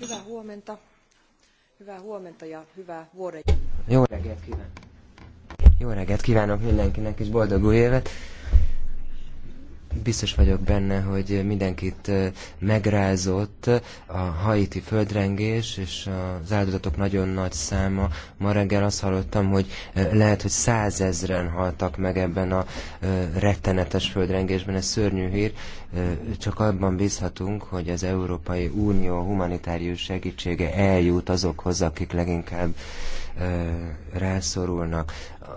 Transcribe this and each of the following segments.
Hyvää huomenta. Hyvää huomenta ja hyvää vuoden. Jó reggelt kívánok. Jó reggelt kívánok mindenkinek, és boldog új évet. Biztos vagyok benne, hogy mindenkit megrázott a haiti földrengés, és az áldozatok nagyon nagy száma. Ma reggel azt hallottam, hogy lehet, hogy százezren haltak meg ebben a rettenetes földrengésben. Ez szörnyű hír. Csak abban bízhatunk, hogy az Európai Unió humanitárius segítsége eljut azokhoz, akik leginkább rászorulnak.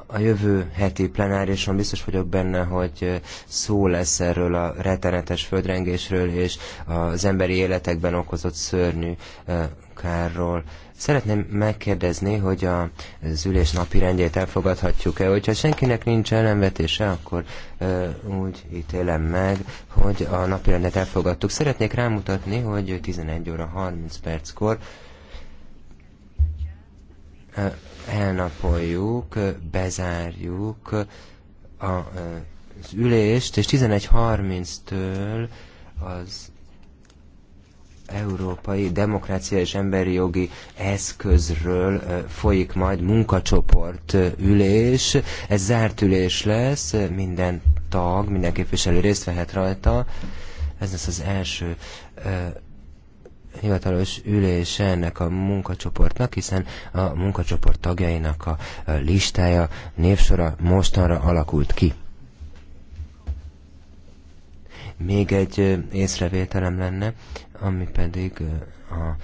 A jövő heti plenárison biztos vagyok benne, hogy szó lesz erről a rettenetes földrengésről és az emberi életekben okozott szörnyű kárról. Szeretném megkérdezni, hogy a, az ülés napi rendjét elfogadhatjuk-e. Hogyha senkinek nincs ellenvetése, akkor ö, úgy ítélem meg, hogy a napi rendet elfogadtuk. Szeretnék rámutatni, hogy 11 óra 30 perckor elnapoljuk, bezárjuk a, az ülést, és 11.30-től az Európai Demokrácia és Emberi Jogi Eszközről folyik majd munkacsoport ülés. Ez zárt ülés lesz, minden tag, minden képviselő részt vehet rajta. Ez lesz az első hivatalos ülése ennek a munkacsoportnak, hiszen a munkacsoport tagjainak a listája, névsora mostanra alakult ki. Még egy észrevételem lenne, ami pedig a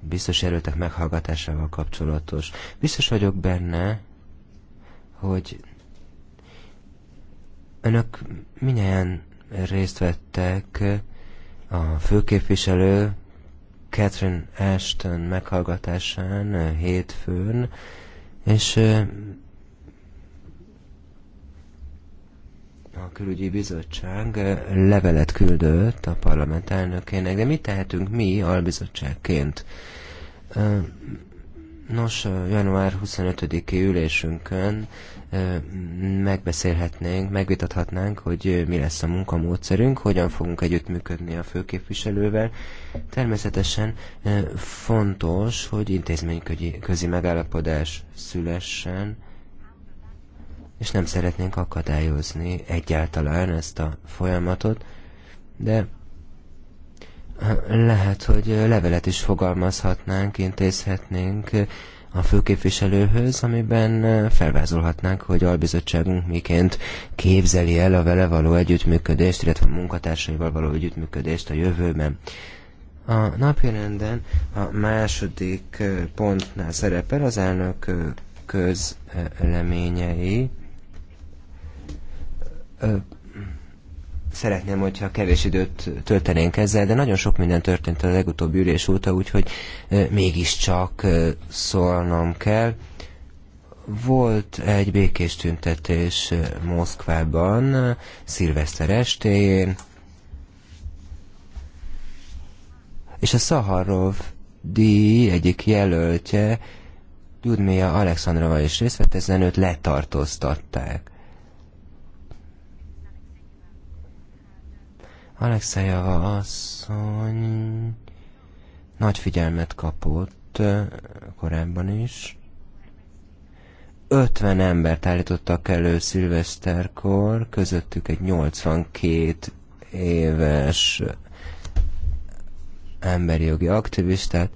biztos erőtek meghallgatásával kapcsolatos. Biztos vagyok benne, hogy önök minnyáján részt vettek a főképviselő Catherine Ashton meghallgatásán eh, hétfőn, és eh, a külügyi bizottság eh, levelet küldött a parlament elnökének, de mit tehetünk mi albizottságként? Nos, január 25-i ülésünkön megbeszélhetnénk, megvitathatnánk, hogy mi lesz a munkamódszerünk, hogyan fogunk együttműködni a főképviselővel. Természetesen fontos, hogy intézményközi megállapodás szülessen, és nem szeretnénk akadályozni egyáltalán ezt a folyamatot, de lehet, hogy levelet is fogalmazhatnánk, intézhetnénk a főképviselőhöz, amiben felvázolhatnánk, hogy albizottságunk miként képzeli el a vele való együttműködést, illetve a munkatársaival való együttműködést a jövőben. A napjelenden a második pontnál szerepel az elnök közleményei szeretném, hogyha kevés időt töltenénk ezzel, de nagyon sok minden történt a legutóbbi ülés óta, úgyhogy mégiscsak szólnom kell. Volt egy békés tüntetés Moszkvában szilveszter estéjén, és a Szaharov díj egyik jelöltje, Judmia Alexandrova is részt vett, ezen őt letartóztatták. Alexejava asszony nagy figyelmet kapott korábban is. 50 embert állítottak elő szilveszterkor, közöttük egy 82 éves emberi jogi aktivistát.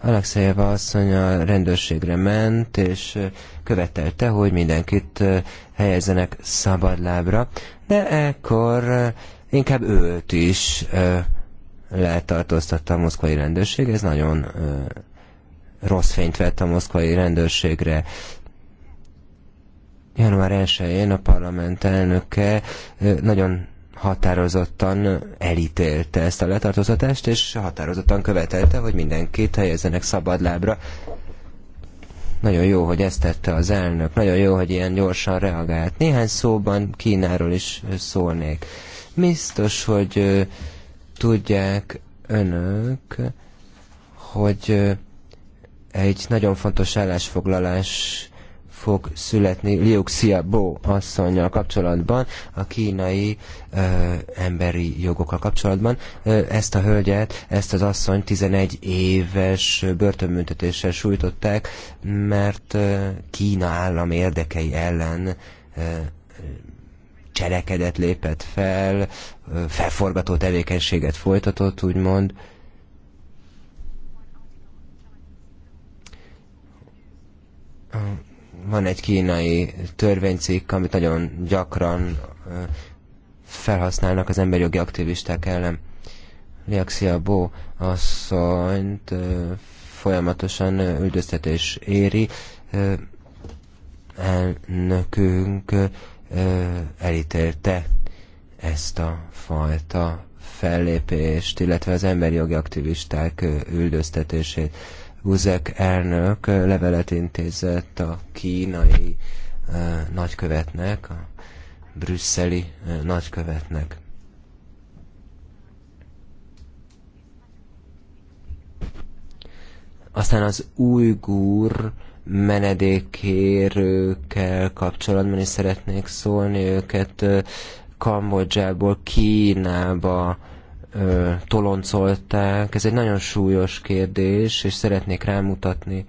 Alexejeva asszony a rendőrségre ment, és követelte, hogy mindenkit helyezzenek szabadlábra de ekkor inkább őt is letartóztatta a moszkvai rendőrség. Ez nagyon rossz fényt vett a moszkvai rendőrségre. Január 1-én a parlament elnöke nagyon határozottan elítélte ezt a letartóztatást, és határozottan követelte, hogy mindenkit helyezzenek szabadlábra, nagyon jó, hogy ezt tette az elnök, nagyon jó, hogy ilyen gyorsan reagált. Néhány szóban Kínáról is szólnék. Biztos, hogy ö, tudják önök, hogy ö, egy nagyon fontos állásfoglalás fog születni Liu Xiaobo asszonynal kapcsolatban, a kínai ö, emberi jogokkal kapcsolatban. Ezt a hölgyet, ezt az asszony 11 éves börtönbüntetéssel sújtották, mert ö, Kína állam érdekei ellen ö, cselekedett, lépett fel, felforgató tevékenységet folytatott, úgymond. A van egy kínai törvénycikk, amit nagyon gyakran felhasználnak az emberi jogi aktivisták ellen. Liaxia Bo asszonyt folyamatosan üldöztetés éri. Elnökünk elítélte ezt a fajta fellépést, illetve az emberi jogi aktivisták üldöztetését. Buzek elnök levelet intézett a kínai eh, nagykövetnek, a brüsszeli eh, nagykövetnek. Aztán az újgúr menedékkérőkkel kapcsolatban is szeretnék szólni őket eh, Kambodzsából Kínába ö, toloncolták. Ez egy nagyon súlyos kérdés, és szeretnék rámutatni,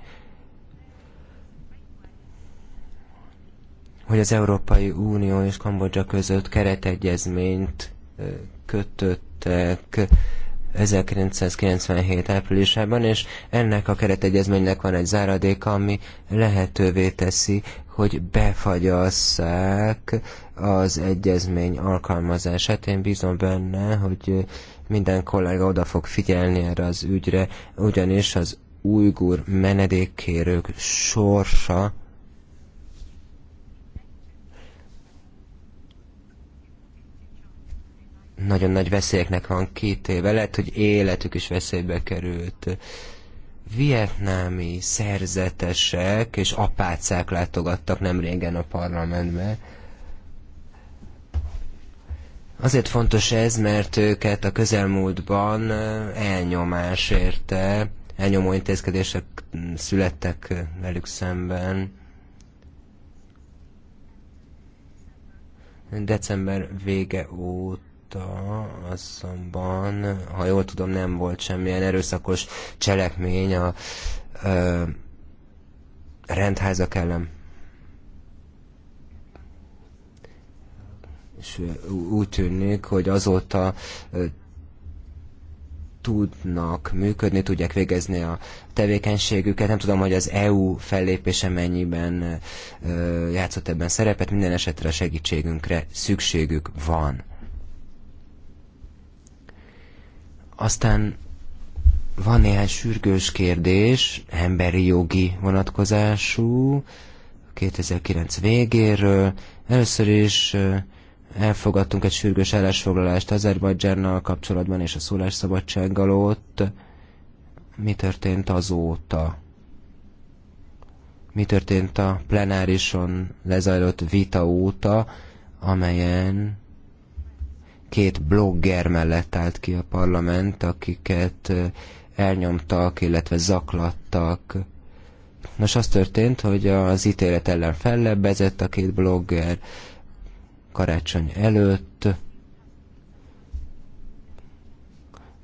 hogy az Európai Unió és Kambodzsa között keretegyezményt kötöttek 1997. áprilisában, és ennek a keretegyezménynek van egy záradéka, ami lehetővé teszi, hogy befagyasszák az egyezmény alkalmazását. Én bízom benne, hogy minden kollega oda fog figyelni erre az ügyre, ugyanis az újgur menedékkérők sorsa nagyon nagy veszélyeknek van két éve, lehet, hogy életük is veszélybe került. Vietnámi szerzetesek és apácák látogattak nem régen a parlamentbe, Azért fontos ez, mert őket a közelmúltban elnyomás érte, elnyomó intézkedések születtek velük szemben. December vége óta azonban, ha jól tudom, nem volt semmilyen erőszakos cselekmény a a rendházak ellen. és úgy tűnik, hogy azóta tudnak működni, tudják végezni a tevékenységüket. Nem tudom, hogy az EU fellépése mennyiben játszott ebben szerepet, minden esetre segítségünkre szükségük van. Aztán van néhány sürgős kérdés, emberi jogi vonatkozású, 2009 végéről. Először is elfogadtunk egy sürgős állásfoglalást Azerbajdzsánnal kapcsolatban és a szólásszabadsággal ott. Mi történt azóta? Mi történt a plenárison lezajlott vita óta, amelyen két blogger mellett állt ki a parlament, akiket elnyomtak, illetve zaklattak. Nos, az történt, hogy az ítélet ellen fellebbezett a két blogger, karácsony előtt,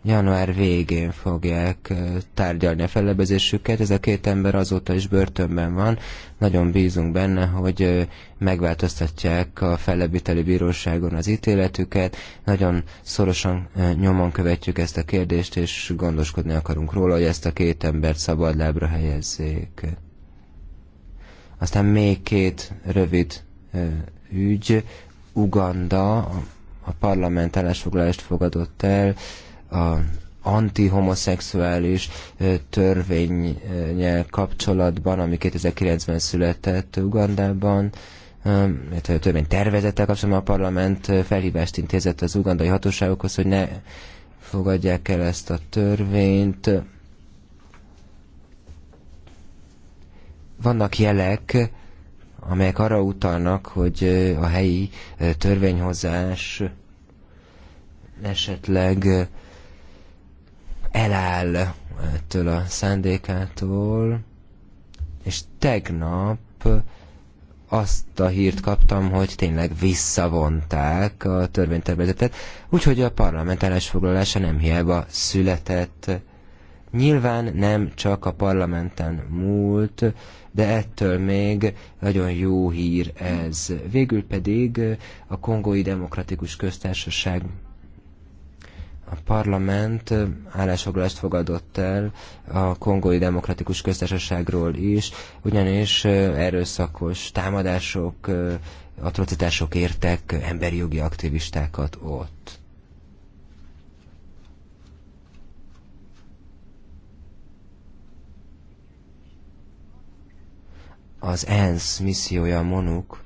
január végén fogják tárgyalni a fellebezésüket. Ez a két ember azóta is börtönben van. Nagyon bízunk benne, hogy megváltoztatják a fellebíteli bíróságon az ítéletüket. Nagyon szorosan nyomon követjük ezt a kérdést, és gondoskodni akarunk róla, hogy ezt a két embert szabadlábra helyezzék. Aztán még két rövid ügy, Uganda a parlament állásfoglalást fogadott el a antihomoszexuális törvényel kapcsolatban, ami 2009-ben született Ugandában, a törvény tervezettel kapcsolatban a parlament felhívást intézett az ugandai hatóságokhoz, hogy ne fogadják el ezt a törvényt. Vannak jelek, amelyek arra utalnak, hogy a helyi törvényhozás esetleg eláll ettől a szándékától, és tegnap azt a hírt kaptam, hogy tényleg visszavonták a törvénytervezetet, úgyhogy a parlament foglalása nem hiába született Nyilván nem csak a parlamenten múlt, de ettől még nagyon jó hír ez. Végül pedig a Kongói Demokratikus Köztársaság a parlament állásfoglalást fogadott el a Kongói Demokratikus Köztársaságról is, ugyanis erőszakos támadások, atrocitások értek emberi jogi aktivistákat ott. az ENSZ missziója a MONUK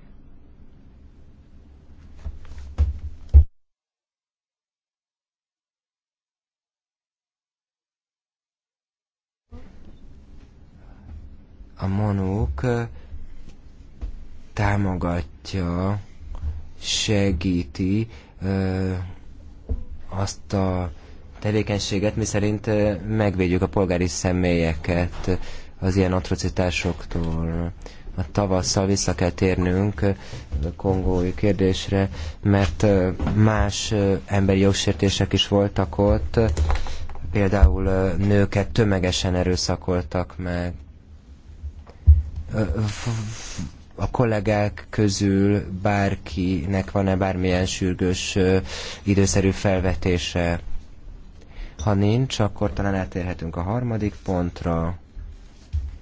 a MONUK támogatja, segíti azt a tevékenységet, miszerint megvédjük a polgári személyeket az ilyen atrocitásoktól. A tavasszal vissza kell térnünk a kongói kérdésre, mert más emberi jogsértések is voltak ott, például nőket tömegesen erőszakoltak meg. A kollégák közül bárkinek van-e bármilyen sürgős időszerű felvetése? Ha nincs, akkor talán eltérhetünk a harmadik pontra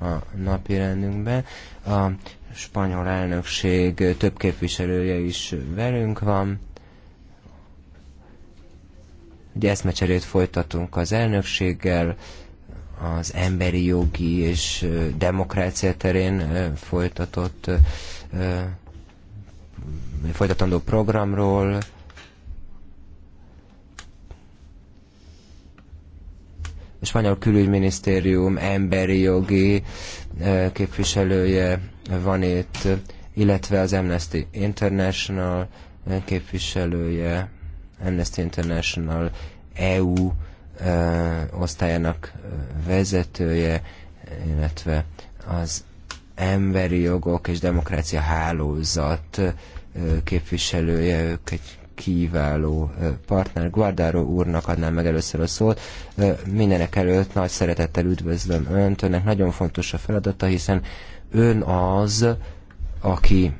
a rendünkbe. A spanyol elnökség több képviselője is velünk van. Ugye eszmecserét folytatunk az elnökséggel, az emberi jogi és demokrácia terén folytatott folytatandó programról, a spanyol külügyminisztérium emberi jogi eh, képviselője van itt, illetve az Amnesty International eh, képviselője, Amnesty International EU eh, osztályának vezetője, illetve az emberi jogok és demokrácia hálózat képviselője, ők egy kiváló partner. Guardaro úrnak adnám meg először a szót. Mindenek előtt nagy szeretettel üdvözlöm önt. Önnek nagyon fontos a feladata, hiszen ön az, aki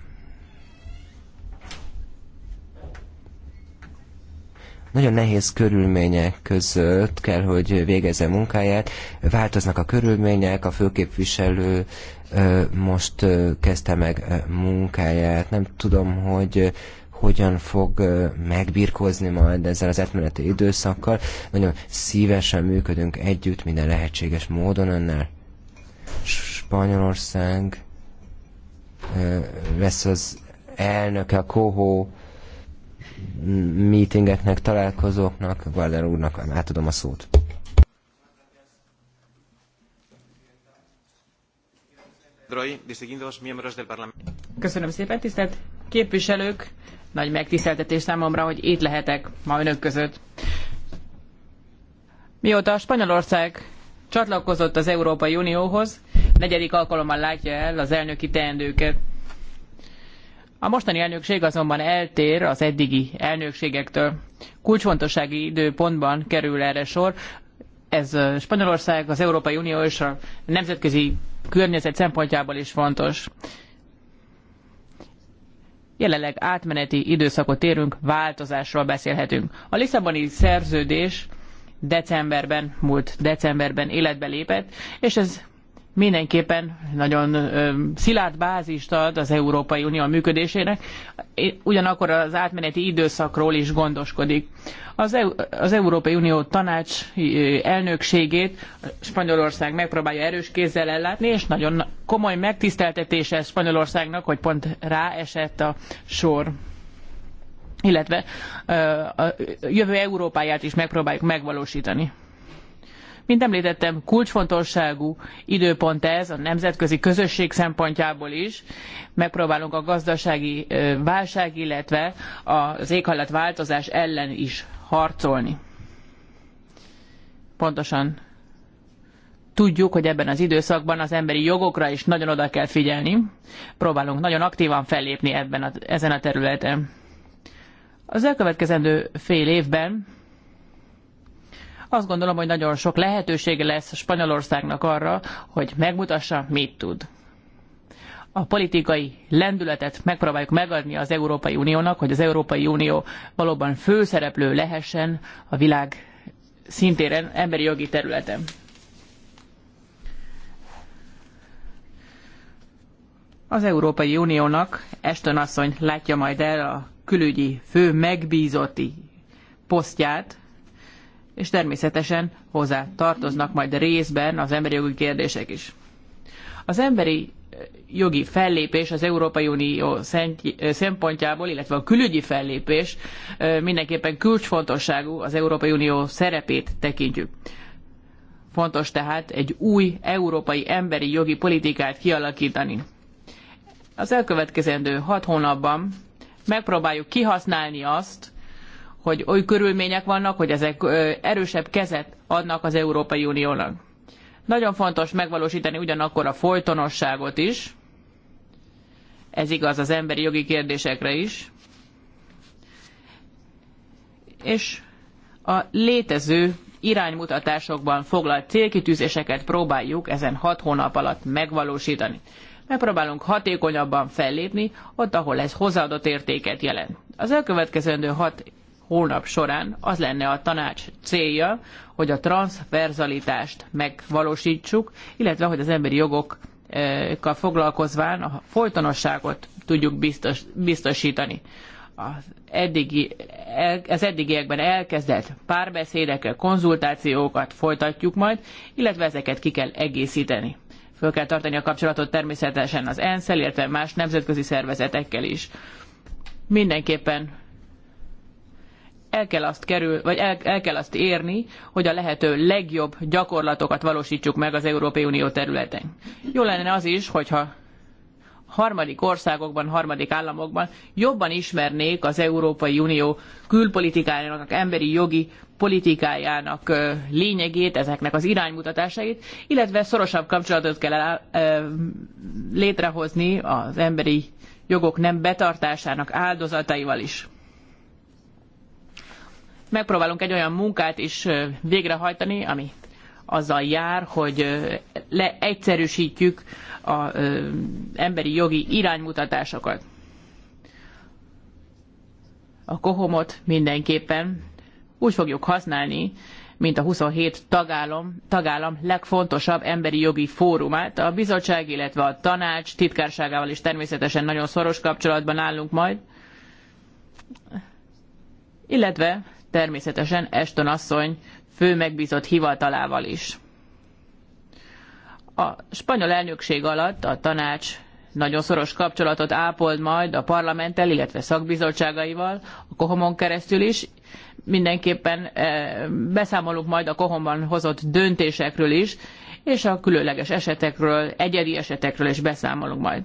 nagyon nehéz körülmények között kell, hogy végezze munkáját. Változnak a körülmények, a főképviselő most kezdte meg munkáját. Nem tudom, hogy hogyan fog megbirkózni majd ezzel az átmeneti időszakkal. Nagyon szívesen működünk együtt minden lehetséges módon önnel. Spanyolország lesz az elnöke a kohó meetingeknek, találkozóknak. Valder úrnak átadom a szót. Köszönöm szépen, tisztelt képviselők! Nagy megtiszteltetés számomra, hogy itt lehetek ma önök között. Mióta Spanyolország csatlakozott az Európai Unióhoz, negyedik alkalommal látja el az elnöki teendőket. A mostani elnökség azonban eltér az eddigi elnökségektől. Kulcsfontossági időpontban kerül erre sor. Ez Spanyolország, az Európai Unió és a nemzetközi környezet szempontjából is fontos. Jelenleg átmeneti időszakot érünk, változásról beszélhetünk. A Lisszaboni szerződés decemberben, múlt decemberben életbe lépett, és ez mindenképpen nagyon szilárd bázist ad az Európai Unió működésének, ugyanakkor az átmeneti időszakról is gondoskodik. Az, EU, az Európai Unió tanács elnökségét Spanyolország megpróbálja erős kézzel ellátni, és nagyon komoly megtiszteltetése Spanyolországnak, hogy pont ráesett a sor illetve a jövő Európáját is megpróbáljuk megvalósítani. Mint említettem, kulcsfontosságú időpont ez a nemzetközi közösség szempontjából is. Megpróbálunk a gazdasági válság, illetve az éghajlatváltozás ellen is harcolni. Pontosan tudjuk, hogy ebben az időszakban az emberi jogokra is nagyon oda kell figyelni. Próbálunk nagyon aktívan fellépni ebben a, ezen a területen. Az elkövetkezendő fél évben azt gondolom, hogy nagyon sok lehetősége lesz Spanyolországnak arra, hogy megmutassa, mit tud. A politikai lendületet megpróbáljuk megadni az Európai Uniónak, hogy az Európai Unió valóban főszereplő lehessen a világ szintéren, emberi jogi területen. Az Európai Uniónak Eston asszony látja majd el a külügyi fő megbízotti posztját és természetesen hozzá tartoznak majd részben az emberi jogi kérdések is. Az emberi eh, jogi fellépés az Európai Unió eh, szempontjából, illetve a külügyi fellépés eh, mindenképpen kulcsfontosságú az Európai Unió szerepét tekintjük. Fontos tehát egy új európai emberi jogi politikát kialakítani. Az elkövetkezendő hat hónapban megpróbáljuk kihasználni azt, hogy oly körülmények vannak, hogy ezek erősebb kezet adnak az Európai Uniónak. Nagyon fontos megvalósítani ugyanakkor a folytonosságot is, ez igaz az emberi jogi kérdésekre is, és a létező iránymutatásokban foglalt célkitűzéseket próbáljuk ezen hat hónap alatt megvalósítani. Megpróbálunk hatékonyabban fellépni, ott, ahol ez hozzáadott értéket jelent. Az elkövetkezendő hat hónap során. Az lenne a tanács célja, hogy a transzverzalitást megvalósítsuk, illetve hogy az emberi jogokkal foglalkozván a folytonosságot tudjuk biztos, biztosítani. Az, eddigi, az eddigiekben elkezdett párbeszédekkel, konzultációkat folytatjuk majd, illetve ezeket ki kell egészíteni föl kell tartani a kapcsolatot természetesen az ENSZ-el, illetve más nemzetközi szervezetekkel is. Mindenképpen el kell azt kerül, vagy el, el kell azt érni, hogy a lehető legjobb gyakorlatokat valósítsuk meg az Európai Unió területen. Jó lenne az is, hogyha harmadik országokban, harmadik államokban jobban ismernék az Európai Unió külpolitikájának, emberi jogi politikájának lényegét, ezeknek az iránymutatásait, illetve szorosabb kapcsolatot kell létrehozni az emberi jogok nem betartásának áldozataival is megpróbálunk egy olyan munkát is végrehajtani, ami azzal jár, hogy leegyszerűsítjük az emberi jogi iránymutatásokat. A kohomot mindenképpen úgy fogjuk használni, mint a 27 tagállam, tagállam legfontosabb emberi jogi fórumát. A bizottság, illetve a tanács titkárságával is természetesen nagyon szoros kapcsolatban állunk majd. Illetve természetesen Eston asszony fő megbízott hivatalával is. A spanyol elnökség alatt a tanács nagyon szoros kapcsolatot ápolt majd a parlamenttel, illetve szakbizottságaival, a Kohomon keresztül is. Mindenképpen eh, beszámolunk majd a Kohomban hozott döntésekről is, és a különleges esetekről, egyedi esetekről is beszámolunk majd.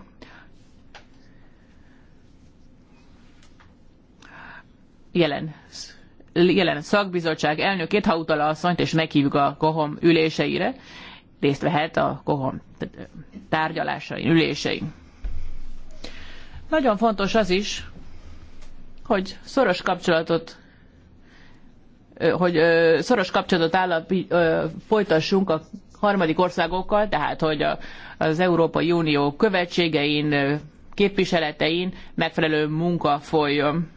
Jelen jelen szakbizottság elnökét, Hautala asszonyt, és meghívjuk a kohom üléseire. Részt vehet a kohom tárgyalásain, ülésein. Nagyon fontos az is, hogy szoros kapcsolatot hogy szoros kapcsolatot állapi, folytassunk a harmadik országokkal, tehát hogy az Európai Unió követségein, képviseletein megfelelő munka folyjon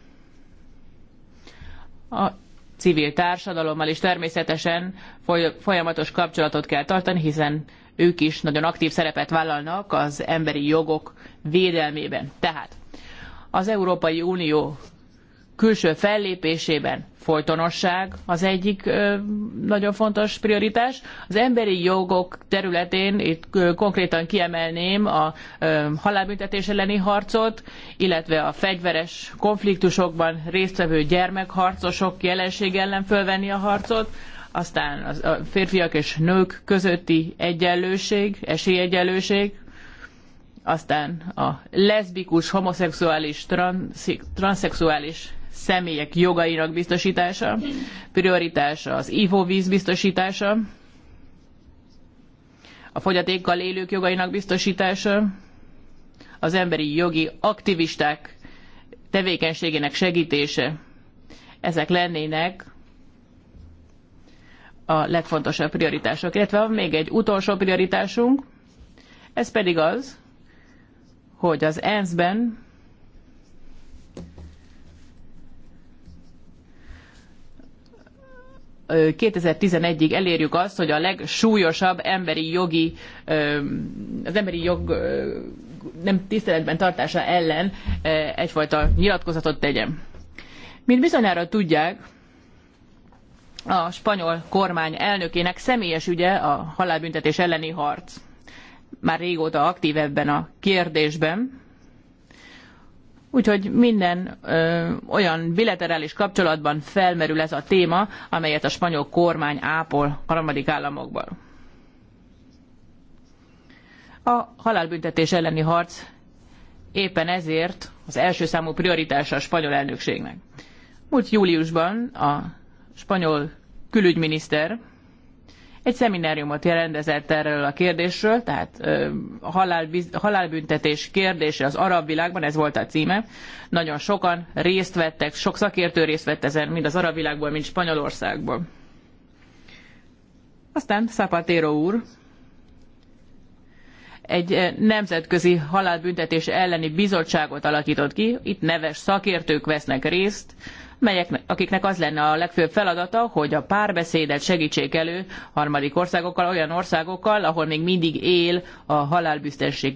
a civil társadalommal is természetesen folyamatos kapcsolatot kell tartani, hiszen ők is nagyon aktív szerepet vállalnak az emberi jogok védelmében. Tehát az Európai Unió külső fellépésében folytonosság az egyik ö, nagyon fontos prioritás. Az emberi jogok területén itt ö, konkrétan kiemelném a ö, halálbüntetés elleni harcot, illetve a fegyveres konfliktusokban résztvevő gyermekharcosok jelenség ellen fölvenni a harcot, aztán a férfiak és nők közötti egyenlőség, esélyegyenlőség, aztán a leszbikus, homoszexuális, transzik, transzexuális személyek jogainak biztosítása, prioritása az ivóvíz biztosítása, a fogyatékkal élők jogainak biztosítása, az emberi jogi aktivisták tevékenységének segítése. Ezek lennének a legfontosabb prioritások. Illetve van még egy utolsó prioritásunk, ez pedig az, hogy az ENSZ-ben 2011-ig elérjük azt, hogy a legsúlyosabb emberi jogi, az emberi jog nem tiszteletben tartása ellen egyfajta nyilatkozatot tegyen. Mint bizonyára tudják, a spanyol kormány elnökének személyes ügye a halálbüntetés elleni harc. Már régóta aktív ebben a kérdésben, Úgyhogy minden ö, olyan bilaterális kapcsolatban felmerül ez a téma, amelyet a spanyol kormány ápol harmadik államokban. A halálbüntetés elleni harc éppen ezért az első számú prioritása a spanyol elnökségnek. Múlt júliusban a spanyol külügyminiszter egy szemináriumot rendezett erről a kérdésről, tehát a halálbüntetés kérdése az arab világban, ez volt a címe. Nagyon sokan részt vettek, sok szakértő részt vett ezen, mind az arab világból, mind Spanyolországból. Aztán Zapatero úr egy nemzetközi halálbüntetés elleni bizottságot alakított ki, itt neves szakértők vesznek részt, melyek, akiknek az lenne a legfőbb feladata, hogy a párbeszédet segítsék elő harmadik országokkal, olyan országokkal, ahol még mindig él a halálbüntetés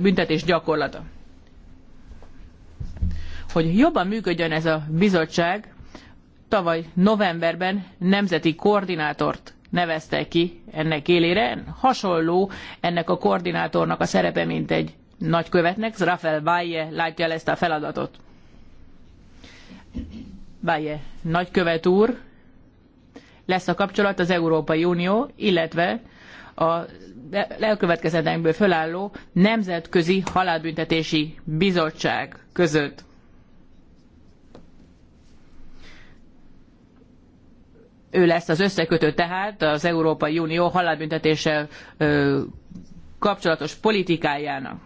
büntetés gyakorlata. Hogy jobban működjön ez a bizottság, tavaly novemberben nemzeti koordinátort nevezte ki ennek élére. Hasonló ennek a koordinátornak a szerepe, mint egy nagykövetnek. Rafael Valle látja el ezt a feladatot. Báje nagykövet úr lesz a kapcsolat az Európai Unió, illetve a elkövetkezetlenkből fölálló Nemzetközi Halálbüntetési Bizottság között. Ő lesz az összekötő tehát az Európai Unió halálbüntetéssel kapcsolatos politikájának.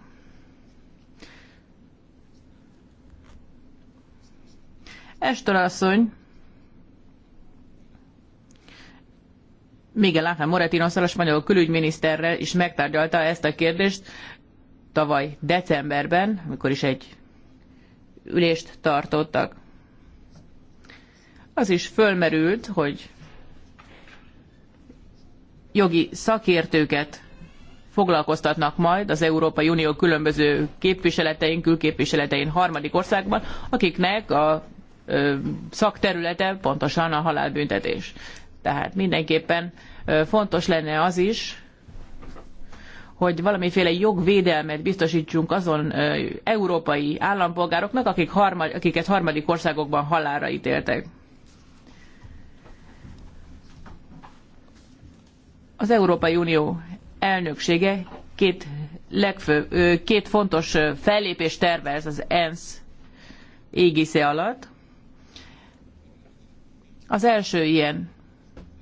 Eston asszony Miguel Ángel Moretinoszal, a spanyol külügyminiszterrel is megtárgyalta ezt a kérdést tavaly decemberben, amikor is egy ülést tartottak. Az is fölmerült, hogy jogi szakértőket foglalkoztatnak majd az Európai Unió különböző képviseletein, külképviseletein harmadik országban, akiknek a szakterülete pontosan a halálbüntetés. Tehát mindenképpen fontos lenne az is, hogy valamiféle jogvédelmet biztosítsunk azon európai állampolgároknak, akik harmad, akiket harmadik országokban halálra ítéltek. Az Európai Unió elnöksége két, legfő, két fontos fellépést tervez az ENSZ égisze alatt. Az első ilyen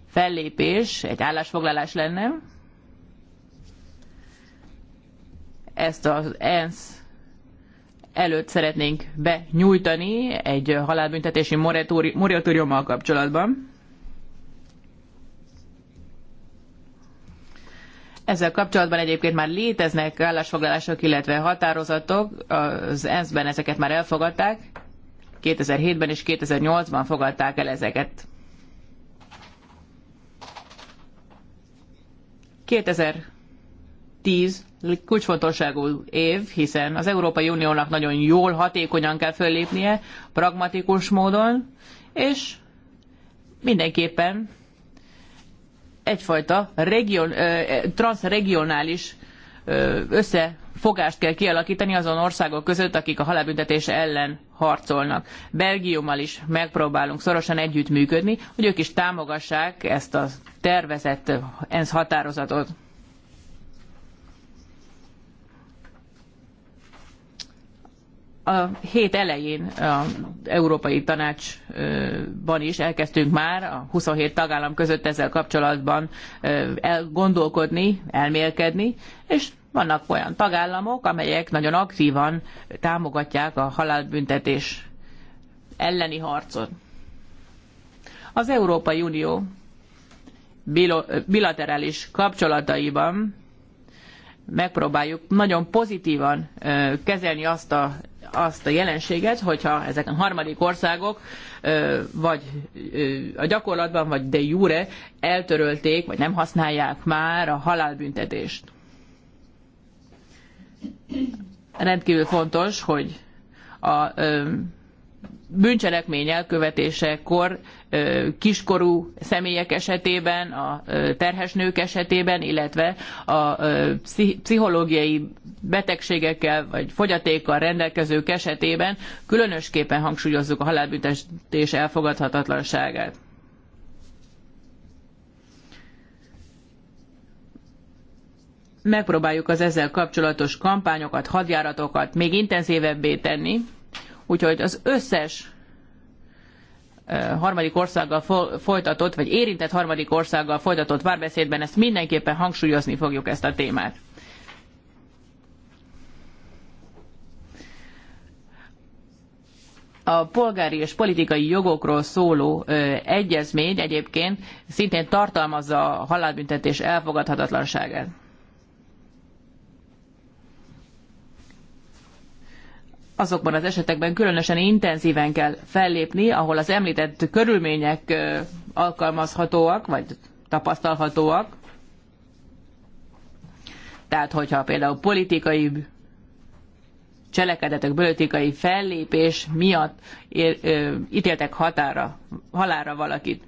fellépés egy állásfoglalás lenne. Ezt az ENSZ előtt szeretnénk benyújtani egy halálbüntetési moratóriummal kapcsolatban. Ezzel kapcsolatban egyébként már léteznek állásfoglalások, illetve határozatok, az ENSZ-ben ezeket már elfogadták. 2007-ben és 2008-ban fogadták el ezeket. 2010 kulcsfontosságú év, hiszen az Európai Uniónak nagyon jól, hatékonyan kell föllépnie, pragmatikus módon, és mindenképpen egyfajta region, transregionális összefogást kell kialakítani azon országok között, akik a halálbüntetés ellen harcolnak. Belgiummal is megpróbálunk szorosan együttműködni, hogy ők is támogassák ezt a tervezett ENSZ határozatot. a hét elején az Európai Tanácsban is elkezdtünk már a 27 tagállam között ezzel kapcsolatban elgondolkodni, elmélkedni, és vannak olyan tagállamok, amelyek nagyon aktívan támogatják a halálbüntetés elleni harcot. Az Európai Unió bilaterális kapcsolataiban megpróbáljuk nagyon pozitívan kezelni azt a, azt a jelenséget, hogyha ezek a harmadik országok vagy a gyakorlatban, vagy de jure eltörölték, vagy nem használják már a halálbüntetést. Rendkívül fontos, hogy a bűncselekmény elkövetésekor kiskorú személyek esetében, a terhes nők esetében, illetve a pszichológiai betegségekkel vagy fogyatékkal rendelkezők esetében különösképpen hangsúlyozzuk a halálbüntetés elfogadhatatlanságát. Megpróbáljuk az ezzel kapcsolatos kampányokat, hadjáratokat még intenzívebbé tenni, Úgyhogy az összes harmadik országgal folytatott, vagy érintett harmadik országgal folytatott párbeszédben ezt mindenképpen hangsúlyozni fogjuk ezt a témát. a polgári és politikai jogokról szóló ö, egyezmény egyébként szintén tartalmazza a halálbüntetés elfogadhatatlanságát. azokban az esetekben különösen intenzíven kell fellépni, ahol az említett körülmények alkalmazhatóak, vagy tapasztalhatóak. Tehát, hogyha például politikai cselekedetek, politikai fellépés miatt ér, ö, ítéltek határa, halára valakit.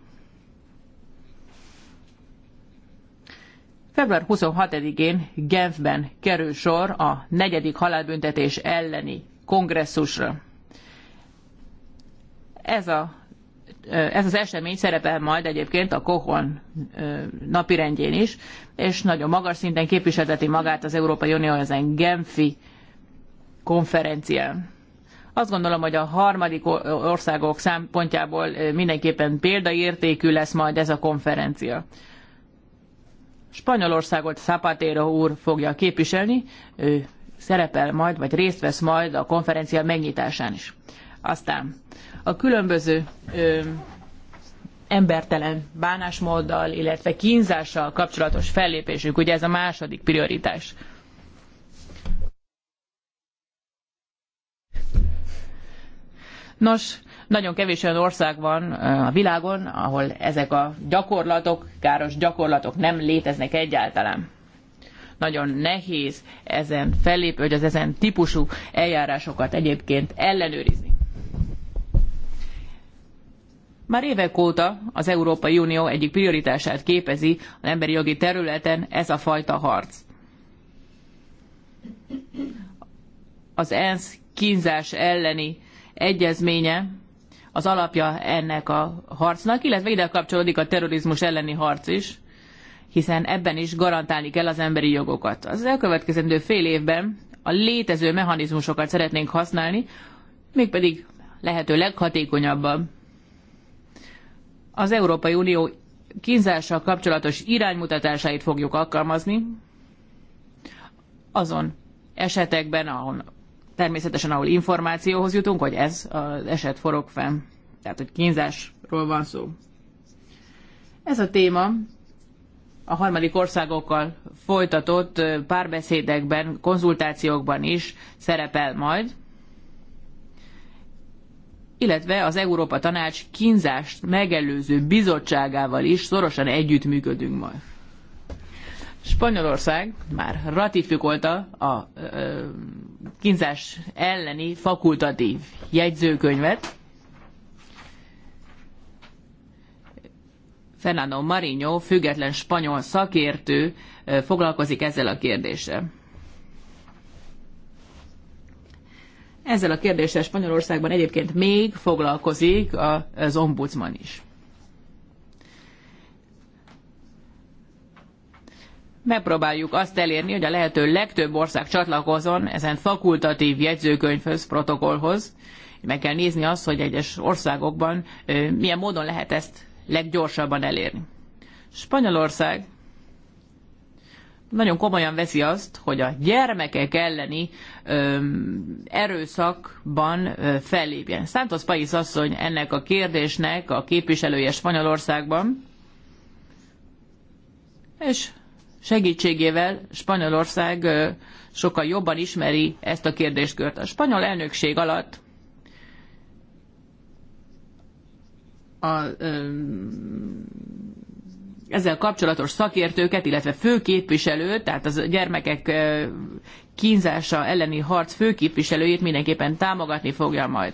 Február 26-én Genfben kerül sor a negyedik halálbüntetés elleni kongresszusra. Ez, a, ez az esemény szerepel majd egyébként a Kohon napirendjén is, és nagyon magas szinten képviselteti magát az Európai Unió ezen Genfi konferencián. Azt gondolom, hogy a harmadik országok szempontjából mindenképpen példaértékű lesz majd ez a konferencia. Spanyolországot Zapatero úr fogja képviselni, ő szerepel majd, vagy részt vesz majd a konferencia megnyitásán is. Aztán a különböző ö, embertelen bánásmóddal, illetve kínzással kapcsolatos fellépésük, ugye ez a második prioritás. Nos, nagyon kevés olyan ország van a világon, ahol ezek a gyakorlatok, káros gyakorlatok nem léteznek egyáltalán nagyon nehéz ezen felép, vagy az ezen típusú eljárásokat egyébként ellenőrizni. Már évek óta az Európai Unió egyik prioritását képezi az emberi jogi területen ez a fajta harc. Az ENSZ kínzás elleni egyezménye az alapja ennek a harcnak, illetve ide kapcsolódik a terrorizmus elleni harc is hiszen ebben is garantálni kell az emberi jogokat. Az elkövetkezendő fél évben a létező mechanizmusokat szeretnénk használni, mégpedig lehető leghatékonyabban. Az Európai Unió kínzással kapcsolatos iránymutatásait fogjuk alkalmazni, azon esetekben, ahol természetesen ahol információhoz jutunk, hogy ez az eset forog fenn. Tehát, hogy kínzásról van szó. Ez a téma a harmadik országokkal folytatott párbeszédekben, konzultációkban is szerepel majd, illetve az Európa Tanács kínzást megelőző bizottságával is szorosan együttműködünk majd. Spanyolország már ratifikolta a ö, kínzás elleni fakultatív jegyzőkönyvet, Fernando Marinho, független spanyol szakértő foglalkozik ezzel a kérdéssel. Ezzel a kérdéssel Spanyolországban egyébként még foglalkozik az ombudsman is. Megpróbáljuk azt elérni, hogy a lehető legtöbb ország csatlakozon ezen fakultatív jegyzőkönyvhöz, protokollhoz. Meg kell nézni azt, hogy egyes országokban milyen módon lehet ezt leggyorsabban elérni. Spanyolország nagyon komolyan veszi azt, hogy a gyermekek elleni ö, erőszakban ö, fellépjen. Santos Pais asszony ennek a kérdésnek a képviselője Spanyolországban, és segítségével Spanyolország ö, sokkal jobban ismeri ezt a kérdéskört. A spanyol elnökség alatt a, ezzel kapcsolatos szakértőket, illetve főképviselőt, tehát az gyermekek kínzása elleni harc főképviselőjét mindenképpen támogatni fogja majd.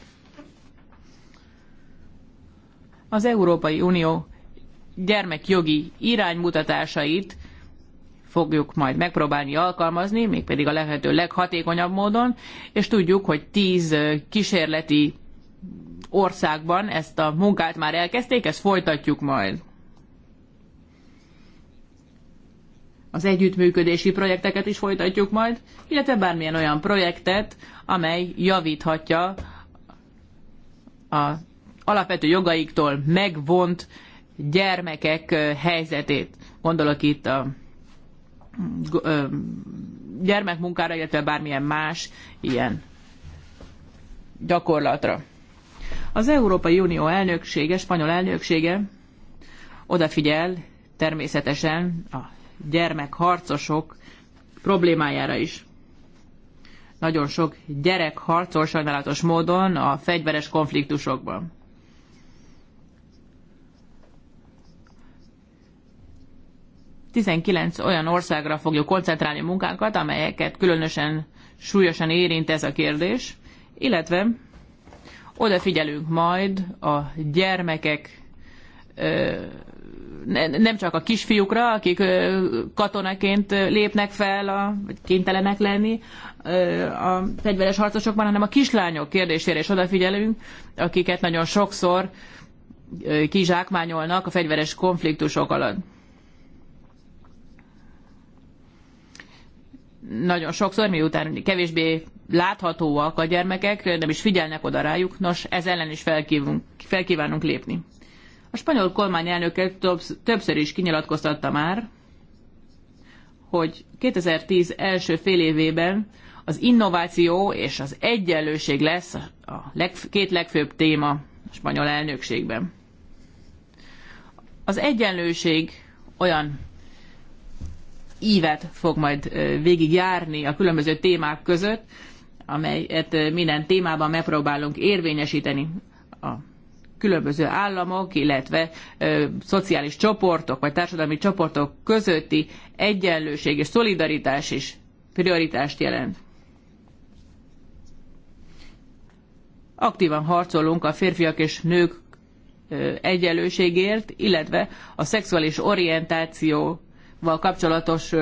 Az Európai Unió gyermekjogi iránymutatásait fogjuk majd megpróbálni alkalmazni, mégpedig a lehető leghatékonyabb módon, és tudjuk, hogy tíz kísérleti országban ezt a munkát már elkezdték, ezt folytatjuk majd. Az együttműködési projekteket is folytatjuk majd, illetve bármilyen olyan projektet, amely javíthatja a alapvető jogaiktól megvont gyermekek helyzetét. Gondolok itt a gyermekmunkára, illetve bármilyen más ilyen gyakorlatra. Az Európai Unió elnöksége, spanyol elnöksége odafigyel természetesen a gyermekharcosok problémájára is. Nagyon sok gyerek harcol sajnálatos módon a fegyveres konfliktusokban. Tizenkilenc olyan országra fogjuk koncentrálni munkánkat, amelyeket különösen súlyosan érint ez a kérdés, illetve odafigyelünk majd a gyermekek nem csak a kisfiúkra, akik katonaként lépnek fel, vagy kénytelenek lenni a fegyveres harcosokban, hanem a kislányok kérdésére is odafigyelünk, akiket nagyon sokszor kizsákmányolnak a fegyveres konfliktusok alatt. nagyon sokszor, miután kevésbé láthatóak a gyermekek, nem is figyelnek oda rájuk, nos, ez ellen is felkívunk, felkívánunk lépni. A spanyol kormány elnöke többször is kinyilatkoztatta már, hogy 2010 első fél évében az innováció és az egyenlőség lesz a legf- két legfőbb téma a spanyol elnökségben. Az egyenlőség olyan ívet fog majd végigjárni a különböző témák között, amelyet minden témában megpróbálunk érvényesíteni a különböző államok, illetve ö, szociális csoportok vagy társadalmi csoportok közötti egyenlőség és szolidaritás is prioritást jelent. Aktívan harcolunk a férfiak és nők egyenlőségért, illetve a szexuális orientáció val kapcsolatos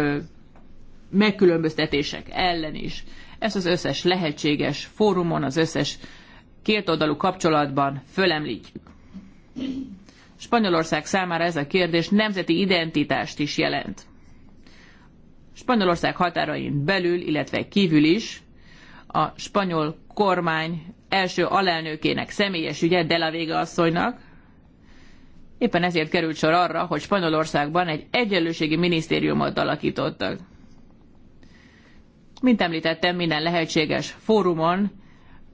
megkülönböztetések ellen is. Ezt az összes lehetséges fórumon, az összes kétoldalú kapcsolatban fölemlítjük. Spanyolország számára ez a kérdés nemzeti identitást is jelent. Spanyolország határain belül, illetve kívül is a spanyol kormány első alelnökének személyes ügye, De La Vega asszonynak, Éppen ezért került sor arra, hogy Spanyolországban egy egyenlőségi minisztériumot alakítottak. Mint említettem, minden lehetséges fórumon,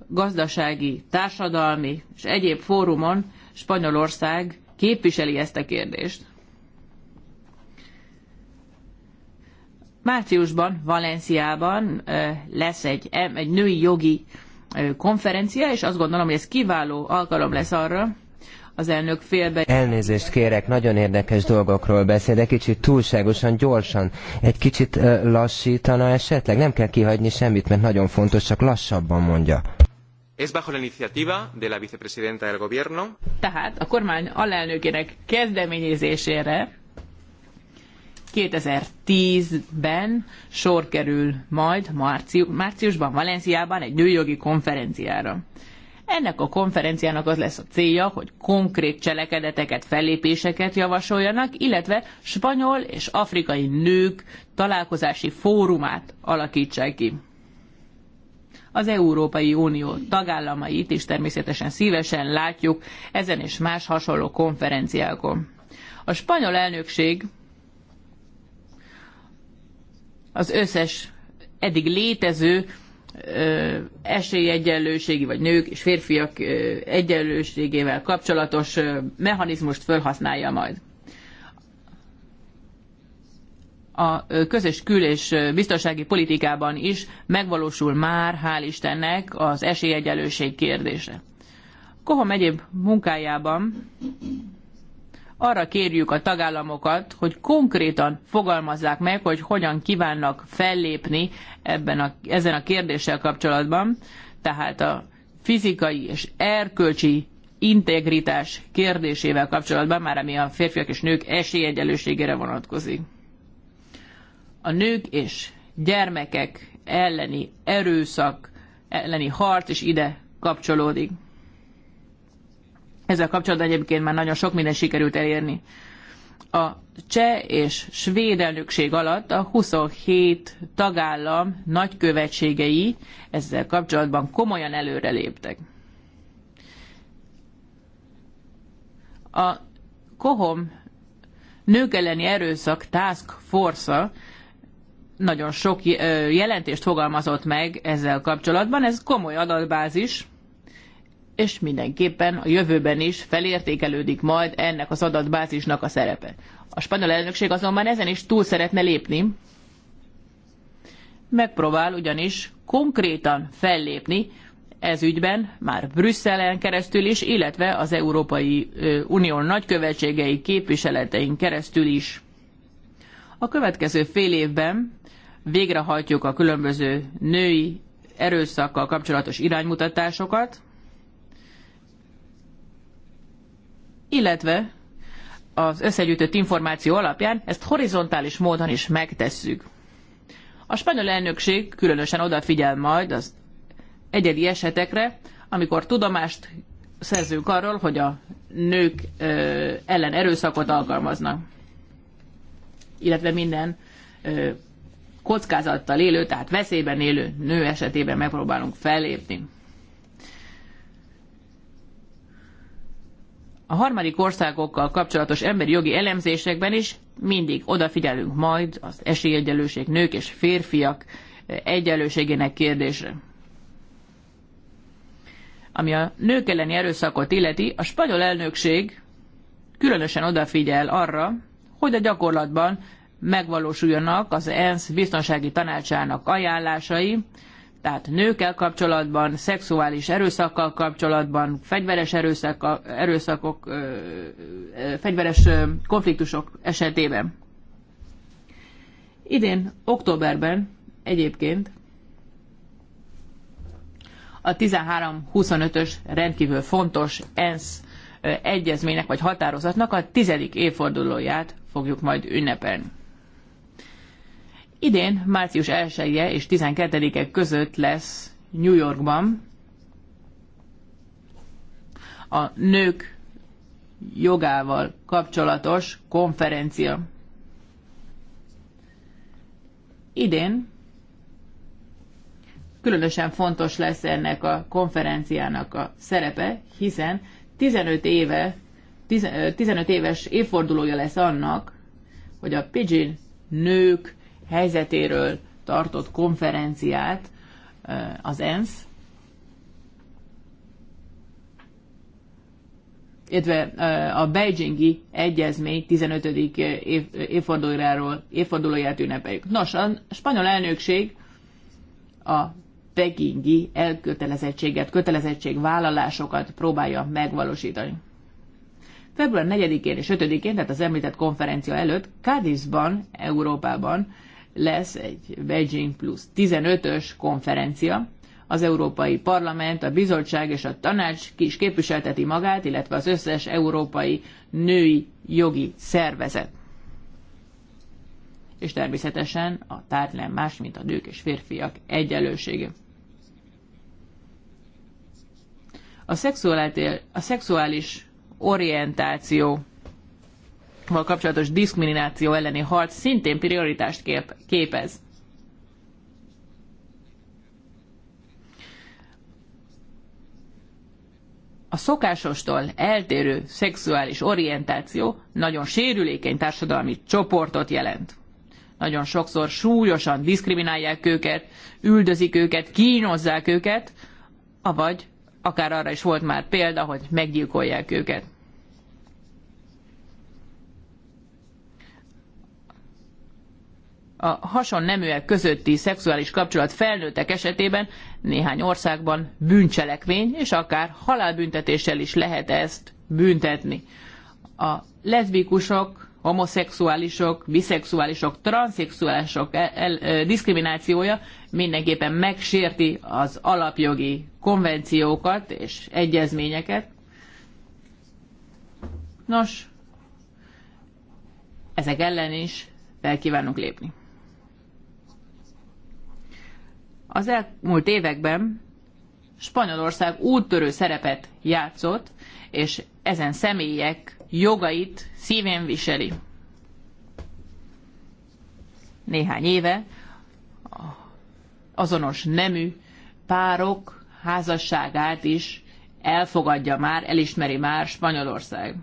gazdasági, társadalmi és egyéb fórumon Spanyolország képviseli ezt a kérdést. Márciusban Valenciában lesz egy, egy női jogi konferencia, és azt gondolom, hogy ez kiváló alkalom lesz arra, az elnök félbe... Elnézést kérek, nagyon érdekes dolgokról beszél, de kicsit túlságosan gyorsan. Egy kicsit ö, lassítana esetleg? Nem kell kihagyni semmit, mert nagyon fontos, csak lassabban mondja. Es bajo la iniciativa de la vicepresidenta del gobierno. Tehát a kormány alelnökének kezdeményezésére 2010-ben sor kerül majd március, márciusban Valenciában egy nőjogi konferenciára. Ennek a konferenciának az lesz a célja, hogy konkrét cselekedeteket, fellépéseket javasoljanak, illetve spanyol és afrikai nők találkozási fórumát alakítsák ki. Az Európai Unió tagállamait is természetesen szívesen látjuk ezen és más hasonló konferenciákon. A spanyol elnökség az összes eddig létező esélyegyenlőségi, vagy nők és férfiak egyenlőségével kapcsolatos mechanizmust felhasználja majd. A közös kül- és biztonsági politikában is megvalósul már, hál' Istennek, az esélyegyenlőség kérdése. Kohom egyéb munkájában arra kérjük a tagállamokat, hogy konkrétan fogalmazzák meg, hogy hogyan kívánnak fellépni ebben a, ezen a kérdéssel kapcsolatban, tehát a fizikai és erkölcsi integritás kérdésével kapcsolatban, már ami a férfiak és nők esélyegyelőségére vonatkozik. A nők és gyermekek elleni erőszak elleni harc is ide kapcsolódik. Ezzel kapcsolatban egyébként már nagyon sok minden sikerült elérni. A cseh és svéd elnökség alatt a 27 tagállam nagykövetségei ezzel kapcsolatban komolyan előreléptek. A Kohom nők elleni erőszak task force nagyon sok jelentést fogalmazott meg ezzel kapcsolatban. Ez komoly adatbázis, és mindenképpen a jövőben is felértékelődik majd ennek az adatbázisnak a szerepe. A spanyol elnökség azonban ezen is túl szeretne lépni, megpróbál ugyanis konkrétan fellépni ez ügyben, már Brüsszelen keresztül is, illetve az Európai Unió nagykövetségei képviseletein keresztül is. A következő fél évben végrehajtjuk a különböző női erőszakkal kapcsolatos iránymutatásokat, illetve az összegyűjtött információ alapján ezt horizontális módon is megtesszük. A spanyol elnökség különösen odafigyel majd az egyedi esetekre, amikor tudomást szerzünk arról, hogy a nők ellen erőszakot alkalmaznak, illetve minden kockázattal élő, tehát veszélyben élő nő esetében megpróbálunk fellépni. a harmadik országokkal kapcsolatos emberi jogi elemzésekben is mindig odafigyelünk majd az esélyegyenlőség nők és férfiak egyenlőségének kérdésre. Ami a nők elleni erőszakot illeti, a spanyol elnökség különösen odafigyel arra, hogy a gyakorlatban megvalósuljanak az ENSZ biztonsági tanácsának ajánlásai, tehát nőkkel kapcsolatban, szexuális erőszakkal kapcsolatban, fegyveres erőszak, erőszakok, fegyveres konfliktusok esetében. Idén, októberben egyébként a 13-25-ös rendkívül fontos ENSZ egyezménynek vagy határozatnak a tizedik évfordulóját fogjuk majd ünnepelni. Idén március 1-e és 12-e között lesz New Yorkban a nők jogával kapcsolatos konferencia. Idén különösen fontos lesz ennek a konferenciának a szerepe, hiszen 15 éve 15 éves évfordulója lesz annak, hogy a Pidgin nők helyzetéről tartott konferenciát eh, az ENSZ, illetve eh, a Beijingi Egyezmény 15. Év, évfordulójáról, évfordulóját ünnepeljük. Nos, a spanyol elnökség a pekingi elkötelezettséget, kötelezettségvállalásokat próbálja megvalósítani. Február 4-én és 5-én, tehát az említett konferencia előtt, Cádizban, Európában lesz egy Beijing plusz 15-ös konferencia. Az Európai Parlament, a Bizottság és a Tanács kis képviselteti magát, illetve az összes európai női jogi szervezet. És természetesen a tárgy nem más, mint a nők és férfiak egyenlősége. a szexuális orientáció val kapcsolatos diszkrimináció elleni harc szintén prioritást kép, képez. A szokásostól eltérő szexuális orientáció nagyon sérülékeny társadalmi csoportot jelent. Nagyon sokszor súlyosan diszkriminálják őket, üldözik őket, kínozzák őket, avagy akár arra is volt már példa, hogy meggyilkolják őket. a hasonneműek közötti szexuális kapcsolat felnőttek esetében néhány országban bűncselekmény, és akár halálbüntetéssel is lehet ezt büntetni. A leszbikusok, homoszexuálisok, biszexuálisok, transzexuálisok el, el, diszkriminációja mindenképpen megsérti az alapjogi konvenciókat és egyezményeket. Nos, ezek ellen is fel kívánunk lépni. Az elmúlt években Spanyolország úttörő szerepet játszott, és ezen személyek jogait szívén viseli. Néhány éve azonos nemű párok házasságát is elfogadja már, elismeri már Spanyolország.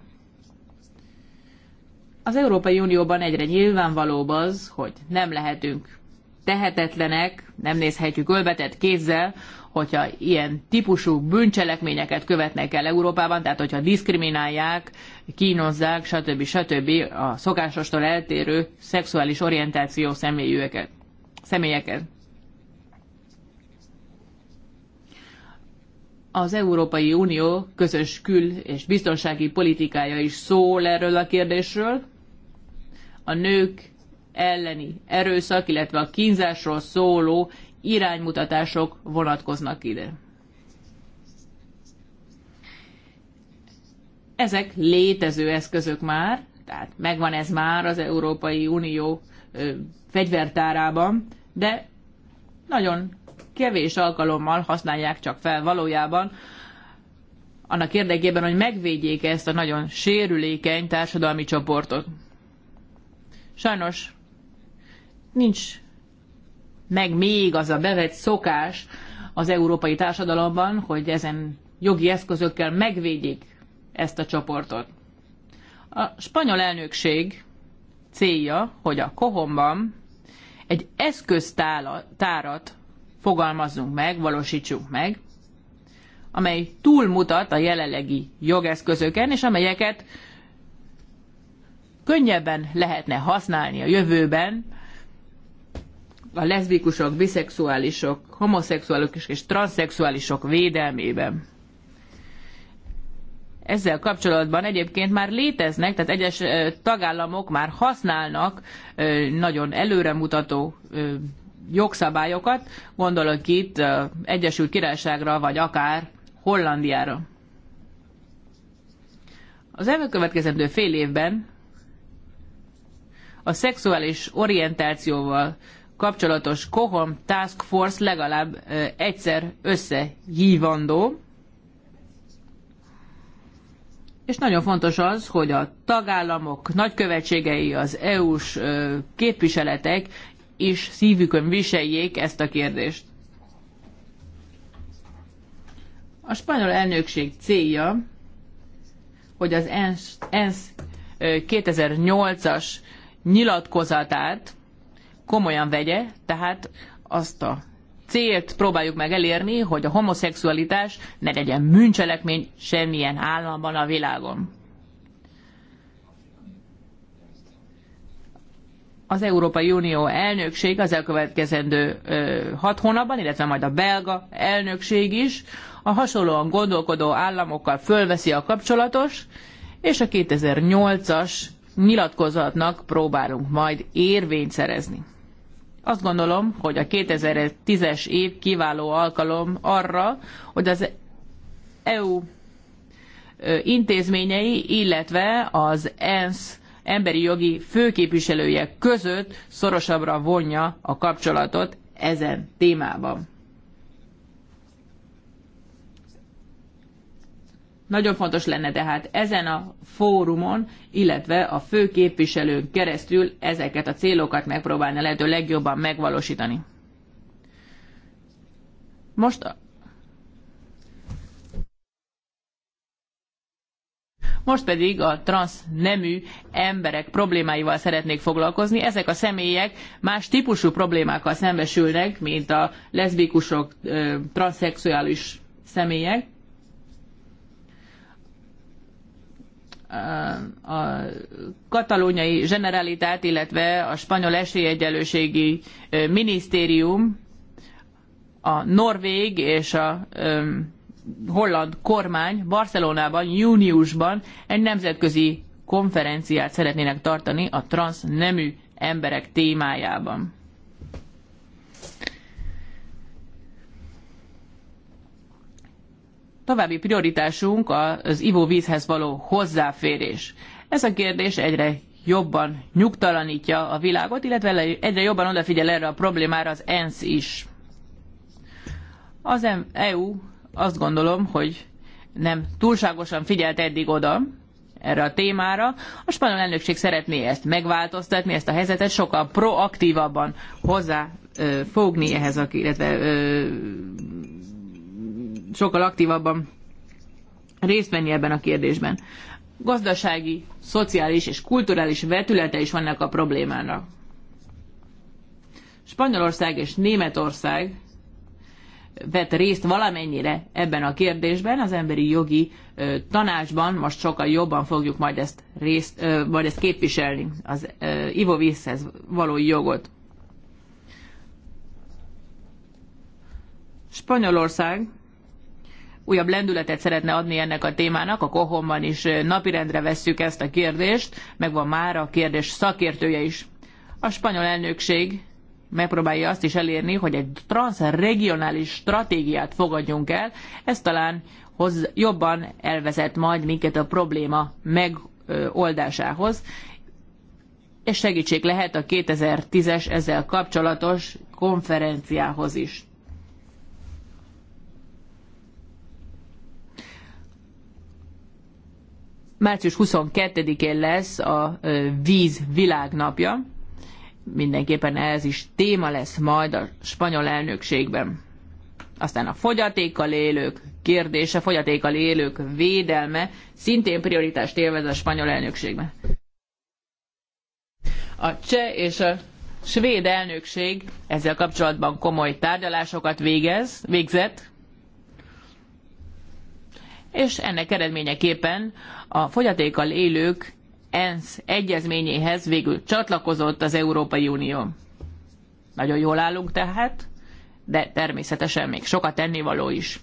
Az Európai Unióban egyre nyilvánvalóbb az, hogy nem lehetünk tehetetlenek, nem nézhetjük ölbetett kézzel, hogyha ilyen típusú bűncselekményeket követnek el Európában, tehát hogyha diszkriminálják, kínozzák, stb. stb. a szokásostól eltérő szexuális orientáció személyeket. Az Európai Unió közös kül- és biztonsági politikája is szól erről a kérdésről. A nők elleni erőszak, illetve a kínzásról szóló iránymutatások vonatkoznak ide. Ezek létező eszközök már, tehát megvan ez már az Európai Unió ö, fegyvertárában, de nagyon kevés alkalommal használják csak fel valójában, annak érdekében, hogy megvédjék ezt a nagyon sérülékeny társadalmi csoportot. Sajnos nincs meg még az a bevett szokás az európai társadalomban, hogy ezen jogi eszközökkel megvédjék ezt a csoportot. A spanyol elnökség célja, hogy a kohomban egy eszköztárat fogalmazzunk meg, valósítsunk meg, amely túlmutat a jelenlegi jogeszközöken, és amelyeket könnyebben lehetne használni a jövőben a leszbikusok, biszexuálisok, homoszexuálok és transzexuálisok védelmében. Ezzel kapcsolatban egyébként már léteznek, tehát egyes tagállamok már használnak nagyon előremutató jogszabályokat, gondolok itt Egyesült Királyságra, vagy akár Hollandiára. Az elkövetkezendő fél évben a szexuális orientációval kapcsolatos Cohom Task Force legalább egyszer összehívandó, és nagyon fontos az, hogy a tagállamok nagykövetségei, az EU-s képviseletek is szívükön viseljék ezt a kérdést. A spanyol elnökség célja, hogy az ENSZ 2008-as nyilatkozatát komolyan vegye, tehát azt a célt próbáljuk meg elérni, hogy a homoszexualitás ne legyen bűncselekmény semmilyen államban a világon. Az Európai Unió elnökség az elkövetkezendő ö, hat hónapban, illetve majd a belga elnökség is a hasonlóan gondolkodó államokkal fölveszi a kapcsolatos, és a 2008-as nyilatkozatnak próbálunk majd érvényt szerezni. Azt gondolom, hogy a 2010-es év kiváló alkalom arra, hogy az EU intézményei, illetve az ENSZ emberi jogi főképviselője között szorosabbra vonja a kapcsolatot ezen témában. Nagyon fontos lenne tehát ezen a fórumon, illetve a fő keresztül ezeket a célokat megpróbálni lehető legjobban megvalósítani. Most a Most pedig a nemű emberek problémáival szeretnék foglalkozni. Ezek a személyek más típusú problémákkal szembesülnek, mint a leszbikusok, transzexuális személyek. a katalóniai generalitát, illetve a spanyol esélyegyelőségi minisztérium, a norvég és a holland kormány Barcelonában júniusban egy nemzetközi konferenciát szeretnének tartani a transznemű emberek témájában. további prioritásunk az ivóvízhez való hozzáférés. Ez a kérdés egyre jobban nyugtalanítja a világot, illetve egyre jobban odafigyel erre a problémára az ENSZ is. Az EU azt gondolom, hogy nem túlságosan figyelt eddig oda erre a témára. A spanyol elnökség szeretné ezt megváltoztatni, ezt a helyzetet sokkal proaktívabban hozzá fogni ehhez, a, illetve ö, sokkal aktívabban részt venni ebben a kérdésben. Gazdasági, szociális és kulturális vetülete is vannak a problémának. Spanyolország és Németország vett részt valamennyire ebben a kérdésben, az emberi jogi ö, tanácsban most sokkal jobban fogjuk majd ezt, részt, ö, majd ezt képviselni, az Ivo való jogot. Spanyolország újabb lendületet szeretne adni ennek a témának. A Kohomban is napirendre vesszük ezt a kérdést, meg van már a kérdés szakértője is. A spanyol elnökség megpróbálja azt is elérni, hogy egy transregionális stratégiát fogadjunk el, ez talán hoz, jobban elvezet majd minket a probléma megoldásához, és segítség lehet a 2010-es ezzel kapcsolatos konferenciához is. Március 22-én lesz a víz világnapja. Mindenképpen ez is téma lesz majd a spanyol elnökségben. Aztán a fogyatékkal élők kérdése, fogyatékkal élők védelme szintén prioritást élvez a spanyol elnökségben. A cseh és a svéd elnökség ezzel kapcsolatban komoly tárgyalásokat végez, végzett, és ennek eredményeképpen a fogyatékkal élők ENSZ egyezményéhez végül csatlakozott az Európai Unió. Nagyon jól állunk tehát, de természetesen még sokat tennivaló is.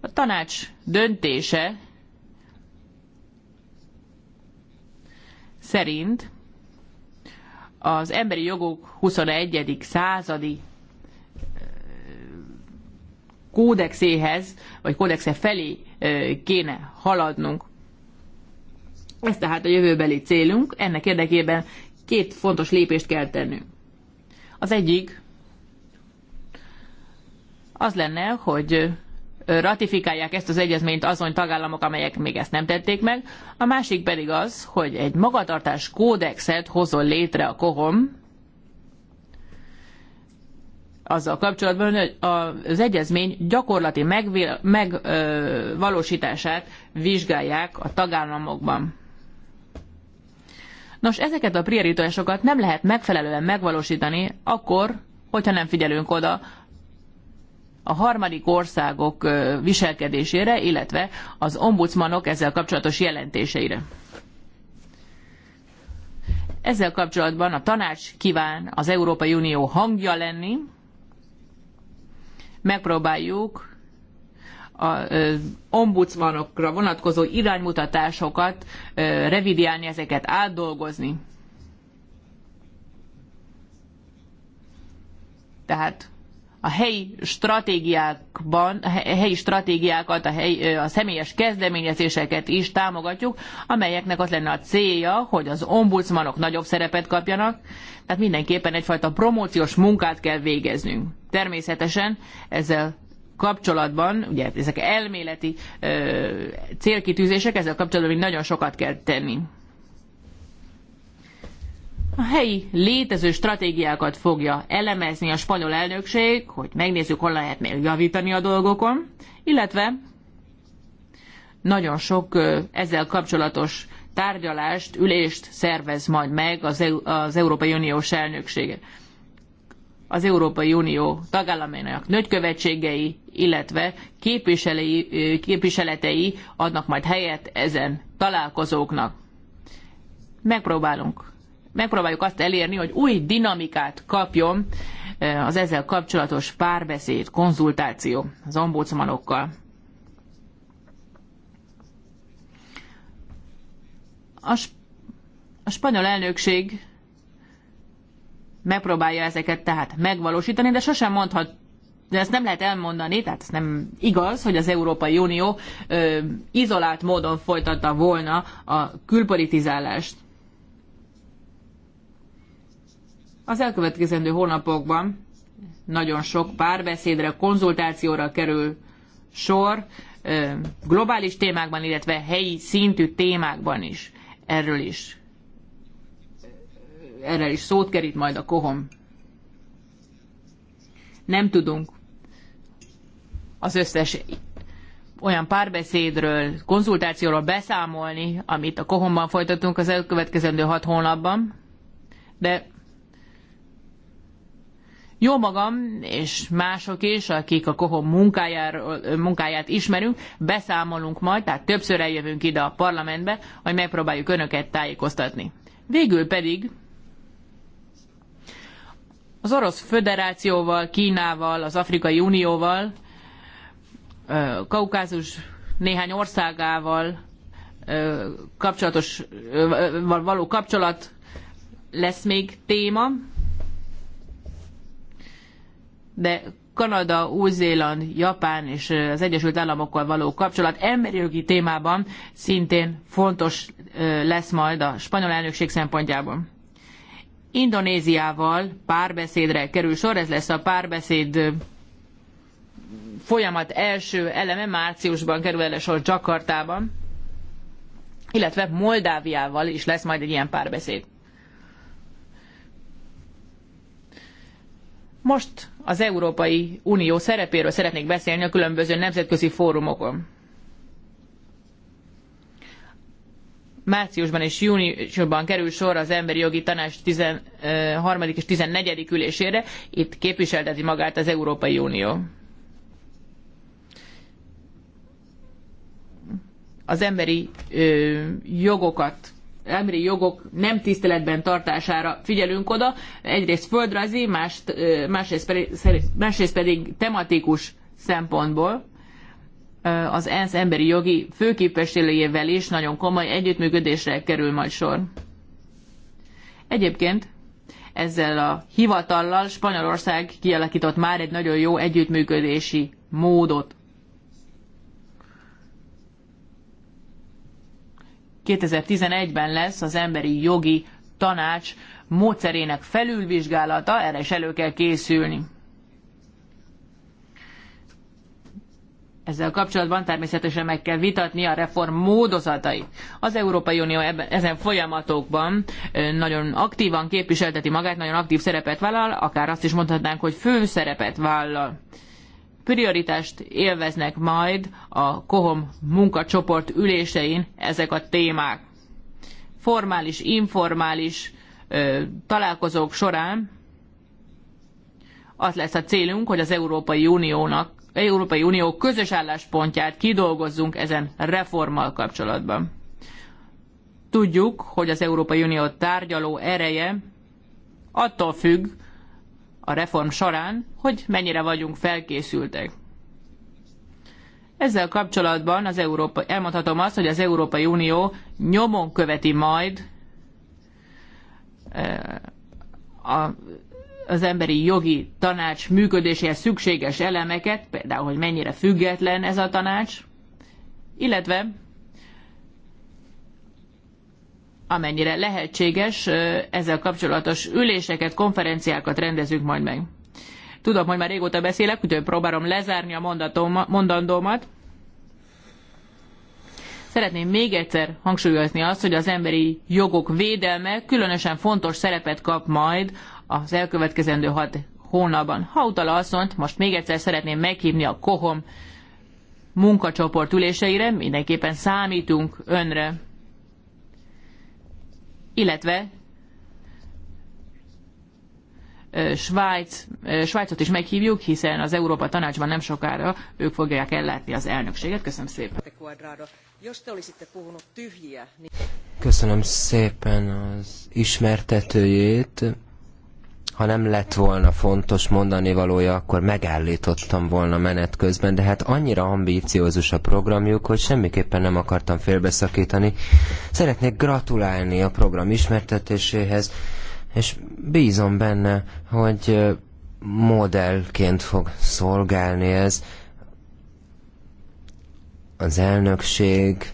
A tanács döntése szerint az emberi jogok 21. századi kódexéhez, vagy kódexe felé kéne haladnunk. Ez tehát a jövőbeli célunk, ennek érdekében két fontos lépést kell tennünk. Az egyik az lenne, hogy ratifikálják ezt az egyezményt azon tagállamok, amelyek még ezt nem tették meg. A másik pedig az, hogy egy magatartás kódexet hozol létre a kohom, azzal kapcsolatban, hogy az egyezmény gyakorlati megvalósítását meg, vizsgálják a tagállamokban. Nos, ezeket a prioritásokat nem lehet megfelelően megvalósítani akkor, hogyha nem figyelünk oda a harmadik országok viselkedésére, illetve az ombudsmanok ezzel kapcsolatos jelentéseire. Ezzel kapcsolatban a tanács kíván az Európai Unió hangja lenni, megpróbáljuk az ombudsmanokra vonatkozó iránymutatásokat revidiálni, ezeket átdolgozni. Tehát a helyi stratégiákban, a helyi stratégiákat, a, helyi, a személyes kezdeményezéseket is támogatjuk, amelyeknek az lenne a célja, hogy az ombudsmanok nagyobb szerepet kapjanak, tehát mindenképpen egyfajta promóciós munkát kell végeznünk. Természetesen ezzel kapcsolatban, ugye ezek elméleti ö, célkitűzések, ezzel kapcsolatban még nagyon sokat kell tenni a helyi létező stratégiákat fogja elemezni a spanyol elnökség, hogy megnézzük, hol lehet még javítani a dolgokon, illetve nagyon sok ezzel kapcsolatos tárgyalást, ülést szervez majd meg az, EU, az Európai Uniós elnöksége. Az Európai Unió tagállamainak nagykövetségei, illetve képviseletei adnak majd helyet ezen találkozóknak. Megpróbálunk megpróbáljuk azt elérni, hogy új dinamikát kapjon eh, az ezzel kapcsolatos párbeszéd, konzultáció az ombudsmanokkal. A, sp a spanyol elnökség megpróbálja ezeket tehát megvalósítani, de sosem mondhat, de ezt nem lehet elmondani, tehát ez nem igaz, hogy az Európai Unió ö, izolált módon folytatta volna a külpolitizálást. Az elkövetkezendő hónapokban nagyon sok párbeszédre, konzultációra kerül sor, globális témákban, illetve helyi szintű témákban is. Erről is erről is szót kerít majd a kohom. Nem tudunk az összes olyan párbeszédről, konzultációról beszámolni, amit a kohomban folytatunk az elkövetkezendő hat hónapban, de jó magam, és mások is, akik a Kohom munkáját ismerünk, beszámolunk majd, tehát többször eljövünk ide a parlamentbe, hogy megpróbáljuk önöket tájékoztatni. Végül pedig az Orosz Föderációval, Kínával, az Afrikai Unióval, Kaukázus néhány országával kapcsolatos, való kapcsolat lesz még téma de Kanada, Új-Zéland, Japán és az Egyesült Államokkal való kapcsolat emberi jogi témában szintén fontos lesz majd a spanyol elnökség szempontjából. Indonéziával párbeszédre kerül sor, ez lesz a párbeszéd folyamat első eleme, márciusban kerül el sor Jakartában, illetve Moldáviával is lesz majd egy ilyen párbeszéd. Most az Európai Unió szerepéről szeretnék beszélni a különböző nemzetközi fórumokon. Márciusban és júniusban kerül sor az Emberi Jogi Tanács 13. és 14. ülésére, itt képviselteti magát az Európai Unió. Az emberi ö, jogokat emberi jogok nem tiszteletben tartására figyelünk oda, egyrészt földrajzi, más, másrészt, pedig, másrészt pedig tematikus szempontból az ENSZ emberi jogi főképviselőjével is nagyon komoly együttműködésre kerül majd sor. Egyébként ezzel a hivatallal Spanyolország kialakított már egy nagyon jó együttműködési módot. 2011-ben lesz az emberi jogi tanács módszerének felülvizsgálata, erre is elő kell készülni. Ezzel kapcsolatban természetesen meg kell vitatni a reform módozatait. Az Európai Unió ebben, ezen folyamatokban nagyon aktívan képviselteti magát, nagyon aktív szerepet vállal, akár azt is mondhatnánk, hogy fő szerepet vállal prioritást élveznek majd a KOHOM munkacsoport ülésein ezek a témák. Formális, informális ö, találkozók során az lesz a célunk, hogy az Európai Uniónak Európai Unió közös álláspontját kidolgozzunk ezen reformmal kapcsolatban. Tudjuk, hogy az Európai Unió tárgyaló ereje attól függ, a reform során, hogy mennyire vagyunk felkészültek. Ezzel kapcsolatban az Európa, elmondhatom azt, hogy az Európai Unió nyomon követi majd eh, a, az emberi jogi tanács működéséhez szükséges elemeket, például, hogy mennyire független ez a tanács, illetve amennyire lehetséges, ezzel kapcsolatos üléseket, konferenciákat rendezünk majd meg. Tudom, hogy már régóta beszélek, úgyhogy próbálom lezárni a mondandómat. Szeretném még egyszer hangsúlyozni azt, hogy az emberi jogok védelme különösen fontos szerepet kap majd az elkövetkezendő hat hónapban. Hautala asszonyt most még egyszer szeretném meghívni a KOHOM munkacsoport üléseire, mindenképpen számítunk önre illetve Svájc, Svájcot is meghívjuk, hiszen az Európa Tanácsban nem sokára ők fogják ellátni az elnökséget. Köszönöm szépen. Köszönöm szépen az ismertetőjét ha nem lett volna fontos mondani valója, akkor megállítottam volna menet közben, de hát annyira ambíciózus a programjuk, hogy semmiképpen nem akartam félbeszakítani. Szeretnék gratulálni a program ismertetéséhez, és bízom benne, hogy modellként fog szolgálni ez az elnökség,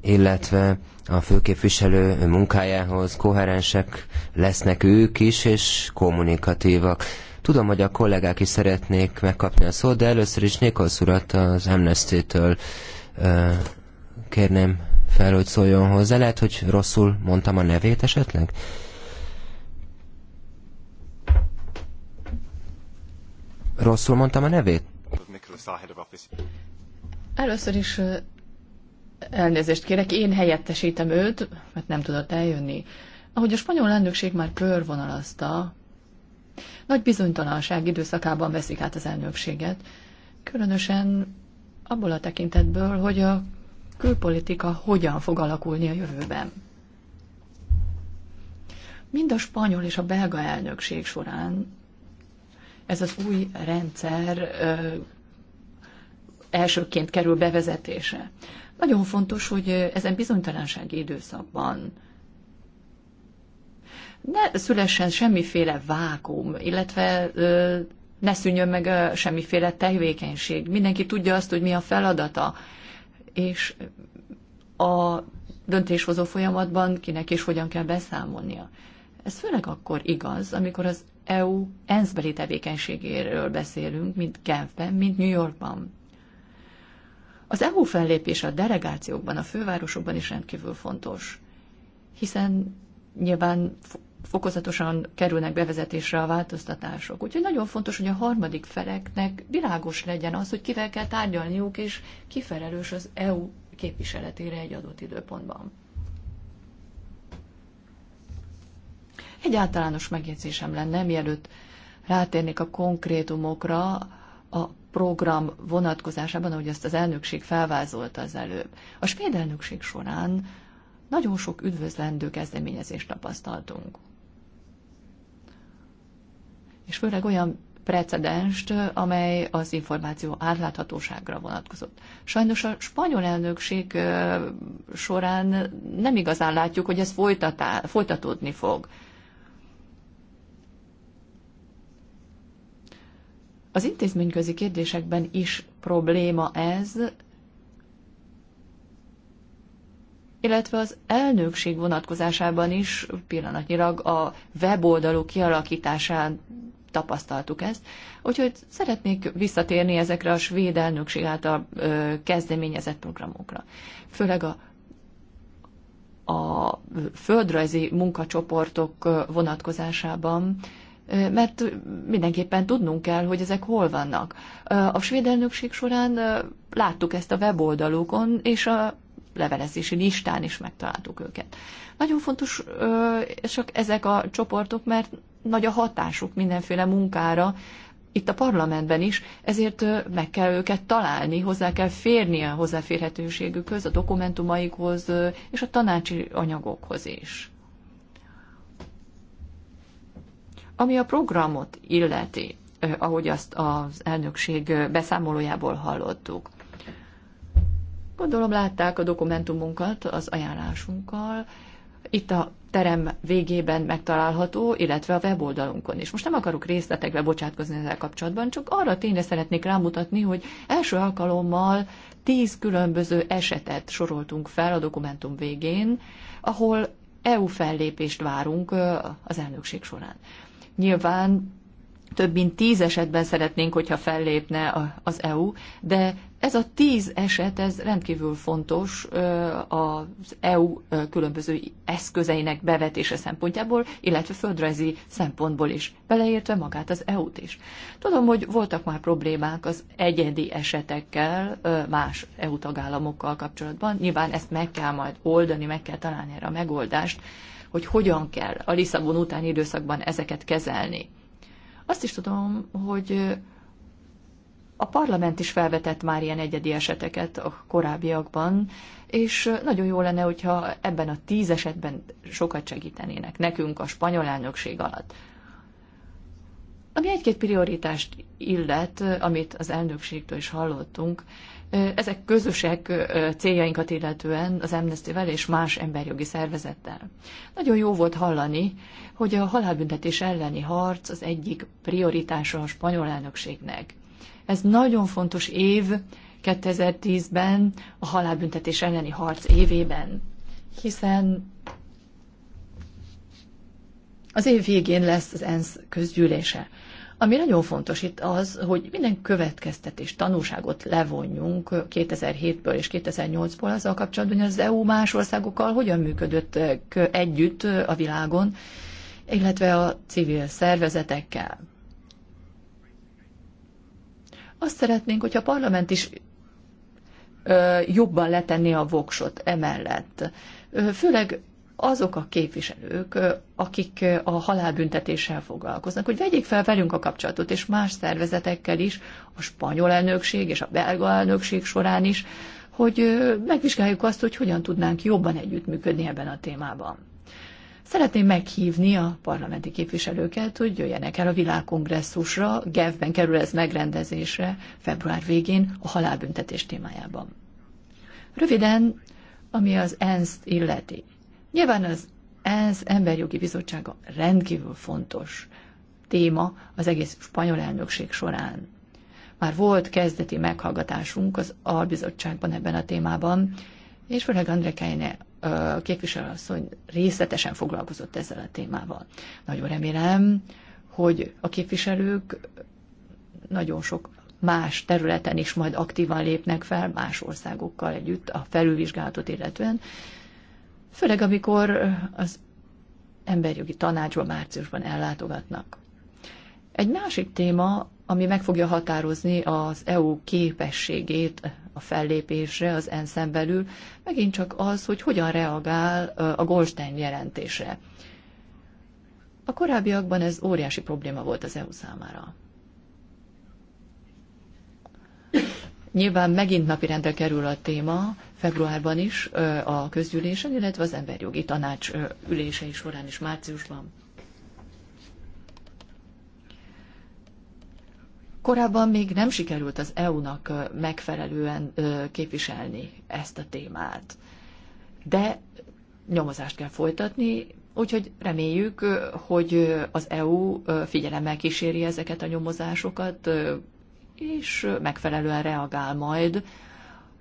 illetve a főképviselő munkájához, koherensek lesznek ők is, és kommunikatívak. Tudom, hogy a kollégák is szeretnék megkapni a szót, de először is Nikolsz urat az Amnesty-től kérném fel, hogy szóljon hozzá. Lehet, hogy rosszul mondtam a nevét esetleg? Rosszul mondtam a nevét? Először is Elnézést kérek, én helyettesítem őt, mert nem tudott eljönni. Ahogy a spanyol elnökség már körvonalazta, nagy bizonytalanság időszakában veszik át az elnökséget, különösen abból a tekintetből, hogy a külpolitika hogyan fog alakulni a jövőben. Mind a spanyol és a belga elnökség során ez az új rendszer ö, elsőként kerül bevezetése. Nagyon fontos, hogy ezen bizonytalansági időszakban ne szülessen semmiféle vákum, illetve ö, ne szűnjön meg ö, semmiféle tevékenység. Mindenki tudja azt, hogy mi a feladata, és a döntéshozó folyamatban kinek és hogyan kell beszámolnia. Ez főleg akkor igaz, amikor az EU ENSZ-beli tevékenységéről beszélünk, mint Genfben, mint New Yorkban. Az EU fellépése a delegációkban, a fővárosokban is rendkívül fontos, hiszen nyilván fokozatosan kerülnek bevezetésre a változtatások. Úgyhogy nagyon fontos, hogy a harmadik feleknek világos legyen az, hogy kivel kell tárgyalniuk, és kifelelős az EU képviseletére egy adott időpontban. Egy általános megjegyzésem lenne, mielőtt rátérnék a konkrétumokra, a program vonatkozásában, ahogy azt az elnökség felvázolta az előbb. A svéd elnökség során nagyon sok üdvözlendő kezdeményezést tapasztaltunk. És főleg olyan precedenst, amely az információ átláthatóságra vonatkozott. Sajnos a spanyol elnökség során nem igazán látjuk, hogy ez folytatá, folytatódni fog. Az intézményközi kérdésekben is probléma ez, illetve az elnökség vonatkozásában is pillanatnyilag a weboldalú kialakításán tapasztaltuk ezt. Úgyhogy szeretnék visszatérni ezekre a svéd elnökség által ö, kezdeményezett programokra. Főleg a, a földrajzi munkacsoportok vonatkozásában mert mindenképpen tudnunk kell, hogy ezek hol vannak. A svéd elnökség során láttuk ezt a weboldalukon, és a levelezési listán is megtaláltuk őket. Nagyon fontos csak ezek a csoportok, mert nagy a hatásuk mindenféle munkára, itt a parlamentben is, ezért meg kell őket találni, hozzá kell férnie a hozzáférhetőségükhöz, a dokumentumaikhoz és a tanácsi anyagokhoz is. Ami a programot illeti, ahogy azt az elnökség beszámolójából hallottuk. Gondolom látták a dokumentumunkat az ajánlásunkkal. Itt a terem végében megtalálható, illetve a weboldalunkon is. Most nem akarok részletekbe bocsátkozni ezzel kapcsolatban, csak arra tényleg szeretnék rámutatni, hogy első alkalommal tíz különböző esetet soroltunk fel a dokumentum végén, ahol EU fellépést várunk az elnökség során. Nyilván több mint tíz esetben szeretnénk, hogyha fellépne az EU, de ez a tíz eset, ez rendkívül fontos az EU különböző eszközeinek bevetése szempontjából, illetve földrajzi szempontból is, beleértve magát az EU-t is. Tudom, hogy voltak már problémák az egyedi esetekkel más EU tagállamokkal kapcsolatban, nyilván ezt meg kell majd oldani, meg kell találni erre a megoldást, hogy hogyan kell a Lisszabon utáni időszakban ezeket kezelni. Azt is tudom, hogy a parlament is felvetett már ilyen egyedi eseteket a korábbiakban, és nagyon jó lenne, hogyha ebben a tíz esetben sokat segítenének nekünk a spanyol elnökség alatt. Ami egy-két prioritást illet, amit az elnökségtől is hallottunk, ezek közösek céljainkat illetően az Amnestyvel és más emberjogi szervezettel. Nagyon jó volt hallani, hogy a halálbüntetés elleni harc az egyik prioritása a spanyol elnökségnek. Ez nagyon fontos év 2010-ben, a halálbüntetés elleni harc évében, hiszen az év végén lesz az ENSZ közgyűlése. Ami nagyon fontos itt az, hogy minden következtetés, tanulságot levonjunk 2007-ből és 2008-ból azzal kapcsolatban, hogy az EU más országokkal hogyan működött eh, együtt eh, a világon, illetve a civil szervezetekkel. Azt szeretnénk, hogyha a parlament is eh, jobban letenni a voksot emellett. Főleg azok a képviselők, akik a halálbüntetéssel foglalkoznak, hogy vegyék fel velünk a kapcsolatot, és más szervezetekkel is, a spanyol elnökség és a belga elnökség során is, hogy megvizsgáljuk azt, hogy hogyan tudnánk jobban együttműködni ebben a témában. Szeretném meghívni a parlamenti képviselőket, hogy jöjjenek el a világkongresszusra, Genfben kerül ez megrendezésre február végén a halálbüntetés témájában. Röviden, ami az ENSZ-t illeti. Nyilván az ENSZ emberjogi bizottsága rendkívül fontos téma az egész spanyol elnökség során. Már volt kezdeti meghallgatásunk az albizottságban ebben a témában, és főleg André Keine képviselőasszony részletesen foglalkozott ezzel a témával. Nagyon remélem, hogy a képviselők nagyon sok más területen is majd aktívan lépnek fel, más országokkal együtt a felülvizsgálatot illetően, főleg amikor az emberjogi tanácsba márciusban ellátogatnak. Egy másik téma, ami meg fogja határozni az EU képességét a fellépésre az ensz belül, megint csak az, hogy hogyan reagál a Goldstein jelentése. A korábbiakban ez óriási probléma volt az EU számára. Nyilván megint napirendre kerül a téma, februárban is a közgyűlésen, illetve az emberjogi tanács ülései során is márciusban. Korábban még nem sikerült az EU-nak megfelelően képviselni ezt a témát, de nyomozást kell folytatni, úgyhogy reméljük, hogy az EU figyelemmel kíséri ezeket a nyomozásokat, és megfelelően reagál majd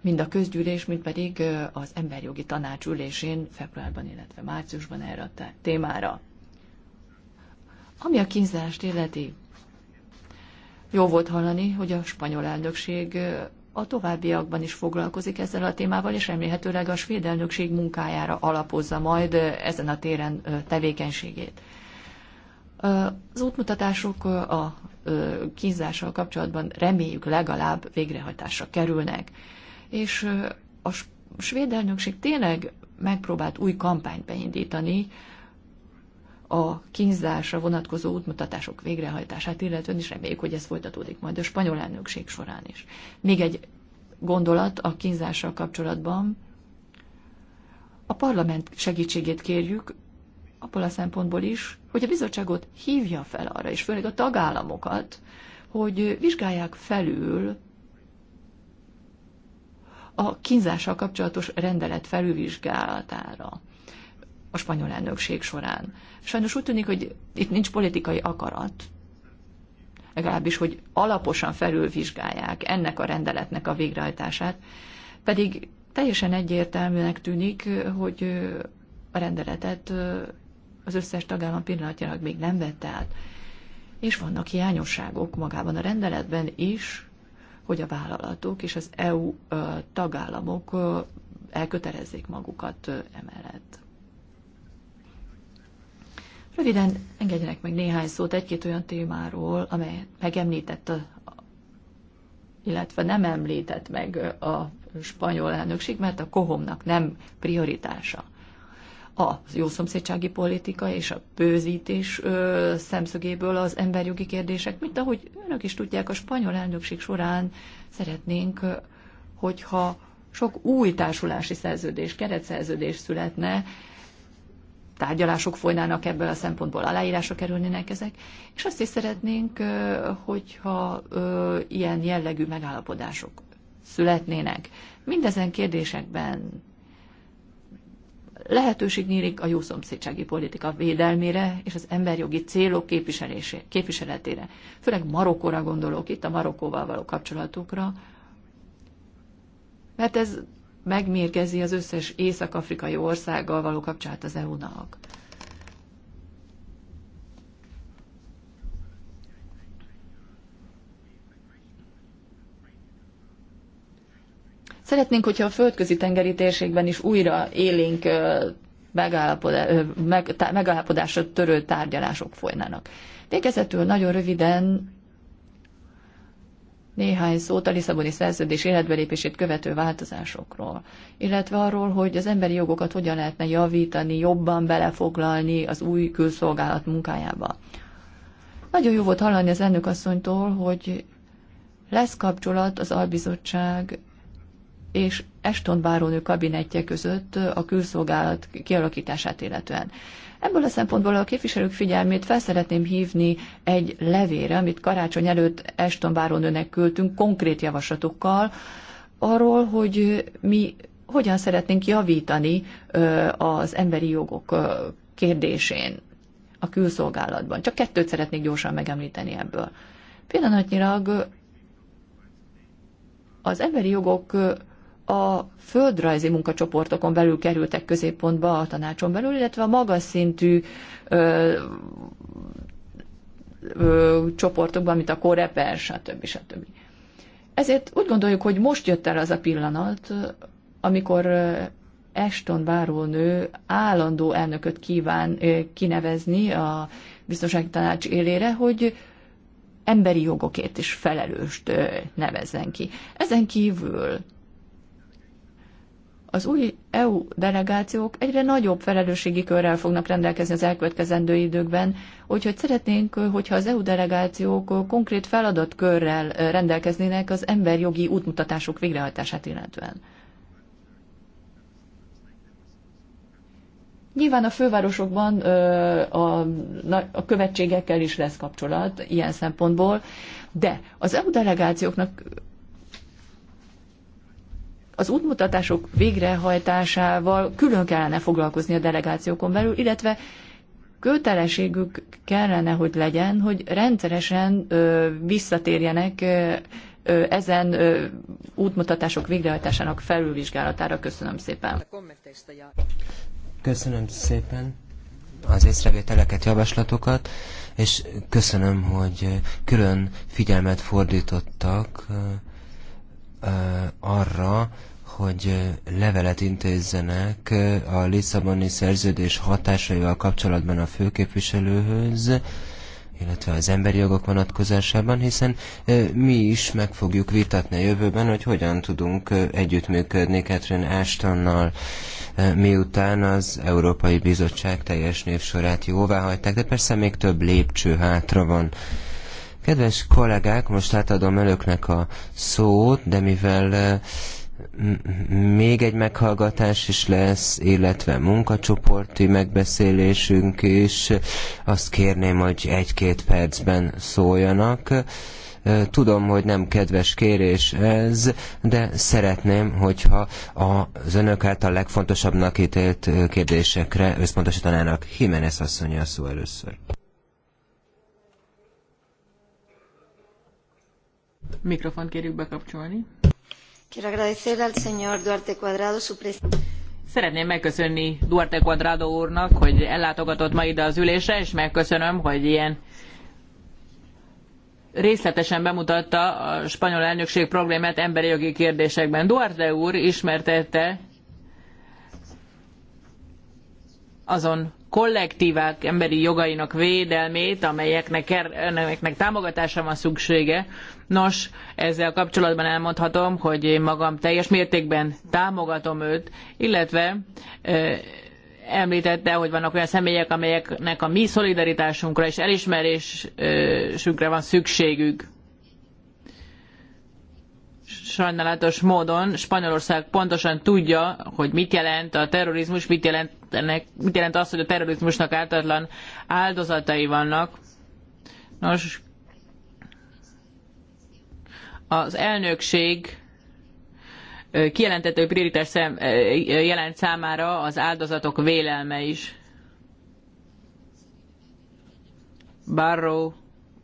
mind a közgyűlés, mind pedig az emberjogi tanács ülésén februárban, illetve márciusban erre a témára. Ami a kínzást illeti, jó volt hallani, hogy a spanyol elnökség a továbbiakban is foglalkozik ezzel a témával, és remélhetőleg a svéd elnökség munkájára alapozza majd ezen a téren tevékenységét. Az útmutatások a kínzással kapcsolatban reméljük legalább végrehajtásra kerülnek és a svéd elnökség tényleg megpróbált új kampányt beindítani a kínzásra vonatkozó útmutatások végrehajtását, illetve is reméljük, hogy ez folytatódik majd a spanyol elnökség során is. Még egy gondolat a kínzással kapcsolatban. A parlament segítségét kérjük abból a szempontból is, hogy a bizottságot hívja fel arra, és főleg a tagállamokat, hogy vizsgálják felül a kínzással kapcsolatos rendelet felülvizsgálatára a spanyol elnökség során. Sajnos úgy tűnik, hogy itt nincs politikai akarat, legalábbis, hogy alaposan felülvizsgálják ennek a rendeletnek a végrehajtását, pedig teljesen egyértelműnek tűnik, hogy a rendeletet az összes tagállam pillanatjának még nem vette át. És vannak hiányosságok magában a rendeletben is, hogy a vállalatok és az EU tagállamok elkötelezzék magukat emellett. Röviden engedjenek meg néhány szót egy-két olyan témáról, amely megemlített, a, illetve nem említett meg a spanyol elnökség, mert a kohomnak nem prioritása a jószomszédsági politika és a bőzítés ö, szemszögéből az emberjogi kérdések, mint ahogy önök is tudják, a spanyol elnökség során szeretnénk, hogyha sok új társulási szerződés, keretszerződés születne, tárgyalások folynának ebből a szempontból, aláírásra kerülnének ezek, és azt is szeretnénk, hogyha ilyen jellegű megállapodások születnének. Mindezen kérdésekben lehetőség nyílik a jó szomszédsági politika védelmére és az emberjogi célok képviseletére. Főleg Marokkóra gondolok, itt a Marokkóval való kapcsolatukra, mert ez megmérgezi az összes észak-afrikai országgal való kapcsolat az EU-nak. Szeretnénk, hogyha a földközi tengeri térségben is újra élénk megállapodásra törő tárgyalások folynának. Végezetül nagyon röviden néhány szót a Lisszaboni szerződés életbelépését követő változásokról, illetve arról, hogy az emberi jogokat hogyan lehetne javítani, jobban belefoglalni az új külszolgálat munkájába. Nagyon jó volt hallani az elnök asszonytól, hogy lesz kapcsolat az albizottság és Eston bárónő kabinetje között a külszolgálat kialakítását illetően. Ebből a szempontból a képviselők figyelmét fel szeretném hívni egy levére, amit karácsony előtt Eston bárónőnek küldtünk konkrét javaslatokkal, arról, hogy mi hogyan szeretnénk javítani az emberi jogok kérdésén a külszolgálatban. Csak kettőt szeretnék gyorsan megemlíteni ebből. Pillanatnyilag az emberi jogok a földrajzi munkacsoportokon belül kerültek középpontba a tanácson belül, illetve a magas szintű ö, ö, csoportokban, mint a Koreper, stb. stb. Ezért úgy gondoljuk, hogy most jött el az a pillanat, amikor Eston bárónő állandó elnököt kíván kinevezni a biztonsági tanács élére, hogy emberi jogokért is felelőst nevezzen ki. Ezen kívül az új EU delegációk egyre nagyobb felelősségi körrel fognak rendelkezni az elkövetkezendő időkben, úgyhogy szeretnénk, hogyha az EU delegációk konkrét feladatkörrel rendelkeznének az emberjogi útmutatások végrehajtását illetően. Nyilván a fővárosokban a, a követségekkel is lesz kapcsolat ilyen szempontból, de az EU delegációknak az útmutatások végrehajtásával külön kellene foglalkozni a delegációkon belül, illetve kötelességük kellene, hogy legyen, hogy rendszeresen ö, visszatérjenek ö, ezen ö, útmutatások végrehajtásának felülvizsgálatára. Köszönöm szépen. Köszönöm szépen az észrevételeket, javaslatokat, és köszönöm, hogy külön figyelmet fordítottak arra, hogy levelet intézzenek a Lisszaboni szerződés hatásaival kapcsolatban a főképviselőhöz, illetve az emberi jogok vonatkozásában, hiszen mi is meg fogjuk vitatni a jövőben, hogy hogyan tudunk együttműködni Catherine Ashtonnal, miután az Európai Bizottság teljes névsorát jóvá hagyták, de persze még több lépcső hátra van. Kedves kollégák, most átadom önöknek a szót, de mivel még egy meghallgatás is lesz, illetve munkacsoporti megbeszélésünk is, azt kérném, hogy egy-két percben szóljanak. Tudom, hogy nem kedves kérés ez, de szeretném, hogyha az önök által legfontosabbnak ítélt kérdésekre összpontosítanának. Jiménez asszony a szó először. Mikrofon kérjük bekapcsolni. Szeretném megköszönni Duarte Cuadrado úrnak, hogy ellátogatott ma ide az ülésre, és megköszönöm, hogy ilyen részletesen bemutatta a spanyol elnökség problémát emberi jogi kérdésekben. Duarte úr ismertette azon kollektívák emberi jogainak védelmét, amelyeknek, er, amelyeknek támogatásra van szüksége. Nos, ezzel kapcsolatban elmondhatom, hogy én magam teljes mértékben támogatom őt, illetve említette, hogy vannak olyan személyek, amelyeknek a mi szolidaritásunkra és elismerésünkre van szükségük sajnálatos módon Spanyolország pontosan tudja, hogy mit jelent a terrorizmus, mit jelent, ennek, mit jelent az, hogy a terrorizmusnak ártatlan áldozatai vannak. Nos, az elnökség kijelentette, hogy prioritás szem, jelent számára az áldozatok vélelme is. Barrow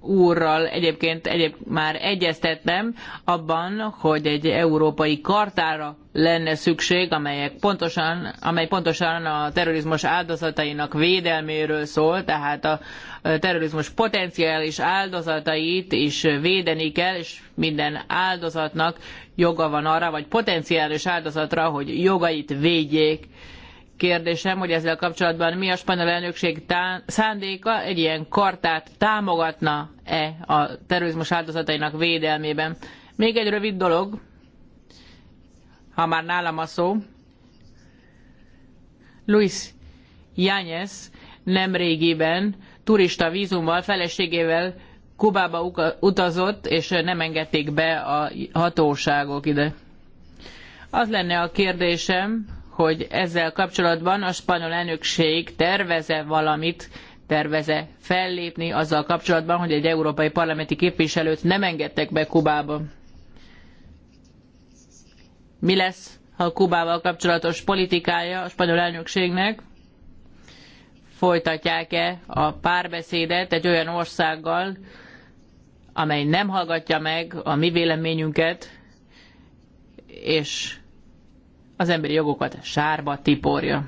úrral egyébként egyéb, már egyeztettem abban, hogy egy európai kartára lenne szükség, amelyek pontosan, amely pontosan a terrorizmus áldozatainak védelméről szól, tehát a terrorizmus potenciális áldozatait is védeni kell, és minden áldozatnak joga van arra, vagy potenciális áldozatra, hogy jogait védjék kérdésem, hogy ezzel kapcsolatban mi a spanyol elnökség szándéka egy ilyen kartát támogatna-e a terrorizmus áldozatainak védelmében. Még egy rövid dolog, ha már nálam a szó. Luis nem régiben turista vízummal, feleségével Kubába utazott, és nem engedték be a hatóságok ide. Az lenne a kérdésem, hogy ezzel kapcsolatban a spanyol elnökség terveze valamit, terveze fellépni azzal kapcsolatban, hogy egy európai parlamenti képviselőt nem engedtek be Kubába. Mi lesz a Kubával kapcsolatos politikája a spanyol elnökségnek? Folytatják-e a párbeszédet egy olyan országgal, amely nem hallgatja meg a mi véleményünket, és az emberi jogokat sárba tiporja.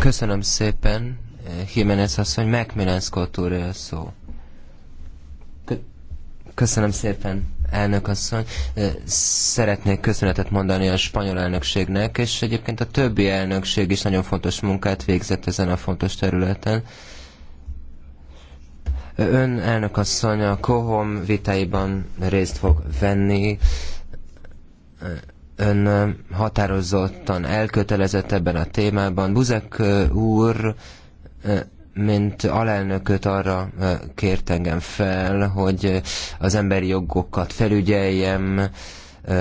Köszönöm szépen, eh, Jiménez asszony, Macmillan Scott úr a szó. Köszönöm szépen, elnök asszony. Eh, szeretnék köszönetet mondani a spanyol elnökségnek, és egyébként a többi elnökség is nagyon fontos munkát végzett ezen a fontos területen. Ön elnök asszony a Kohom vitáiban részt fog venni, ön határozottan elkötelezett ebben a témában. Buzek úr, mint alelnököt arra kért engem fel, hogy az emberi jogokat felügyeljem,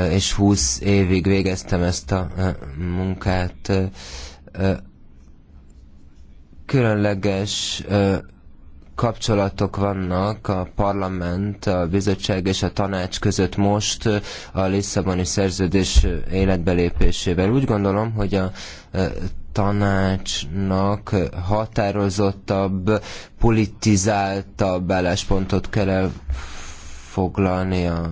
és 20 évig végeztem ezt a munkát. Különleges kapcsolatok vannak a parlament, a bizottság és a tanács között most a Lisszaboni szerződés életbelépésével. Úgy gondolom, hogy a e, tanácsnak határozottabb, politizáltabb álláspontot kell elfoglalnia.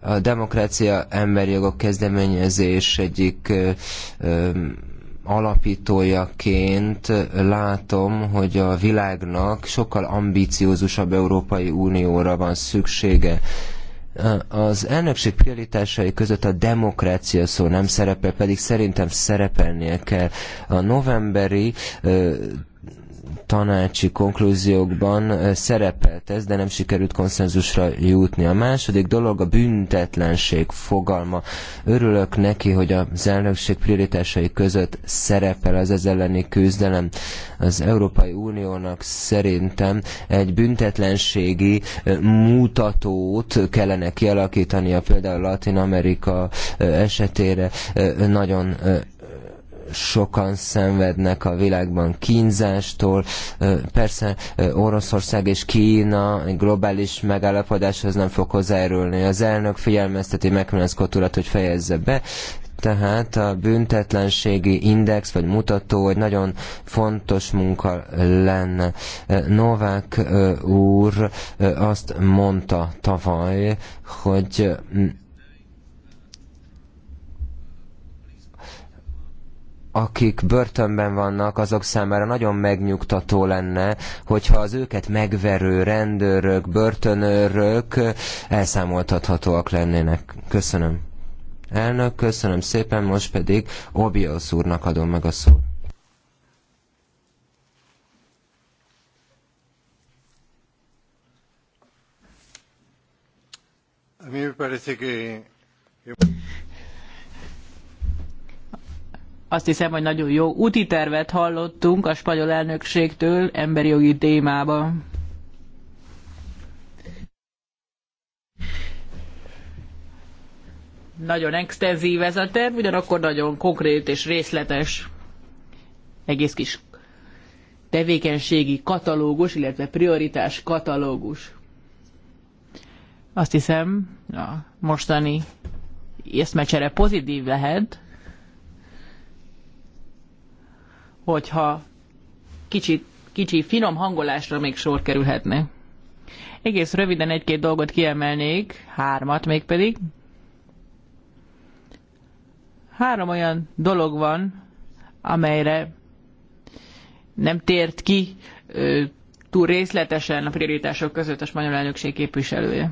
A demokrácia emberi jogok kezdeményezés egyik e, e, alapítójaként látom, hogy a világnak sokkal ambíciózusabb Európai Unióra van szüksége. Az elnökség prioritásai között a demokrácia szó nem szerepel, pedig szerintem szerepelnie kell. A novemberi tanácsi konklúziókban szerepelt ez, de nem sikerült konszenzusra jutni. A második dolog a büntetlenség fogalma. Örülök neki, hogy az elnökség prioritásai között szerepel az ez elleni küzdelem. Az Európai Uniónak szerintem egy büntetlenségi mutatót kellene kialakítania, például Latin Amerika esetére nagyon sokan szenvednek a világban kínzástól. Persze Oroszország és Kína egy globális megállapodáshoz nem fog hozzájárulni. Az elnök figyelmezteti Macron urat, hogy fejezze be, tehát a büntetlenségi index vagy mutató egy nagyon fontos munka lenne. Novák úr azt mondta tavaly, hogy akik börtönben vannak, azok számára nagyon megnyugtató lenne, hogyha az őket megverő rendőrök, börtönőrök elszámoltathatóak lennének. Köszönöm. Elnök, köszönöm szépen, most pedig Obiosz úrnak adom meg a szót. Eh, azt hiszem, hogy nagyon jó úti tervet hallottunk a spanyol elnökségtől emberi jogi témában. Nagyon extenzív ez a terv, ugyanakkor nagyon konkrét és részletes. Egész kis tevékenységi katalógus, illetve prioritás katalógus. Azt hiszem, a mostani észmecsere pozitív lehet, hogyha kicsi kicsi finom hangolásra még sor kerülhetne. Egész röviden egy-két dolgot kiemelnék, hármat mégpedig. Három olyan dolog van, amelyre nem tért ki ö, túl részletesen a prioritások között a spanyol elnökség képviselője.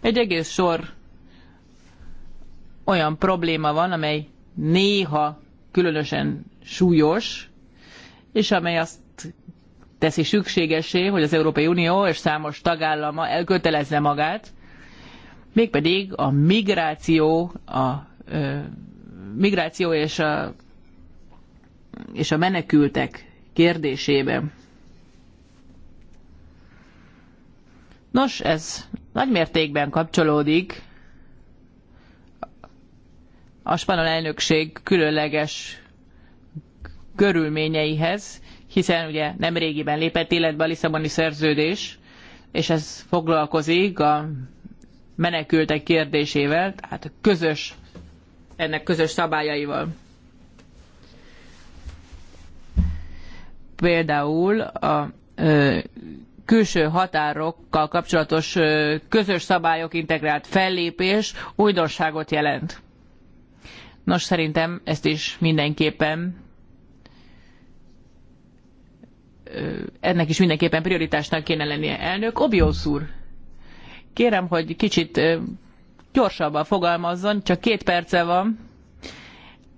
Egy egész sor olyan probléma van, amely néha különösen súlyos, és amely azt teszi szükségesé, hogy az Európai Unió és számos tagállama elkötelezze magát, mégpedig a migráció, a ö, migráció és a, és a menekültek kérdésében. Nos, ez nagy mértékben kapcsolódik a spanyol elnökség különleges körülményeihez, hiszen ugye nem régiben lépett életbe a Lisszaboni szerződés, és ez foglalkozik a menekültek kérdésével, tehát közös, ennek közös szabályaival. Például a ö, külső határokkal kapcsolatos ö, közös szabályok integrált fellépés újdonságot jelent. Nos, szerintem ezt is mindenképpen ennek is mindenképpen prioritásnak kéne lennie. Elnök, Obiósz úr, kérem, hogy kicsit gyorsabban fogalmazzon, csak két perce van.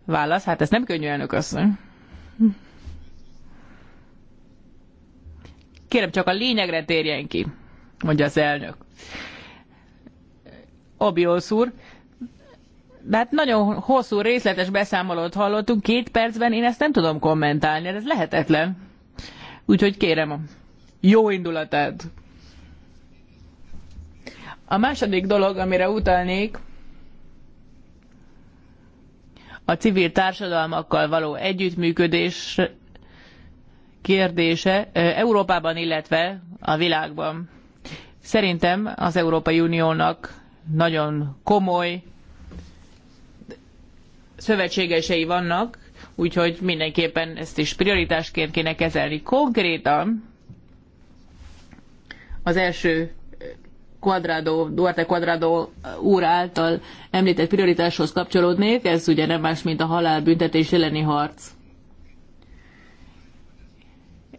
Válasz, hát ez nem könnyű, elnök asszony. Kérem, csak a lényegre térjen ki, mondja az elnök. Obiósz úr, hát nagyon hosszú, részletes beszámolót hallottunk, két percben én ezt nem tudom kommentálni, hát ez lehetetlen. Úgyhogy kérem a jó indulatát. A második dolog, amire utalnék, a civil társadalmakkal való együttműködés kérdése Európában, illetve a világban. Szerintem az Európai Uniónak nagyon komoly szövetségesei vannak, úgyhogy mindenképpen ezt is prioritásként kéne kezelni. Konkrétan az első Quadrado, eh, Duarte Quadrado eh, úr által említett prioritáshoz kapcsolódnék, ez ugye nem más, mint a halálbüntetés elleni harc.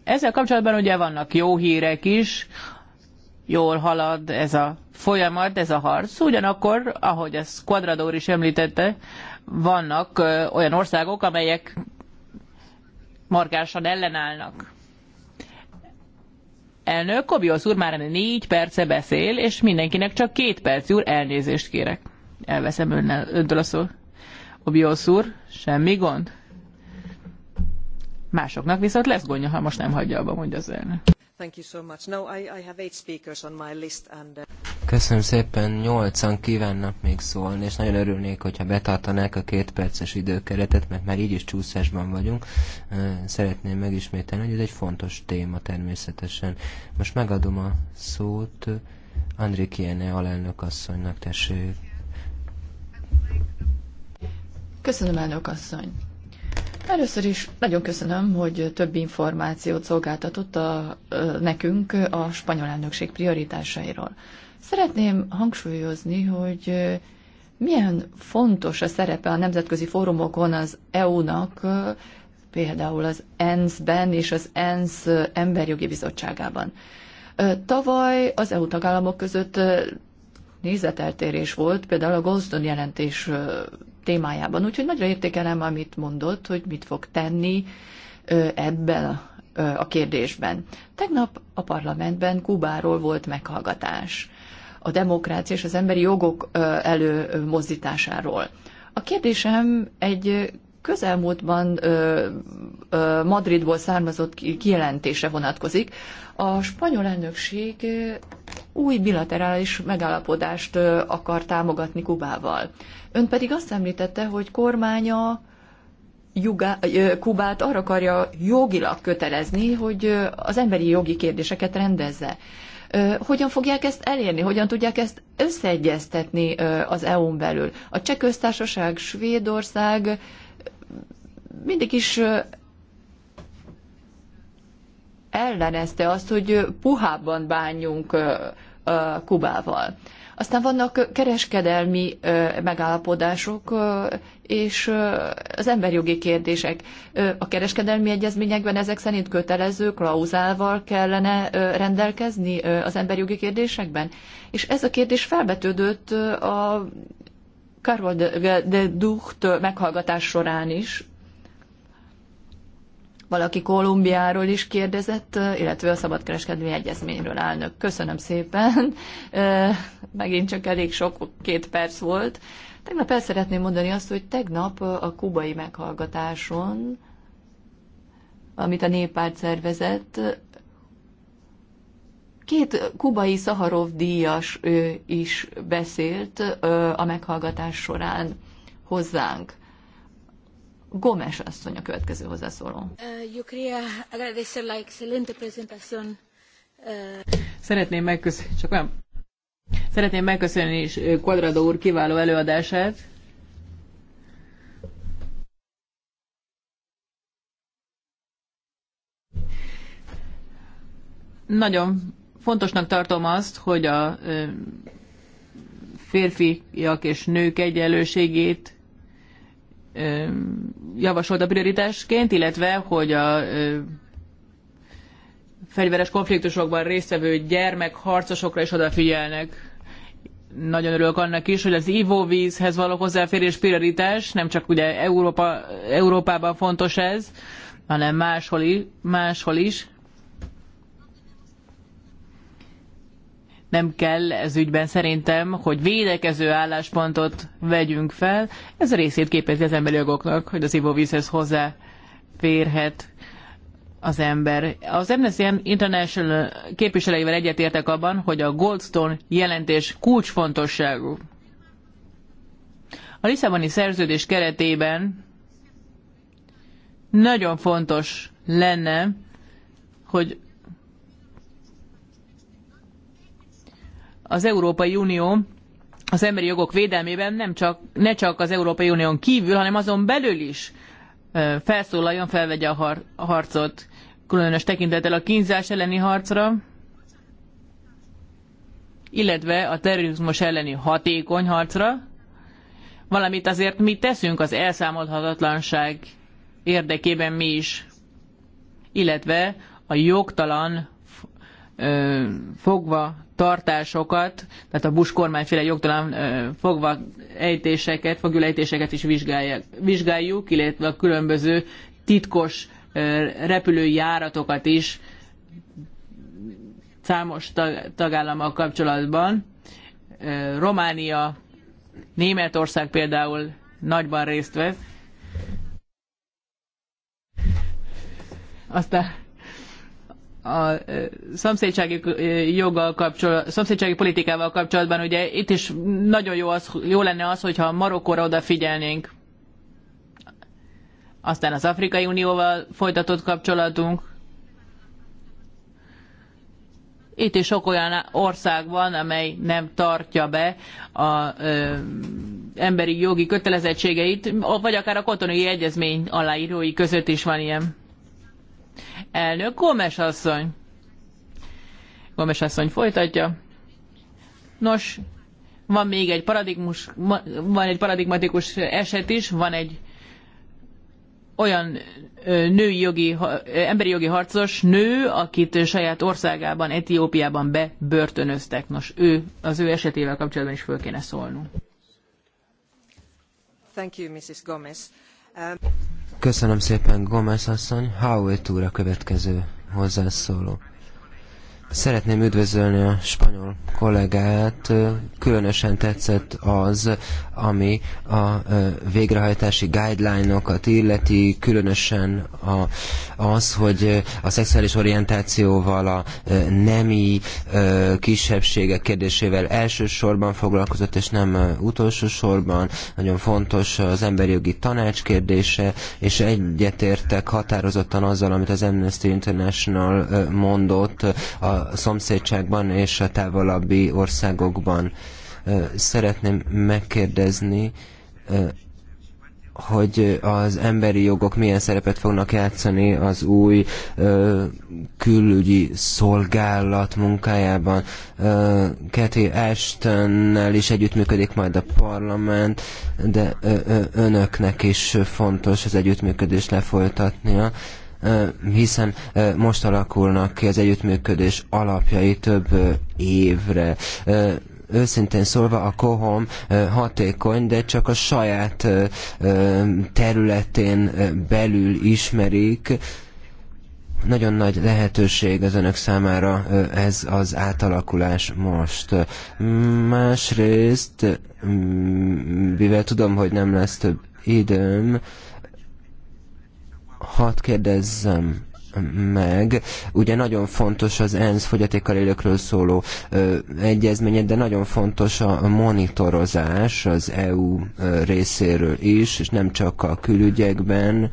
Ezzel kapcsolatban ugye vannak jó hírek is, jól halad ez a folyamat, ez a harc. Ugyanakkor, ahogy ezt úr is említette, vannak olyan országok, amelyek markánsan ellenállnak. Elnök, Kobiosz úr már négy perce beszél, és mindenkinek csak két perc úr, elnézést kérek. Elveszem önnel, öntől a szó. Kobiosz úr, semmi gond? Másoknak viszont lesz gondja, ha most nem hagyja abba, mondja az elnök. Köszönöm szépen, nyolcan kívánnak még szólni, és nagyon örülnék, hogyha betartanák a két perces időkeretet, mert már így is csúszásban vagyunk. Szeretném megismételni, hogy ez egy fontos téma természetesen. Most megadom a szót André Kiene alelnök asszonynak, tessék. Köszönöm, elnök asszony. Először is nagyon köszönöm, hogy több információt szolgáltatott a, nekünk a spanyol elnökség prioritásairól. Szeretném hangsúlyozni, hogy milyen fontos a szerepe a nemzetközi fórumokon az EU-nak, például az ENSZ-ben és az ENSZ emberjogi bizottságában. Tavaly az EU tagállamok között nézeteltérés volt, például a Goldstone jelentés témájában. Úgyhogy nagyra értékelem, amit mondott, hogy mit fog tenni ebben a kérdésben. Tegnap a parlamentben Kubáról volt meghallgatás a demokrácia és az emberi jogok előmozdításáról. A kérdésem egy közelmúltban Madridból származott kijelentése vonatkozik. A spanyol elnökség új bilaterális megállapodást akar támogatni Kubával. Ön pedig azt említette, hogy kormánya Jugá, Kubát arra akarja jogilag kötelezni, hogy az emberi jogi kérdéseket rendezze. Hogyan fogják ezt elérni? Hogyan tudják ezt összeegyeztetni az EU-n belül? A Cseh Köztársaság, Svédország mindig is ellenezte azt, hogy puhábban bánjunk Kubával. Aztán vannak kereskedelmi megállapodások és az emberjogi kérdések. A kereskedelmi egyezményekben ezek szerint kötelező klauzálval kellene rendelkezni az emberjogi kérdésekben? És ez a kérdés felbetődött a Carol de, de Ducht meghallgatás során is, valaki Kolumbiáról is kérdezett, illetve a szabadkereskedelmi egyezményről elnök. Köszönöm szépen. Megint csak elég sok két perc volt. Tegnap el szeretném mondani azt, hogy tegnap a kubai meghallgatáson, amit a néppárt szervezett, Két kubai Szaharov díjas is beszélt a meghallgatás során hozzánk. Gomes asszony a következő hozzászóló. Eh, eh, szeretném megköszönni, csak olyan, szeretném megköszönni is eh, Quadrado úr kiváló előadását. Nagyon fontosnak tartom azt, hogy a férfiak és nők egyenlőségét javasolt a prioritásként, illetve hogy a fegyveres konfliktusokban résztvevő gyermek harcosokra is odafigyelnek. Nagyon örülök annak is, hogy az ivóvízhez való hozzáférés prioritás, nem csak ugye Európa, Európában fontos ez, hanem máshol is, máshol is. nem kell ez ügyben szerintem, hogy védekező álláspontot vegyünk fel. Ez a részét képezi az emberi jogoknak, hogy az ivóvízhez férhet az ember. Az Amnesty International képviselőivel egyetértek abban, hogy a Goldstone jelentés kulcsfontosságú. A Lisszaboni szerződés keretében nagyon fontos lenne, hogy az Európai Unió az emberi jogok védelmében nem csak, ne csak az Európai Unión kívül, hanem azon belül is felszólaljon, felvegye a, harcot, különös tekintettel a kínzás elleni harcra, illetve a terrorizmus elleni hatékony harcra, valamit azért mi teszünk az elszámolhatatlanság érdekében mi is, illetve a jogtalan fogva tartásokat, tehát a Bush kormányféle jogtalan fogva ejtéseket, fogjulejtéseket is vizsgáljuk, illetve a különböző titkos repülőjáratokat is számos tagállammal kapcsolatban. Románia, Németország például nagyban részt vesz. Aztán a szomszédsági joggal kapcsolatban, szomszédsági politikával kapcsolatban, ugye itt is nagyon jó, az, jó lenne az, hogyha Marokkóra odafigyelnénk. Aztán az Afrikai Unióval folytatott kapcsolatunk. Itt is sok olyan ország van, amely nem tartja be ö, emberi jogi kötelezettségeit, vagy akár a kotonai egyezmény aláírói között is van ilyen. Elnök Gómez asszony. Gómez asszony folytatja. Nos, van még egy paradigmus, van egy paradigmatikus eset is, van egy olyan női jogi, emberi jogi harcos nő, akit saját országában, Etiópiában bebörtönöztek. Nos, ő, az ő esetével kapcsolatban is föl kéne szólnunk. Thank you, Mrs. Gomez. Um... Köszönöm szépen, Gomez asszony. Howitt úr a következő hozzászóló. Szeretném üdvözölni a spanyol kollégát. Különösen tetszett az, ami a végrehajtási guideline-okat illeti, különösen a, az, hogy a szexuális orientációval, a nemi kisebbségek kérdésével elsősorban foglalkozott, és nem utolsó sorban. Nagyon fontos az emberi jogi tanács kérdése, és egyetértek határozottan azzal, amit az Amnesty International mondott a szomszédságban és a távolabbi országokban. Szeretném megkérdezni, hogy az emberi jogok milyen szerepet fognak játszani az új külügyi szolgálat munkájában. Kathy Ashtonnel is együttműködik majd a parlament, de önöknek is fontos az együttműködést lefolytatnia hiszen most alakulnak ki az együttműködés alapjai több évre őszintén szólva a kohom hatékony, de csak a saját területén belül ismerik. Nagyon nagy lehetőség az önök számára ez az átalakulás most. Másrészt, mivel tudom, hogy nem lesz több időm, hadd kérdezzem meg, ugye nagyon fontos az ENSZ fogyatékkal élőkről szóló ö, egyezménye, de nagyon fontos a monitorozás az EU részéről is, és nem csak a külügyekben,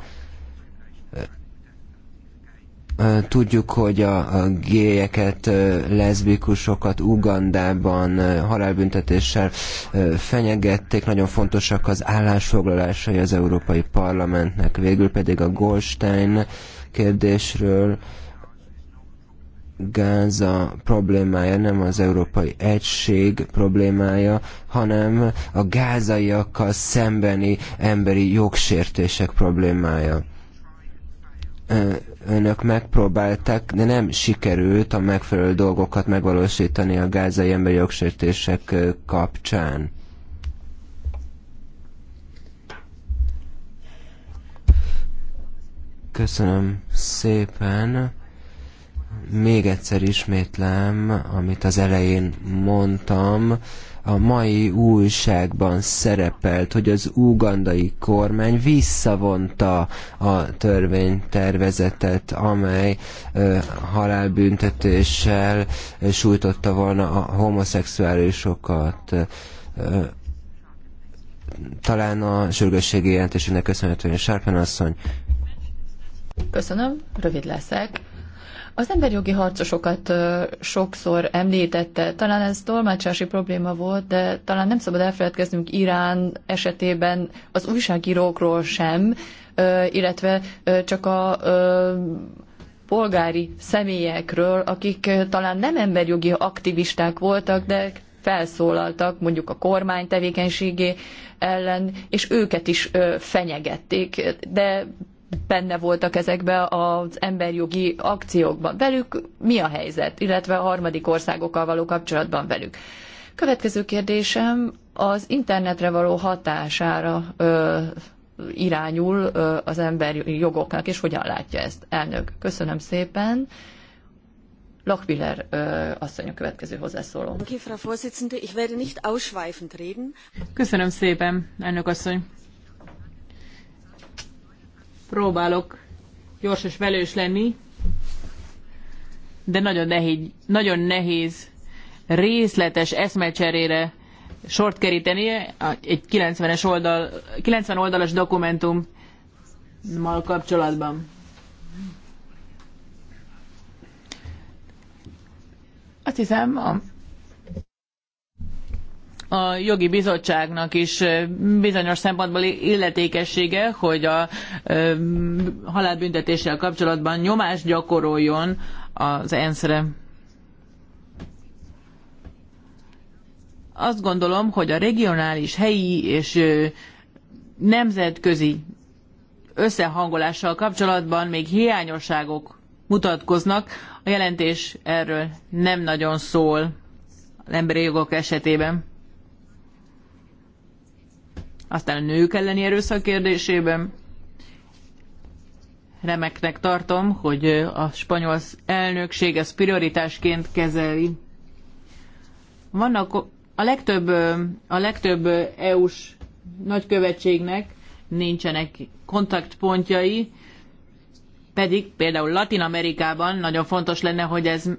Tudjuk, hogy a gélyeket, leszbikusokat Ugandában halálbüntetéssel fenyegették. Nagyon fontosak az állásfoglalásai az Európai Parlamentnek. Végül pedig a Goldstein kérdésről Gáza problémája nem az európai egység problémája, hanem a gázaiakkal szembeni emberi jogsértések problémája önök megpróbálták, de nem sikerült a megfelelő dolgokat megvalósítani a gázai emberi jogsértések kapcsán. Köszönöm szépen. Még egyszer ismétlem, amit az elején mondtam a mai újságban szerepelt, hogy az ugandai kormány visszavonta a törvénytervezetet, amely ö, halálbüntetéssel sújtotta volna a homoszexuálisokat. Ö, talán a sürgősségi jelentésének köszönhetően Sárpán asszony. Köszönöm, rövid leszek. Az emberjogi harcosokat sokszor említette, talán ez tolmácsási probléma volt, de talán nem szabad elfeledkeznünk Irán esetében az újságírókról sem, illetve csak a polgári személyekről, akik talán nem emberjogi aktivisták voltak, de felszólaltak mondjuk a kormány tevékenységé ellen, és őket is fenyegették, de benne voltak ezekbe az emberjogi akciókban. Velük mi a helyzet, illetve a harmadik országokkal való kapcsolatban velük? Következő kérdésem az internetre való hatására ö, irányul ö, az emberi jogoknak, és hogyan látja ezt? Elnök, köszönöm szépen. Lochbiller asszony a következő hozzászóló. Köszönöm szépen, elnök asszony. Próbálok gyors és velős lenni, de nagyon nehéz, nagyon nehéz részletes eszmecserére sort keríteni. Egy 90-es oldal, 90 oldalas dokumentummal kapcsolatban. Azt hiszem, a a jogi bizottságnak is bizonyos szempontból illetékessége, hogy a halálbüntetéssel kapcsolatban nyomást gyakoroljon az ENSZ-re. Azt gondolom, hogy a regionális, helyi és nemzetközi összehangolással kapcsolatban még hiányosságok mutatkoznak. A jelentés erről nem nagyon szól az emberi jogok esetében aztán a nők elleni erőszak kérdésében. Remeknek tartom, hogy a spanyol elnökség ezt prioritásként kezeli. Vannak a legtöbb, a legtöbb EU-s nagykövetségnek nincsenek kontaktpontjai, pedig például Latin Amerikában nagyon fontos lenne, hogy ez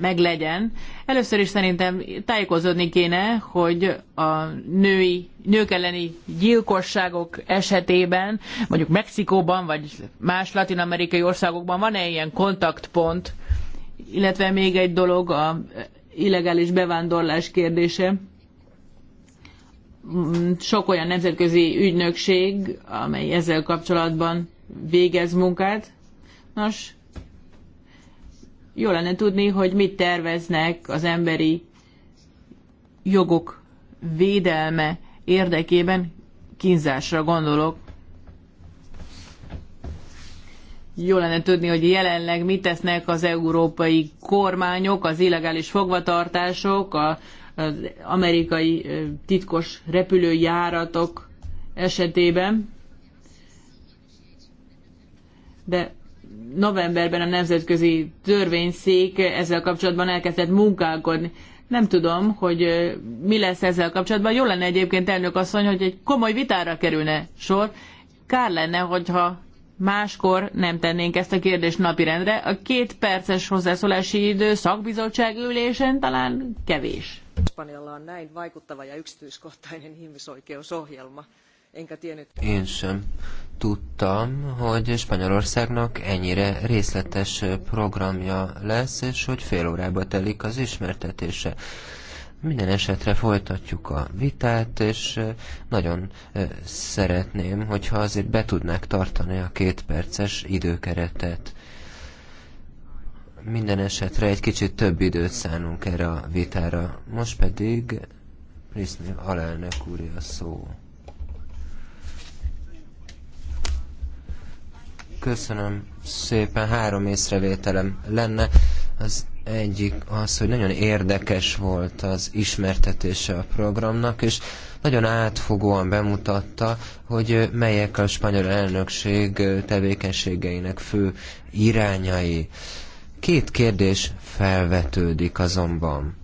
meglegyen. Először is szerintem tájékozódni kéne, hogy a női, nők elleni gyilkosságok esetében, mondjuk Mexikóban, vagy más latin-amerikai országokban van-e ilyen kontaktpont, illetve még egy dolog a illegális bevándorlás kérdése. Sok olyan nemzetközi ügynökség, amely ezzel kapcsolatban végez munkát. Nos, jó lenne tudni, hogy mit terveznek az emberi jogok védelme érdekében, kínzásra gondolok. Jó lenne tudni, hogy jelenleg mit tesznek az európai kormányok, az illegális fogvatartások, a, az amerikai titkos repülőjáratok esetében. De novemberben a Nemzetközi Törvényszék ezzel kapcsolatban elkezdett munkálkodni. Nem tudom, hogy mi lesz ezzel kapcsolatban. Jó lenne egyébként elnök asszony, hogy egy komoly vitára kerülne sor. Kár lenne, hogyha máskor nem tennénk ezt a kérdést napirendre. A két perces hozzászólási idő szakbizottság ülésen talán kevés. Espanjalla on näin vaikuttava ja yksityiskohtainen ihmisoikeusohjelma én sem tudtam, hogy Spanyolországnak ennyire részletes programja lesz, és hogy fél órába telik az ismertetése. Minden esetre folytatjuk a vitát, és nagyon szeretném, hogyha azért be tudnák tartani a két perces időkeretet. Minden esetre egy kicsit több időt szánunk erre a vitára. Most pedig Prisznyi alelnök úr a szó. Köszönöm szépen, három észrevételem lenne. Az egyik az, hogy nagyon érdekes volt az ismertetése a programnak, és nagyon átfogóan bemutatta, hogy melyek a spanyol elnökség tevékenységeinek fő irányai. Két kérdés felvetődik azonban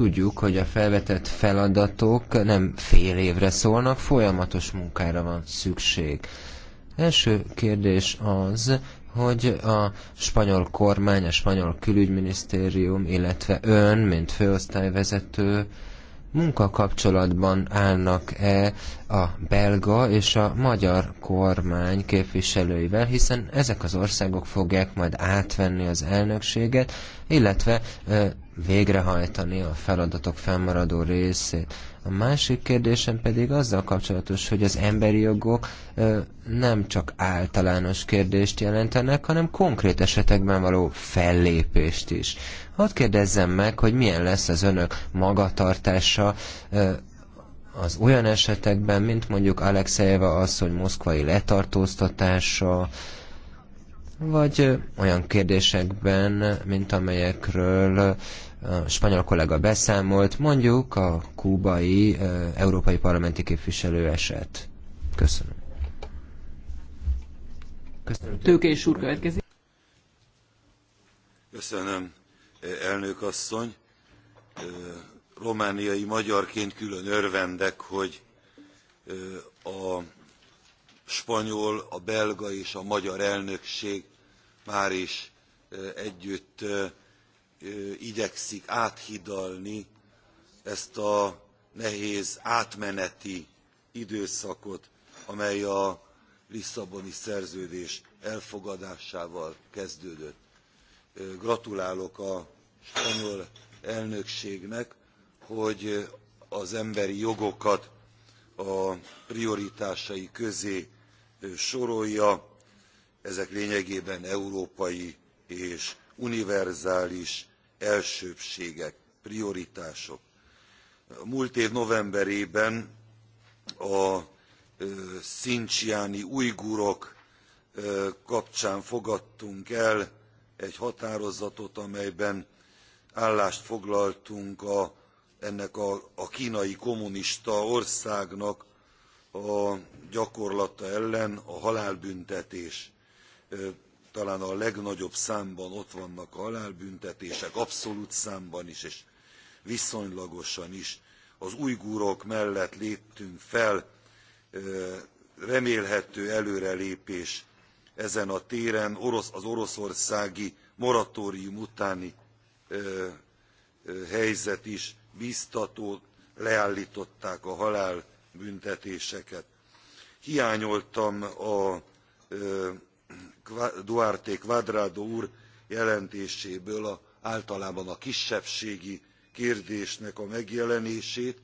tudjuk, hogy a felvetett feladatok nem fél évre szólnak, folyamatos munkára van szükség. Első kérdés az, hogy a spanyol kormány, a spanyol külügyminisztérium, illetve ön, mint főosztályvezető, munkakapcsolatban állnak-e a belga és a magyar kormány képviselőivel, hiszen ezek az országok fogják majd átvenni az elnökséget, illetve végrehajtani a feladatok fennmaradó részét. A másik kérdésem pedig azzal kapcsolatos, hogy az emberi jogok nem csak általános kérdést jelentenek, hanem konkrét esetekben való fellépést is. Hadd kérdezzem meg, hogy milyen lesz az önök magatartása az olyan esetekben, mint mondjuk Alexejeva asszony moszkvai letartóztatása, vagy olyan kérdésekben, mint amelyekről a spanyol kollega beszámolt, mondjuk a kúbai európai parlamenti képviselő eset. Köszönöm. Köszönöm. és úr következik. Köszönöm elnök asszony. Romániai magyarként külön örvendek, hogy a spanyol, a belga és a magyar elnökség már is együtt igyekszik áthidalni ezt a nehéz átmeneti időszakot, amely a Lisszaboni szerződés elfogadásával kezdődött gratulálok a spanyol elnökségnek hogy az emberi jogokat a prioritásai közé sorolja ezek lényegében európai és univerzális elsőbbségek prioritások. múlt év novemberében a szincsiáni ujgurok kapcsán fogadtunk el egy határozatot, amelyben állást foglaltunk a, ennek a, knai kínai kommunista országnak a gyakorlata ellen a halálbüntetés. Talán a legnagyobb számban ott vannak a halálbüntetések, abszolút számban is, és viszonylagosan is. Az ujgurok mellett léptünk fel, remélhető előrelépés ezen a téren az oroszországi moratórium utáni helyzet is biztató leálltották a halálbüntetéseket. hiányoltam a duarte cuadrado úr jelentéséből a, általában a kisebbségi kérdésnek a megjelenését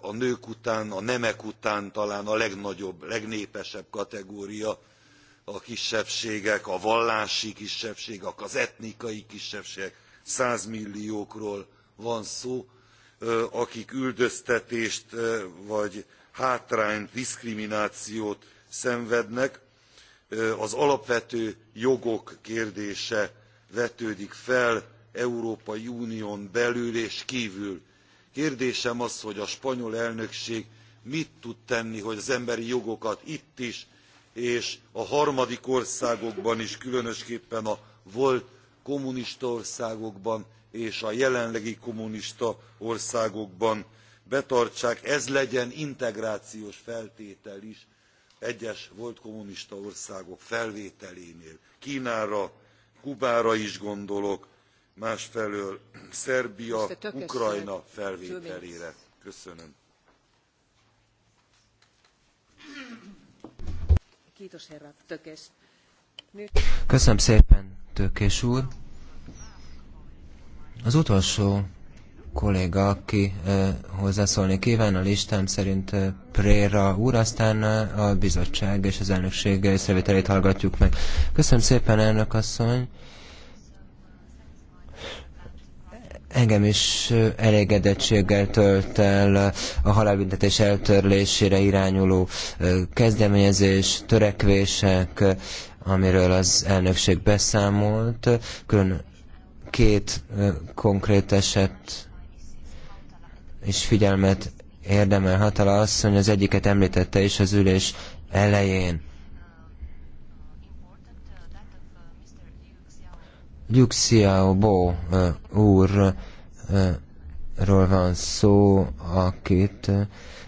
a nők után a nemek után talán a legnagyobb legnépesebb kategória a kisebbségek, a vallási kisebbségek, az etnikai kisebbségek, százmilliókról van szó, akik üldöztetést vagy hátrányt, diszkriminációt szenvednek. Az alapvető jogok kérdése vetődik fel Európai Unión belül és kívül. Kérdésem az, hogy a spanyol elnökség mit tud tenni, hogy az emberi jogokat itt is és a harmadik országokban is különösképpen a volt kommunista országokban és a jelenlegi kommunista országokban betartsák ez legyen integrációs feltétel is egyes volt kommunista országok felvételénél knára kubára is gondolok másfelől szerbia ukrajna felvételére. köszönöm. Köszönöm szépen, Tökés úr. Az utolsó kolléga, aki hozzászólni kíván a listám szerint Préra úr, aztán a bizottság és az elnökség észrevételét hallgatjuk meg. Köszönöm szépen, elnök asszony. Engem is elégedettséggel tölt el a halálbüntetés eltörlésére irányuló kezdeményezés, törekvések, amiről az elnökség beszámolt. Külön két konkrét eset és figyelmet érdemel Hatala asszony, az egyiket említette is az ülés elején. Xiaobo úrról van szó, akit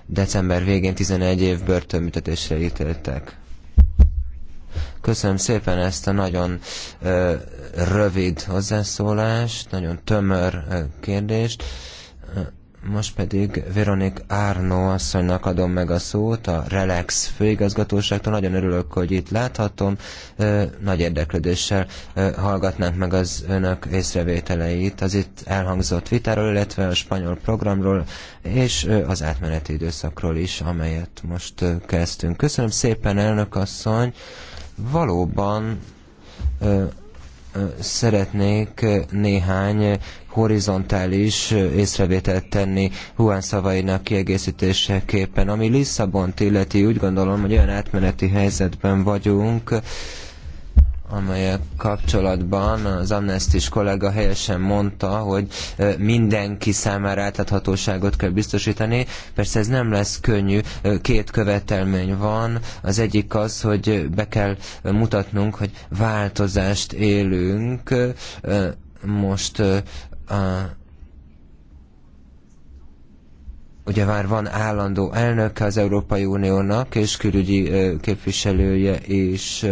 december végén 11 év börtönbüntetésre ítéltek. Köszönöm szépen ezt a nagyon ö, rövid hozzászólást, nagyon tömör ö, kérdést. Most pedig Veronik Árnó asszonynak adom meg a szót, a Relax főigazgatóságtól. Nagyon örülök, hogy itt láthatom. Nagy érdeklődéssel hallgatnánk meg az önök észrevételeit az itt elhangzott vitáról, illetve a spanyol programról, és az átmeneti időszakról is, amelyet most kezdtünk. Köszönöm szépen, elnök asszony. Valóban szeretnék néhány horizontális észrevételt tenni Juan szavainak kiegészítéseképpen. Ami Lisszabont illeti, úgy gondolom, hogy olyan átmeneti helyzetben vagyunk, amelyek kapcsolatban az amnestis kollega helyesen mondta, hogy mindenki számára átláthatóságot kell biztosítani. Persze ez nem lesz könnyű, két követelmény van. Az egyik az, hogy be kell mutatnunk, hogy változást élünk. Most a ugye már van állandó elnöke az Európai Uniónak, és külügyi képviselője is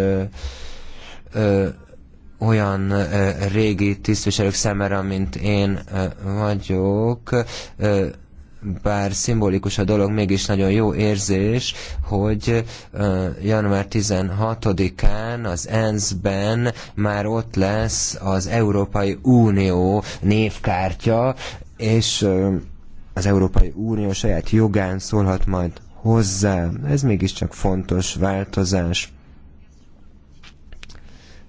olyan régi tisztviselők szemére, mint én vagyok, bár szimbolikus a dolog, mégis nagyon jó érzés, hogy január 16-án az ENSZ-ben már ott lesz az Európai Unió névkártya, és az Európai Unió saját jogán szólhat majd hozzá. Ez mégiscsak fontos változás.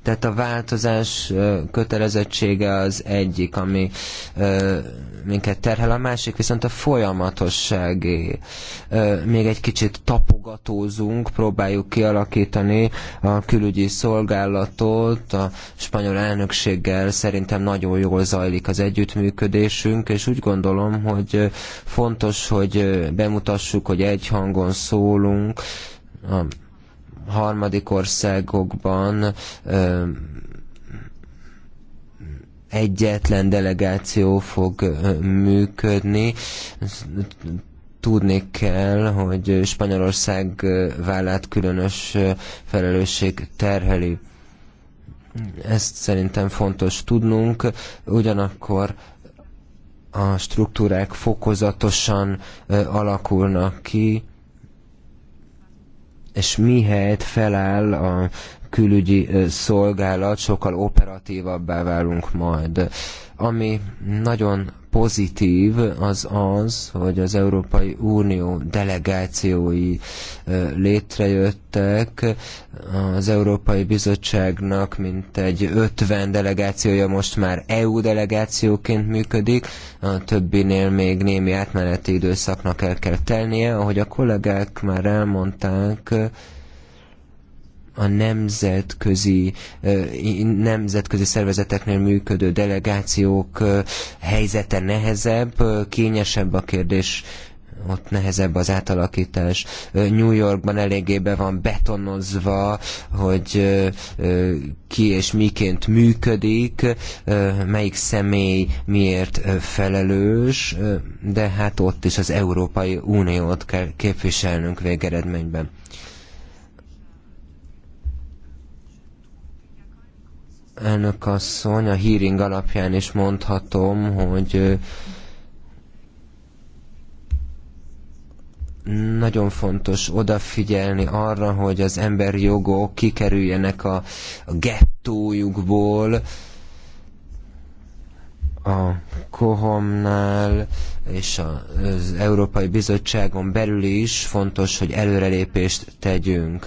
Tehát a változás kötelezettsége az egyik, ami minket terhel, a másik viszont a folyamatosságé. Még egy kicsit tapogatózunk, próbáljuk kialakítani a külügyi szolgálatot, a spanyol elnökséggel szerintem nagyon jól zajlik az együttműködésünk, és úgy gondolom, hogy fontos, hogy bemutassuk, hogy egy hangon szólunk, a harmadik országokban egyetlen delegáció fog működni. Tudni kell, hogy Spanyolország vállát különös felelősség terheli. Ezt szerintem fontos tudnunk, ugyanakkor a struktúrák fokozatosan alakulnak ki, és mihelyt feláll a külügyi szolgálat, sokkal operatívabbá válunk majd. Ami nagyon pozitív az az, hogy az Európai Unió delegációi létrejöttek. Az Európai Bizottságnak mintegy 50 delegációja most már EU delegációként működik, a többinél még némi átmeneti időszaknak el kell tennie, Ahogy a kollégák már elmondták, a nemzetközi, nemzetközi szervezeteknél működő delegációk helyzete nehezebb, kényesebb a kérdés, ott nehezebb az átalakítás. New Yorkban eléggé be van betonozva, hogy ki és miként működik, melyik személy miért felelős, de hát ott is az Európai Uniót kell képviselnünk végeredményben. Elnök asszony, a hearing alapján is mondhatom, hogy nagyon fontos odafigyelni arra, hogy az emberi jogok kikerüljenek a, a gettójukból, a Kohomnál és az Európai Bizottságon belül is fontos, hogy előrelépést tegyünk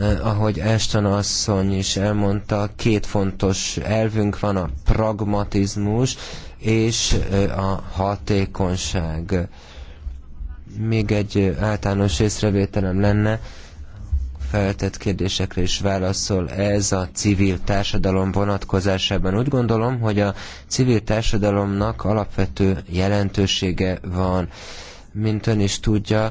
Eh, ahogy Ashton asszony is elmondta, két fontos elvünk van, a pragmatizmus és eh, a hatékonyság. Még egy eh, általános észrevételem lenne, feltett kérdésekre is válaszol ez a civil társadalom vonatkozásában. Úgy gondolom, hogy a civil társadalomnak alapvető jelentősége van mint ön is tudja,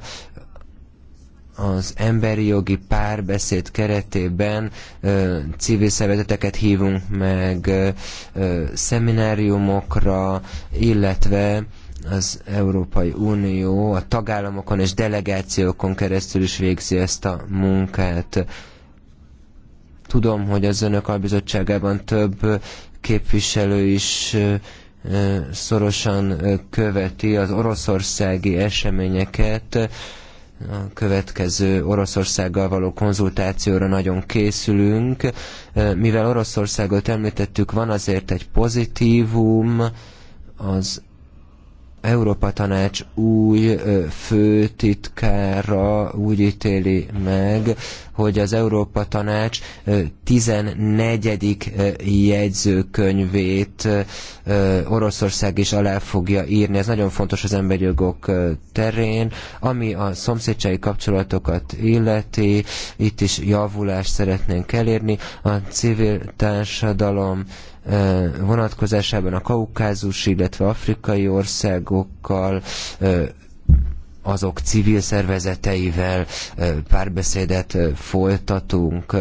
az emberi jogi párbeszéd keretében ö, civil szervezeteket hívunk meg ö, ö, szemináriumokra, illetve az Európai Unió a tagállamokon és delegációkon keresztül is végzi ezt a munkát. Tudom, hogy az önök albizottságában több képviselő is szorosan követi az oroszországi eseményeket, a következő Oroszországgal való konzultációra nagyon készülünk. Mivel Oroszországot említettük, van azért egy pozitívum, az Európa Tanács új főtitkára úgy ítéli meg, hogy az Európa Tanács 14. jegyzőkönyvét Oroszország is alá fogja írni. Ez nagyon fontos az emberi jogok terén, ami a szomszédsági kapcsolatokat illeti. Itt is javulást szeretnénk elérni. A civil társadalom vonatkozásában a kaukázus, illetve afrikai országokkal azok civil szervezeteivel párbeszédet folytatunk,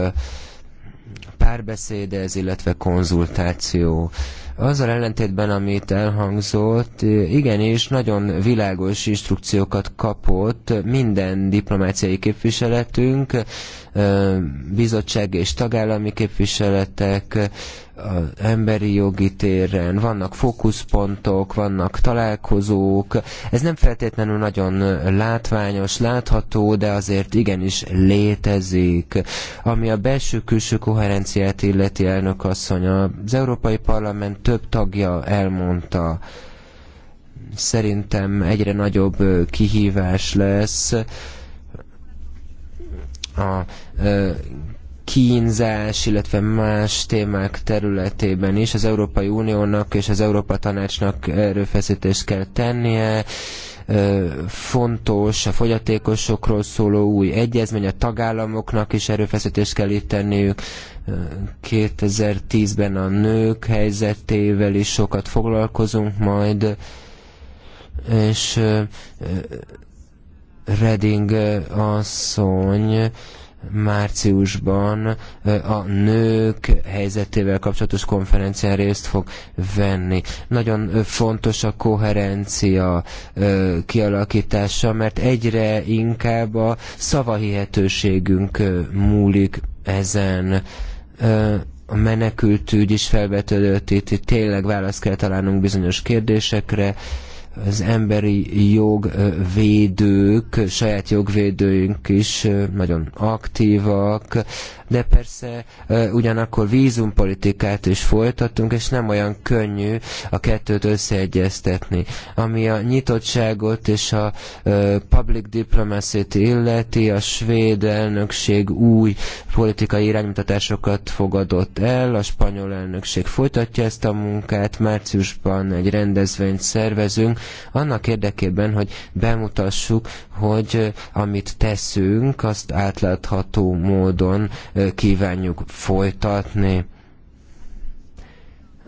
ez, illetve konzultáció. Azzal ellentétben, amit elhangzott, igenis nagyon világos instrukciókat kapott minden diplomáciai képviseletünk, bizottság és tagállami képviseletek, az emberi jogi téren, vannak fókuszpontok, vannak találkozók. Ez nem feltétlenül nagyon látványos, látható, de azért igenis létezik. Ami a belső-külső koherenciát illeti elnök asszony, az Európai Parlament több tagja elmondta, szerintem egyre nagyobb kihívás lesz a kínzás, illetve más témák területében is az Európai Uniónak és az Európa Tanácsnak erőfeszítést kell tennie. Fontos a fogyatékosokról szóló új egyezmény, a tagállamoknak is erőfeszítést kell itt tenniük. 2010-ben a nők helyzetével is sokat foglalkozunk majd, és Reding asszony márciusban a nők helyzetével kapcsolatos konferencián részt fog venni. Nagyon fontos a koherencia kialakítása, mert egyre inkább a szavahihetőségünk múlik ezen a menekültügy is felvetődött itt, itt tényleg választ kell találnunk bizonyos kérdésekre, az emberi jogvédők, saját jogvédőink is nagyon aktívak, de persze ugyanakkor vízumpolitikát is folytatunk, és nem olyan könnyű a kettőt összeegyeztetni. Ami a nyitottságot és a public diplomacy-t illeti, a svéd elnökség új politikai iránymutatásokat fogadott el, a spanyol elnökség folytatja ezt a munkát, márciusban egy rendezvényt szervezünk, annak érdekében, hogy bemutassuk, hogy amit teszünk, azt átlátható módon kívánjuk folytatni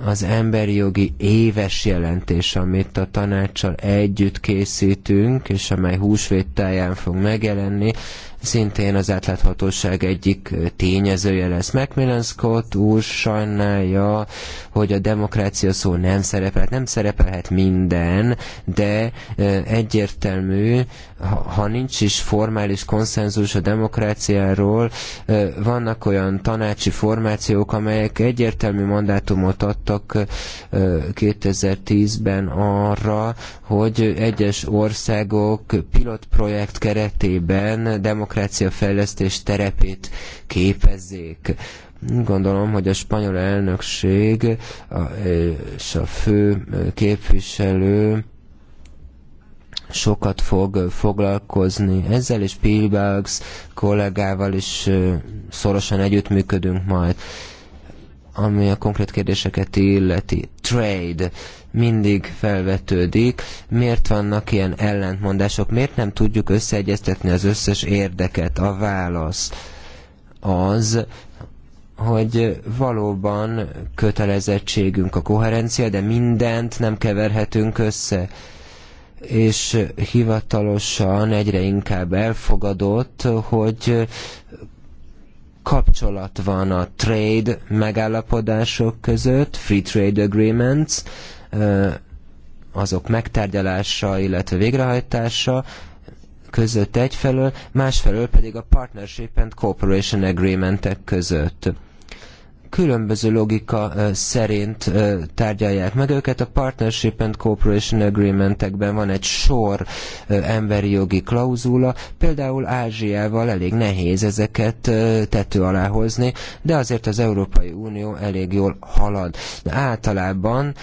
az emberi jogi éves jelentés, amit a tanácssal együtt készítünk, és amely táján fog megjelenni, szintén az átláthatóság egyik tényezője lesz. Macmillan Scott úr sajnálja, hogy a demokrácia szó nem szerepelhet, nem szerepelhet minden, de egyértelmű, ha nincs is formális konszenzus a demokráciáról, vannak olyan tanácsi formációk, amelyek egyértelmű mandátumot adtak 2010-ben arra, hogy egyes országok pilotprojekt keretében demokráciáról demokráciafejlesztés terepét képezzék. Gondolom, hogy a spanyol elnökség és a fő képviselő sokat fog foglalkozni ezzel, és Pilbags kollégával is szorosan együttműködünk majd ami a konkrét kérdéseket illeti. Trade mindig felvetődik. Miért vannak ilyen ellentmondások? Miért nem tudjuk összeegyeztetni az összes érdeket? A válasz az, hogy valóban kötelezettségünk a koherencia, de mindent nem keverhetünk össze. És hivatalosan egyre inkább elfogadott, hogy kapcsolat van a trade megállapodások között, free trade agreements, azok megtárgyalása, illetve végrehajtása között egyfelől, másfelől pedig a partnership and cooperation agreementek között különböző logika szerint tárgyalják meg őket. A Partnership and Cooperation Agreementekben van egy sor emberi jogi klauzula, például Ázsiával elég nehéz ezeket tető alá hozni, de azért az Európai Unió elég jól halad. De általában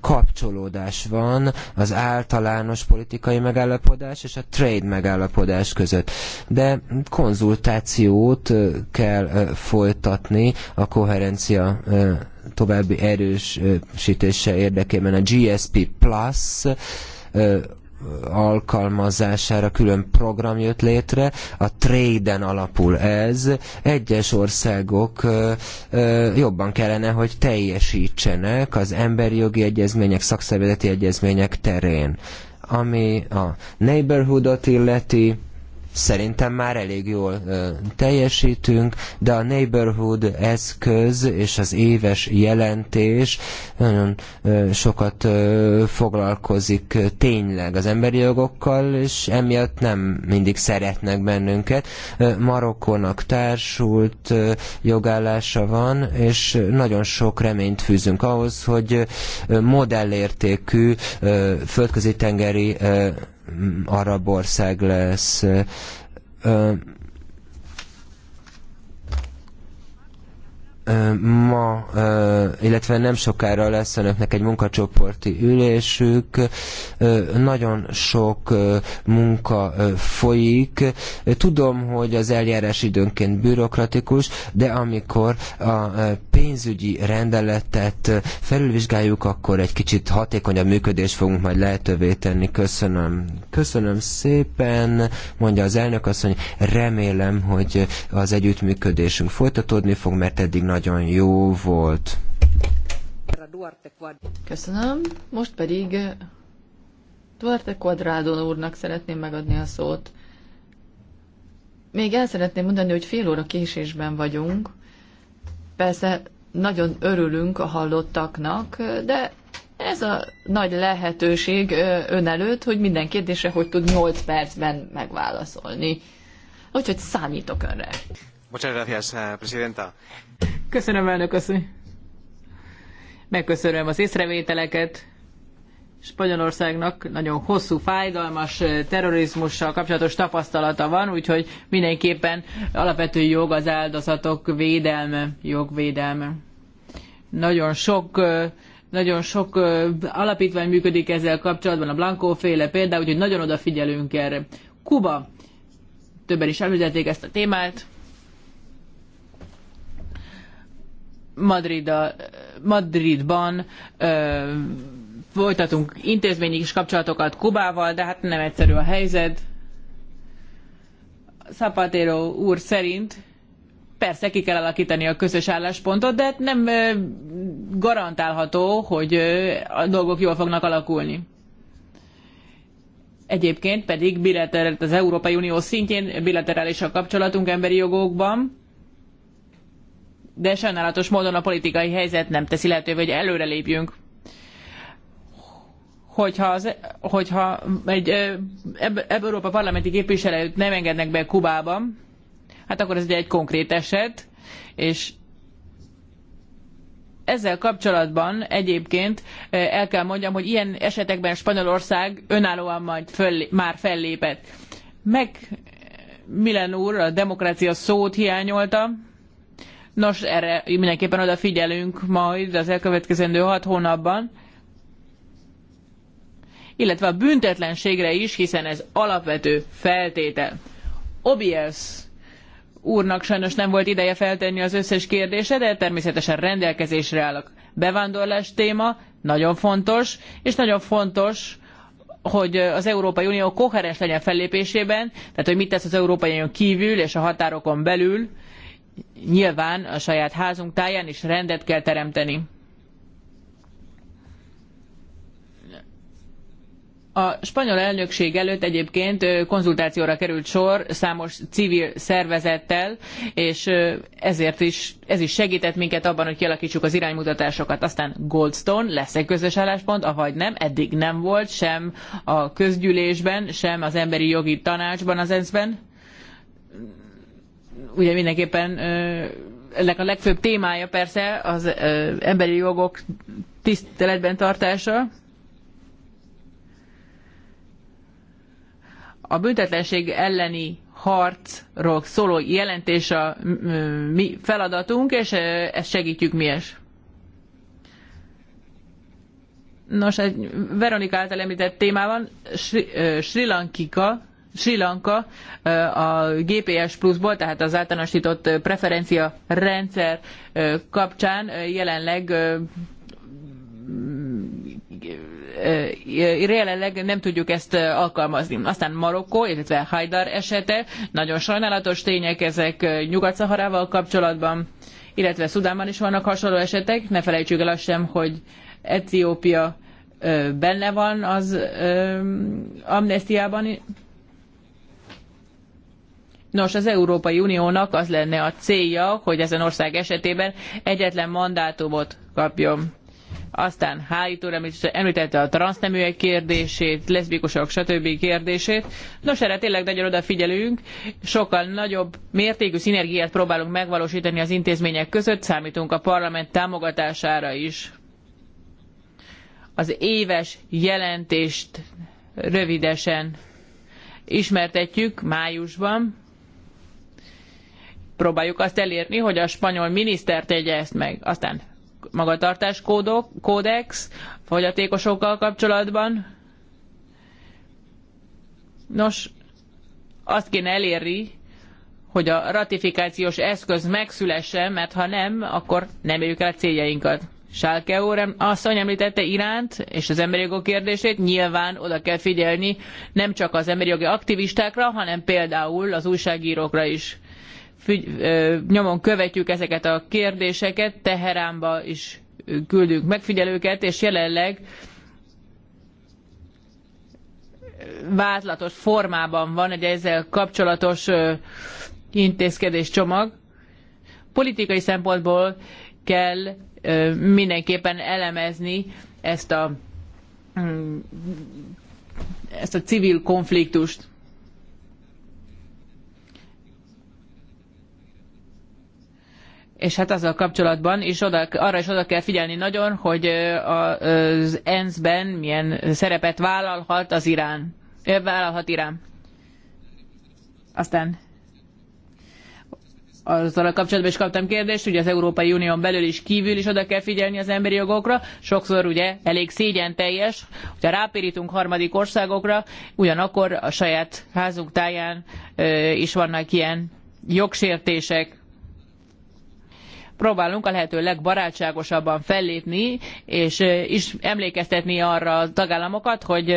kapcsolódás van az általános politikai megállapodás és a trade megállapodás között. De konzultációt kell folytatni a koherencia további erősítése érdekében a GSP Plus alkalmazására külön program jött létre, a trade-en alapul ez. Egyes országok jobban kellene, hogy teljesítsenek az emberi jogi egyezmények, szakszervezeti egyezmények terén. Ami a neighborhoodot illeti, Szerintem már elég jól teljesítünk, de a neighborhood eszköz és az éves jelentés nagyon sokat foglalkozik tényleg az emberi jogokkal, és emiatt nem mindig szeretnek bennünket. Marokkónak társult jogállása van, és nagyon sok reményt fűzünk ahhoz, hogy modellértékű földközi-tengeri arab ország lesz. ma, illetve nem sokára lesz önöknek egy munkacsoporti ülésük. Nagyon sok munka folyik. Tudom, hogy az eljárás időnként bürokratikus, de amikor a pénzügyi rendeletet felülvizsgáljuk, akkor egy kicsit hatékonyabb működést fogunk majd lehetővé tenni. Köszönöm. Köszönöm szépen, mondja az elnök asszony. Remélem, hogy az együttműködésünk folytatódni fog, mert eddig nagy nagyon jó volt. Köszönöm. Most pedig Duarte Quadrado úrnak szeretném megadni a szót. Még el szeretném mondani, hogy fél óra késésben vagyunk. Persze nagyon örülünk a hallottaknak, de ez a nagy lehetőség ön előtt, hogy minden kérdésre hogy tud 8 percben megválaszolni. Úgyhogy számítok önre. Muchas gracias, eh, Presidenta. Köszönöm, elnök asszony. Megköszönöm az észrevételeket. Spanyolországnak nagyon hosszú, fájdalmas eh, terrorizmussal kapcsolatos tapasztalata van, úgyhogy mindenképpen alapvető jog az áldozatok védelme, jogvédelme. Nagyon sok eh, nagyon sok alapítvány működik ezzel kapcsolatban, a Blanco féle például, úgyhogy nagyon odafigyelünk erre. Kuba, többen is említették ezt a témát, a, Madridban ö, folytatunk intézményi is kapcsolatokat Kubával, de hát nem egyszerű a helyzet. Zapatero úr szerint persze ki kell alakítani a közös álláspontot, de hát nem garantálható, hogy a dolgok jól fognak alakulni. Egyébként pedig bilaterált az Európai Unió szintjén bilaterális a kapcsolatunk emberi jogokban, de sajnálatos módon a politikai helyzet nem teszi lehetővé, hogy előrelépjünk. Hogyha, az, hogyha egy eb, Európa parlamenti képviselőt nem engednek be Kubába, hát akkor ez ugye egy konkrét eset, és ezzel kapcsolatban egyébként el kell mondjam, hogy ilyen esetekben Spanyolország önállóan majd föl, már fellépett. Meg Milen úr a demokrácia szót hiányolta, Nos, erre mindenképpen odafigyelünk majd az elkövetkezendő hat hónapban, illetve a büntetlenségre is, hiszen ez alapvető feltétel. Obiesz úrnak sajnos nem volt ideje feltenni az összes kérdése, de természetesen rendelkezésre állok. Bevándorlás téma nagyon fontos, és nagyon fontos, hogy az Európai Unió koherens legyen fellépésében, tehát hogy mit tesz az Európai Unió kívül és a határokon belül, nyilván a saját házunk táján is rendet kell teremteni. A spanyol elnökség előtt egyébként konzultációra került sor számos civil szervezettel, és ezért is, ez is segített minket abban, hogy kialakítsuk az iránymutatásokat. Aztán Goldstone lesz egy közös álláspont, ahogy nem, eddig nem volt sem a közgyűlésben, sem az emberi jogi tanácsban az ENSZ-ben ugye mindenképpen ennek a legfőbb témája persze az emberi jogok tiszteletben tartása. A büntetlenség elleni harcról szóló jelentés a mi feladatunk, és ezt segítjük mi is. Nos, egy Veronika által említett témában Sri, Sri Lankika Sri Lanka a GPS pluszból, tehát az általánosított preferencia rendszer kapcsán jelenleg jelenleg nem tudjuk ezt alkalmazni. Aztán Marokkó, illetve Haidar esete, nagyon sajnálatos tények ezek Nyugat-Szaharával kapcsolatban, illetve Szudánban is vannak hasonló esetek. Ne felejtsük el azt sem, hogy Etiópia benne van az amnestiában, Nos, az Európai Uniónak az lenne a célja, hogy ezen ország esetében egyetlen mandátumot kapjon. Aztán Hájtól említette a transzneműek kérdését, leszbikusok, stb. kérdését. Nos, erre tényleg nagyon odafigyelünk, sokkal nagyobb mértékű szinergiát próbálunk megvalósítani az intézmények között, számítunk a parlament támogatására is. Az éves jelentést rövidesen ismertetjük májusban próbáljuk azt elérni, hogy a spanyol miniszter tegye ezt meg. Aztán magatartás kódok, kódex fogyatékosokkal kapcsolatban. Nos, azt kéne elérni, hogy a ratifikációs eszköz megszülessen, mert ha nem, akkor nem érjük el a céljainkat. Sálke úr asszony említette Iránt és az emberi jogok kérdését, nyilván oda kell figyelni nem csak az emberi jogi aktivistákra, hanem például az újságírókra is nyomon követjük ezeket a kérdéseket, Teheránba is küldünk megfigyelőket, és jelenleg vázlatos formában van egy ezzel kapcsolatos intézkedéscsomag. Politikai szempontból kell mindenképpen elemezni ezt a, mm, ezt a civil konfliktust. és hát azzal kapcsolatban is oda, arra is oda kell figyelni nagyon, hogy az ENSZ-ben milyen szerepet vállalhat az Irán. Vállalhat Irán. Aztán azzal a kapcsolatban is kaptam kérdést, ugye az Európai Unión belül is kívül is oda kell figyelni az emberi jogokra, sokszor ugye elég szégyen teljes, hogyha rápirítunk harmadik országokra, ugyanakkor a saját házunk táján ö, is vannak ilyen jogsértések, próbálunk a lehető legbarátságosabban fellépni, és is emlékeztetni arra a tagállamokat, hogy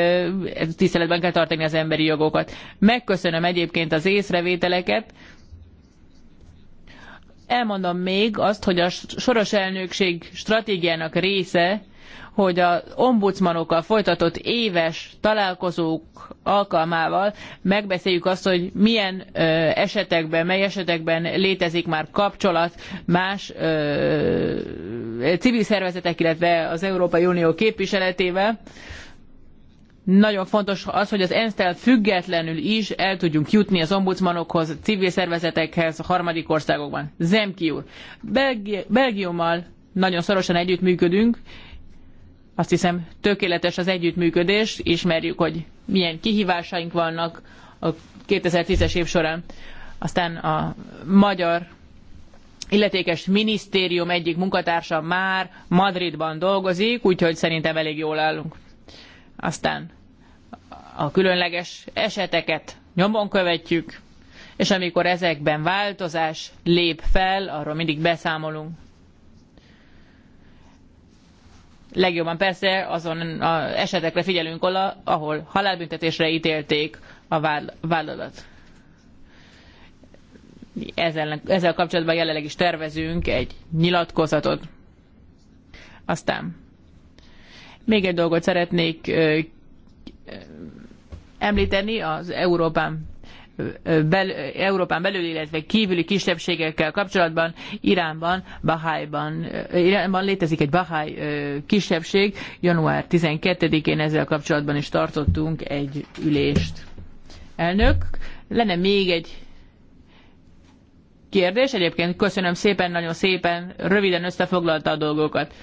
tiszteletben kell tartani az emberi jogokat. Megköszönöm egyébként az észrevételeket. Elmondom még azt, hogy a soros elnökség stratégiának része hogy az ombudsmanokkal folytatott éves találkozók alkalmával megbeszéljük azt, hogy milyen esetekben, mely esetekben létezik már kapcsolat más civil szervezetek, illetve az Európai Unió képviseletével. Nagyon fontos az, hogy az ENSZ-tel függetlenül is el tudjunk jutni az ombudsmanokhoz, civil szervezetekhez, a harmadik országokban. Zemki úr, Belgi- Belgiummal nagyon szorosan együttműködünk, azt hiszem tökéletes az együttműködés, ismerjük, hogy milyen kihívásaink vannak a 2010-es év során. Aztán a magyar illetékes minisztérium egyik munkatársa már Madridban dolgozik, úgyhogy szerintem elég jól állunk. Aztán a különleges eseteket nyomon követjük, és amikor ezekben változás lép fel, arról mindig beszámolunk. Legjobban persze azon az esetekre figyelünk oda, ahol halálbüntetésre ítélték a vállalat. Ezzel, ezzel kapcsolatban jelenleg is tervezünk egy nyilatkozatot. Aztán még egy dolgot szeretnék említeni az Európán bel, Európán belül, illetve kívüli kisebbségekkel kapcsolatban Iránban, Bahájban, eh, Iránban létezik egy Bahái eh, kisebbség. Január 12-én ezzel kapcsolatban is tartottunk egy ülést. Elnök, lenne még egy kérdés. Egyébként köszönöm szépen, nagyon szépen, röviden összefoglalta a dolgokat.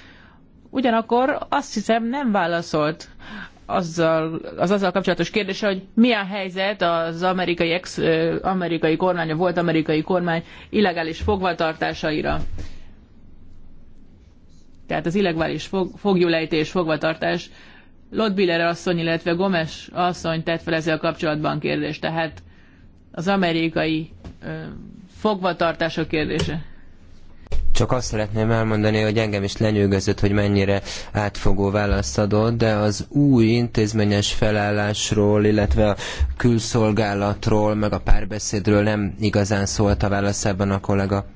Ugyanakkor azt hiszem nem válaszolt azzal, az azzal kapcsolatos kérdése, hogy mi a helyzet az amerikai, ex, amerikai kormány, a volt amerikai kormány illegális fogvatartásaira. Tehát az illegális fog, fogjulejtés, fogvatartás. Biller asszony, illetve Gomes asszony tett fel ezzel kapcsolatban kérdést. Tehát az amerikai ö, fogvatartások kérdése. Csak azt szeretném elmondani, hogy engem is lenyűgözött, hogy mennyire átfogó választ adott, de az új intézményes felállásról, illetve a külszolgálatról, meg a párbeszédről nem igazán szólt a válaszában a kollega.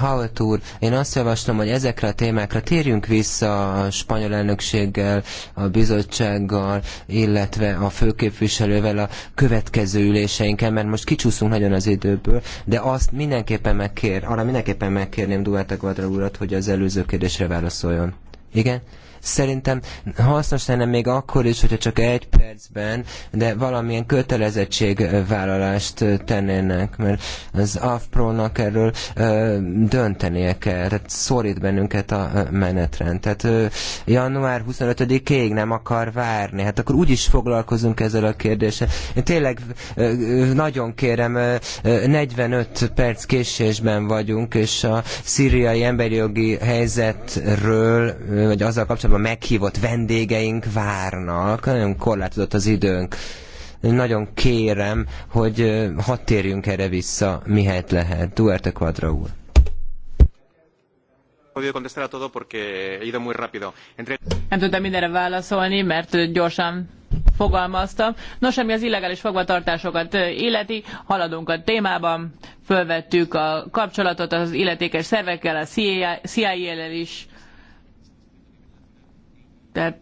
Howard úr, én azt javaslom, hogy ezekre a témákra térjünk vissza a spanyol elnökséggel, a bizottsággal, illetve a főképviselővel a következő üléseinken, mert most kicsúszunk nagyon az időből, de azt mindenképpen megkér, arra mindenképpen megkérném Duarte Quadra urat, hogy az előző kérdésre válaszoljon. Igen? Szerintem hasznos lenne még akkor is, hogyha csak egy percben, de valamilyen kötelezettségvállalást tennének, mert az AFPRO-nak erről ö, döntenie kell, tehát szorít bennünket a menetrend. Tehát ö, január 25-ig nem akar várni, hát akkor úgyis foglalkozunk ezzel a kérdéssel. Én tényleg ö, nagyon kérem, ö, 45 perc késésben vagyunk, és a szíriai emberi jogi helyzetről, vagy azzal kapcsolatban, kapcsolatban meghívott vendégeink várnak, nagyon korlátozott az időnk. Nagyon kérem, hogy hadd térjünk erre vissza, mihelyt lehet. Duerte Quadra úr. Nem tudtam mindenre válaszolni, mert gyorsan fogalmaztam. Nos, ami az illegális fogvatartásokat illeti, haladunk a témában, fölvettük a kapcsolatot az illetékes szervekkel, a CIA-lel is, tehát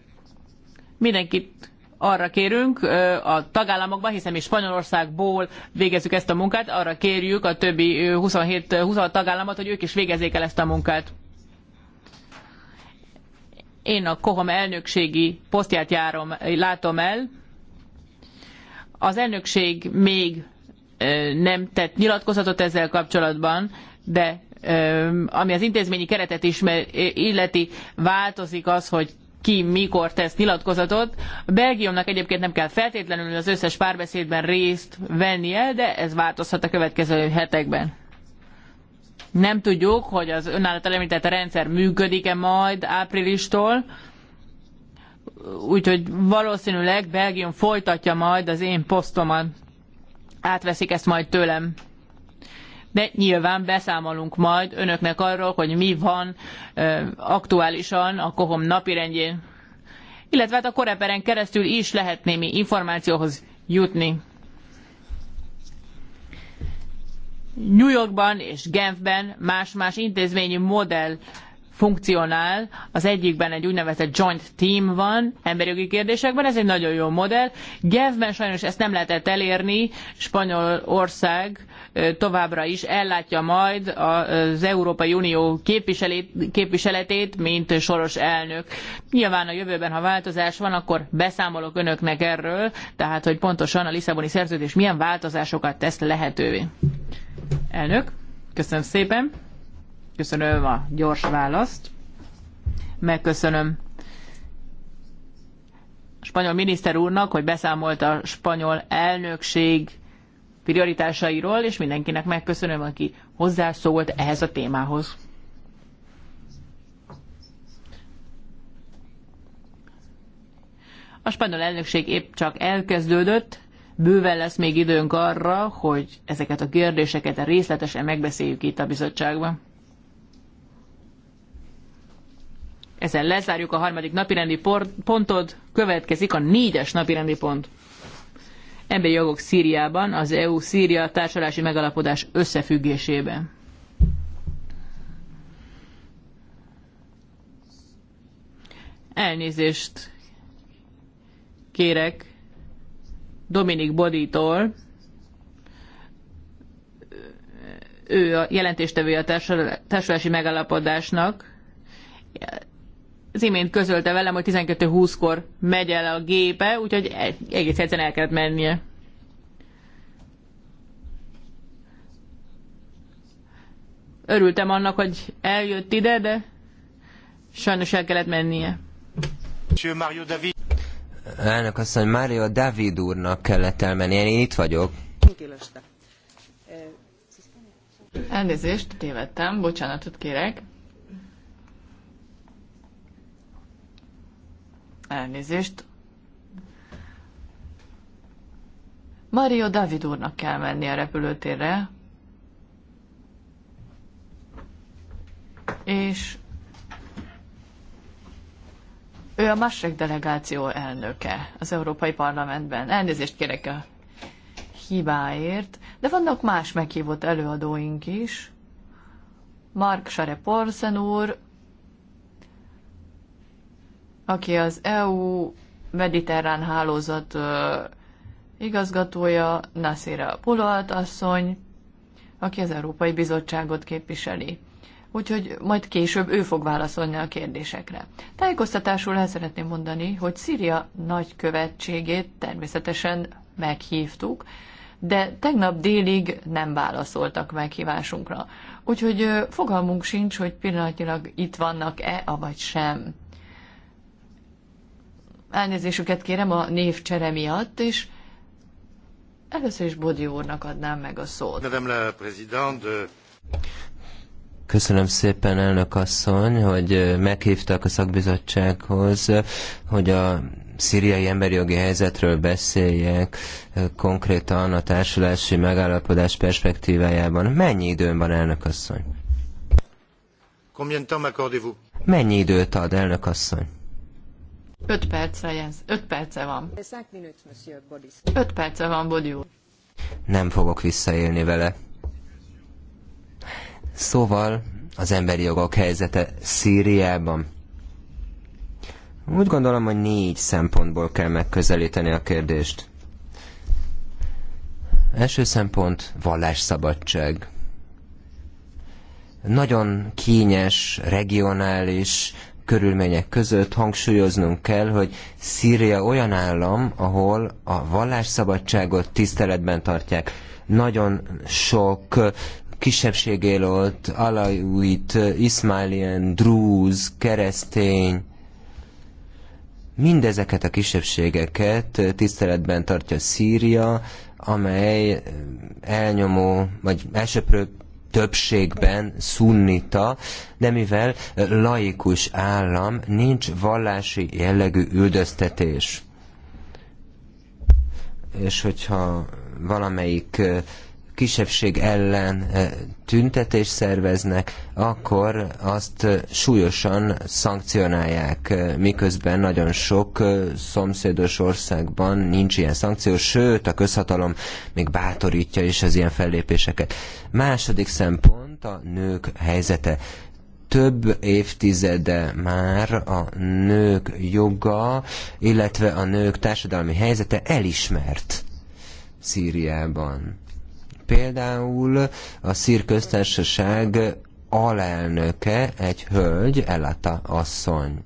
mindenkit arra kérünk a tagállamokban, hiszen mi Spanyolországból végezzük ezt a munkát, arra kérjük a többi 27-26 tagállamot, hogy ők is végezzék el ezt a munkát. Én a Kohom elnökségi posztját járom, látom el. Az elnökség még nem tett nyilatkozatot ezzel kapcsolatban, de ami az intézményi keretet is illeti, változik az, hogy ki mikor tesz nyilatkozatot. Belgiumnak egyébként nem kell feltétlenül az összes párbeszédben részt vennie, de ez változhat a következő hetekben. Nem tudjuk, hogy az önállat által említett rendszer működik-e majd áprilistól, úgyhogy valószínűleg Belgium folytatja majd az én posztomat. Átveszik ezt majd tőlem de nyilván beszámolunk majd önöknek arról, hogy mi van aktuálisan a kohom napirendjén, illetve hát a koreperen keresztül is lehet némi információhoz jutni. New Yorkban és Genfben más-más intézményi modell funkcionál. Az egyikben egy úgynevezett joint team van emberjogi kérdésekben, ez egy nagyon jó modell. Gevben sajnos ezt nem lehetett elérni, Spanyolország továbbra is ellátja majd az Európai Unió képviseletét, mint soros elnök. Nyilván a jövőben, ha változás van, akkor beszámolok önöknek erről, tehát hogy pontosan a Lisszaboni szerződés milyen változásokat tesz lehetővé. Elnök, köszönöm szépen! Köszönöm a gyors választ. Megköszönöm a spanyol miniszter úrnak, hogy beszámolt a spanyol elnökség prioritásairól, és mindenkinek megköszönöm, aki hozzászólt ehhez a témához. A spanyol elnökség épp csak elkezdődött, bőven lesz még időnk arra, hogy ezeket a kérdéseket részletesen megbeszéljük itt a bizottságban. ezzel lezárjuk a harmadik napirendi pontot, következik a négyes napirendi pont. Emberi jogok Szíriában, az EU-Szíria társadalási megalapodás összefüggésében. Elnézést kérek Dominik Boditól, ő a jelentéstevője a társulási megalapodásnak, az imént közölte velem, hogy 12.20-kor megy el a gépe, úgyhogy egész egyszerűen el kellett mennie. Örültem annak, hogy eljött ide, de sajnos el kellett mennie. Mario David. Elnök asszony, Mário David úrnak kellett elmennie, én itt vagyok. Elnézést, tévedtem, bocsánatot kérek. Elnézést. Mario David úrnak kell menni a repülőtérre, és ő a másik delegáció elnöke az Európai Parlamentben. Elnézést kérek a hibáért, de vannak más meghívott előadóink is. Mark Sare Porsen úr, aki az EU mediterrán hálózat igazgatója, Nasira Pulalt asszony, aki az Európai Bizottságot képviseli. Úgyhogy majd később ő fog válaszolni a kérdésekre. Tájékoztatásul el szeretném mondani, hogy Szíria nagykövetségét természetesen meghívtuk, de tegnap délig nem válaszoltak meghívásunkra. Úgyhogy fogalmunk sincs, hogy pillanatilag itt vannak-e, avagy sem. Elnézésüket kérem a névcsere miatt, és először is Bodi úrnak adnám meg a szót. Madame la Présidente, Köszönöm szépen, elnök asszony, hogy meghívtak a szakbizottsághoz, hogy a szíriai emberi jogi helyzetről beszéljek konkrétan a társulási megállapodás perspektívájában. Mennyi időn van, elnök asszony? Mennyi időt ad, elnök asszony? Öt percre, Jens. Öt perce van. Öt perce van, Bodi úr. Nem fogok visszaélni vele. Szóval az emberi jogok helyzete Szíriában. Úgy gondolom, hogy négy szempontból kell megközelíteni a kérdést. Első szempont vallásszabadság. Nagyon kényes, regionális, körülmények között hangsúlyoznunk kell, hogy Szíria olyan állam, ahol a vallásszabadságot tiszteletben tartják. Nagyon sok kisebbség él ott, alauit, iszmálien, drúz, keresztény, mindezeket a kisebbségeket tiszteletben tartja Szíria, amely elnyomó, vagy elsőprő többségben szunnita, de mivel laikus állam, nincs vallási jellegű üldöztetés. És hogyha valamelyik kisebbség ellen eh, tüntetést szerveznek, akkor azt eh, súlyosan szankcionálják, eh, miközben nagyon sok szomszédos országban nincs ilyen szankció, sőt a közhatalom még bátorítja is az ilyen fellépéseket. Második szempont a nők helyzete több évtizede már a nők joga, illetve a nők társadalmi helyzete elismert Szíriában. Például a Szír köztársaság alelnöke egy hölgy, Elata asszony.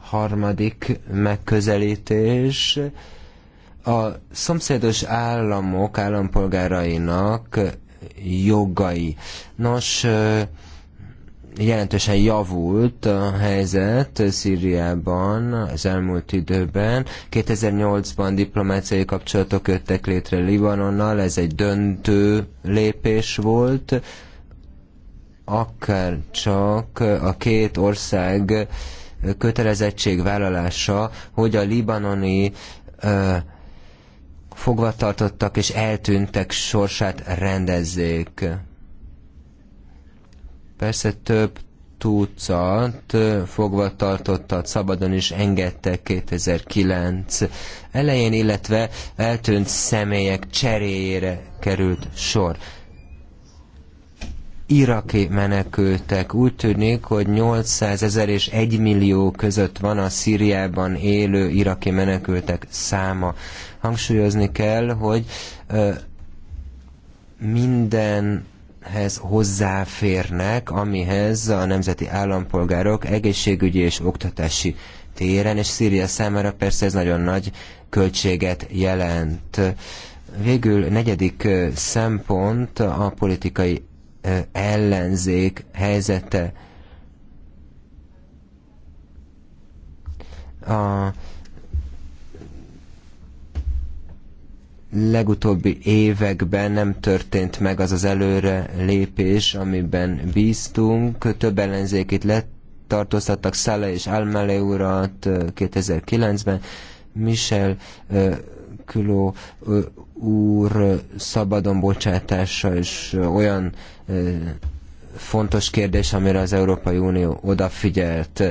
Harmadik megközelítés, a szomszédos államok állampolgárainak jogai. Nos, jelentősen javult a helyzet Szíriában az elmúlt időben. 2008-ban diplomáciai kapcsolatok jöttek létre Libanonnal, ez egy döntő lépés volt, akár csak a két ország kötelezettségvállalása, hogy a libanoni fogvatartottak és eltűntek sorsát rendezzék. Persze több tucat fogvatartottat szabadon is engedtek 2009 elején, illetve eltűnt személyek cseréjére került sor. Iraki menekültek. Úgy tűnik, hogy 800 ezer és 1 millió között van a Szíriában élő iraki menekültek száma. Hangsúlyozni kell, hogy minden hez hozzáférnek, amihez a nemzeti állampolgárok egészségügyi és oktatási téren, és Szíria számára persze ez nagyon nagy költséget jelent. Végül negyedik szempont a politikai ellenzék helyzete. A legutóbbi években nem történt meg az az előre lépés, amiben bíztunk. Több ellenzékét letartóztattak Szele és Almele urat 2009-ben. Michel Küló úr szabadon bocsátása és olyan fontos kérdés, amire az Európai Unió odafigyelt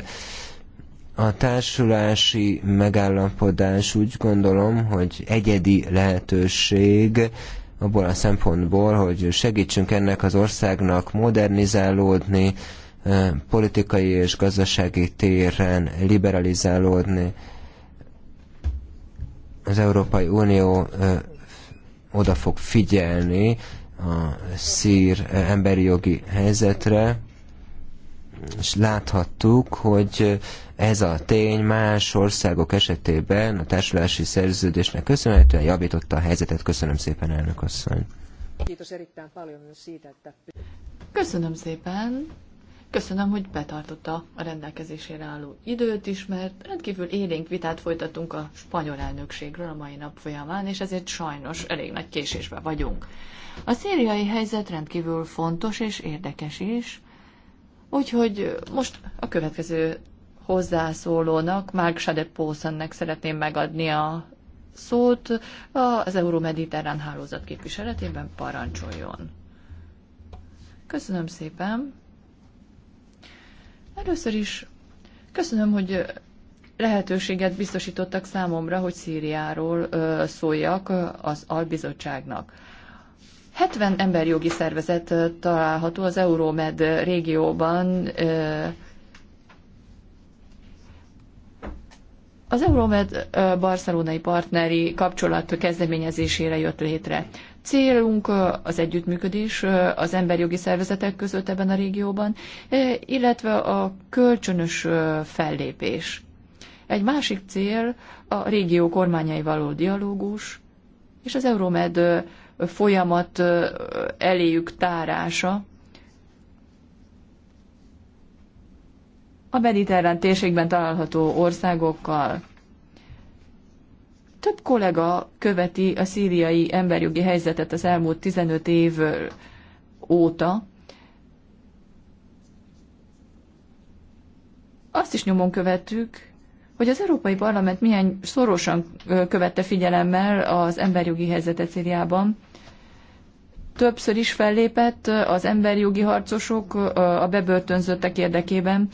a társulási megállapodás úgy gondolom, hogy egyedi lehetőség abból a szempontból, hogy segítsünk ennek az országnak modernizálódni, eh, politikai és gazdasági téren liberalizálódni. Az Európai Unió eh, oda fog figyelni a szír eh, emberi jogi helyzetre, és láthattuk, hogy ez a tény más országok esetében a társulási szerződésnek köszönhetően javította a helyzetet. Köszönöm szépen, elnök asszony. Köszönöm szépen. Köszönöm, hogy betartotta a rendelkezésére álló időt is, mert rendkívül élénk vitát folytatunk a spanyol elnökségről a mai nap folyamán, és ezért sajnos elég nagy késésbe vagyunk. A szíriai helyzet rendkívül fontos és érdekes is, úgyhogy most a következő hozzászólónak, Mark Sadepószennek szeretném megadni a szót az Euró-Mediterrán hálózat képviseletében parancsoljon. Köszönöm szépen. Először is köszönöm, hogy lehetőséget biztosítottak számomra, hogy Szíriáról szóljak az albizottságnak. 70 emberjogi szervezet található az Euromed régióban, Az Euromed barcelonai partneri kapcsolat kezdeményezésére jött létre. Célunk az együttműködés az emberjogi szervezetek között ebben a régióban, illetve a kölcsönös fellépés. Egy másik cél a régió kormányai való dialógus, és az Euromed folyamat eléjük tárása, a mediterrán térségben található országokkal. Több kollega követi a szíriai emberjogi helyzetet az elmúlt 15 év óta. Azt is nyomon követtük, hogy az Európai Parlament milyen szorosan követte figyelemmel az emberjogi helyzetet Szíriában. Többször is fellépett az emberjogi harcosok a bebörtönzöttek érdekében,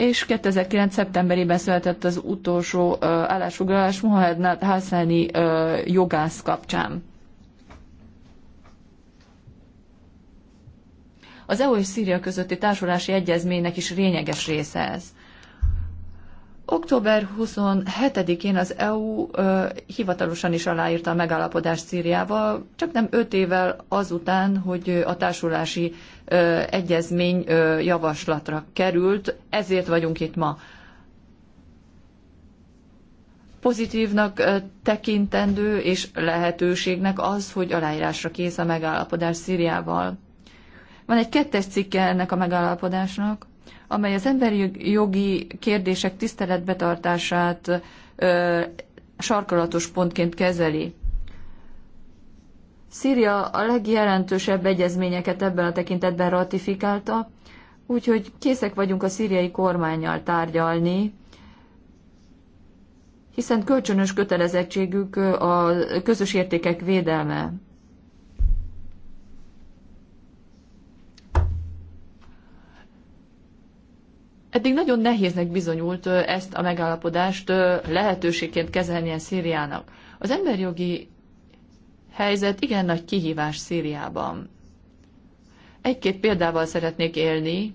és 2009. szeptemberében született az utolsó állásfoglalás Mohamed Hassani jogász kapcsán. Az EU és Szíria közötti társulási egyezménynek is lényeges része ez. Október 27-én az EU ö, hivatalosan is aláírta a megállapodást Szíriával, csak nem öt évvel azután, hogy a társulási ö, egyezmény ö, javaslatra került, ezért vagyunk itt ma. Pozitívnak ö, tekintendő és lehetőségnek az, hogy aláírásra kész a megállapodás Szíriával. Van egy kettes cikke ennek a megállapodásnak, amely az emberi jogi kérdések tiszteletbetartását ö, sarkalatos pontként kezeli. Szíria a legjelentősebb egyezményeket ebben a tekintetben ratifikálta, úgyhogy készek vagyunk a szíriai kormányjal tárgyalni, hiszen kölcsönös kötelezettségük a közös értékek védelme. Eddig nagyon nehéznek bizonyult ezt a megállapodást lehetőségként kezelnie Szíriának. Az emberjogi helyzet igen nagy kihívás Szíriában. Egy-két példával szeretnék élni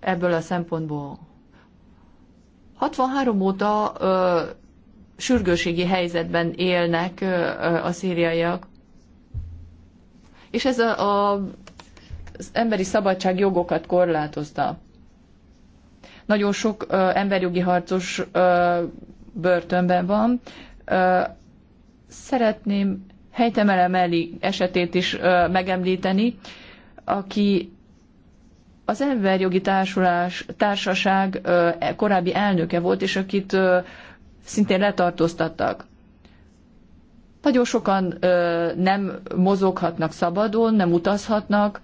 ebből a szempontból. 63 óta ö, sürgőségi helyzetben élnek ö, a szíriaiak, és ez a, a az emberi szabadság jogokat korlátozta. Nagyon sok ö, emberjogi harcos ö, börtönben van. Ö, szeretném Helytemele Melli esetét is ö, megemlíteni, aki az emberjogi társulás, társaság ö, e, korábbi elnöke volt, és akit ö, szintén letartóztattak. Nagyon sokan ö, nem mozoghatnak szabadon, nem utazhatnak,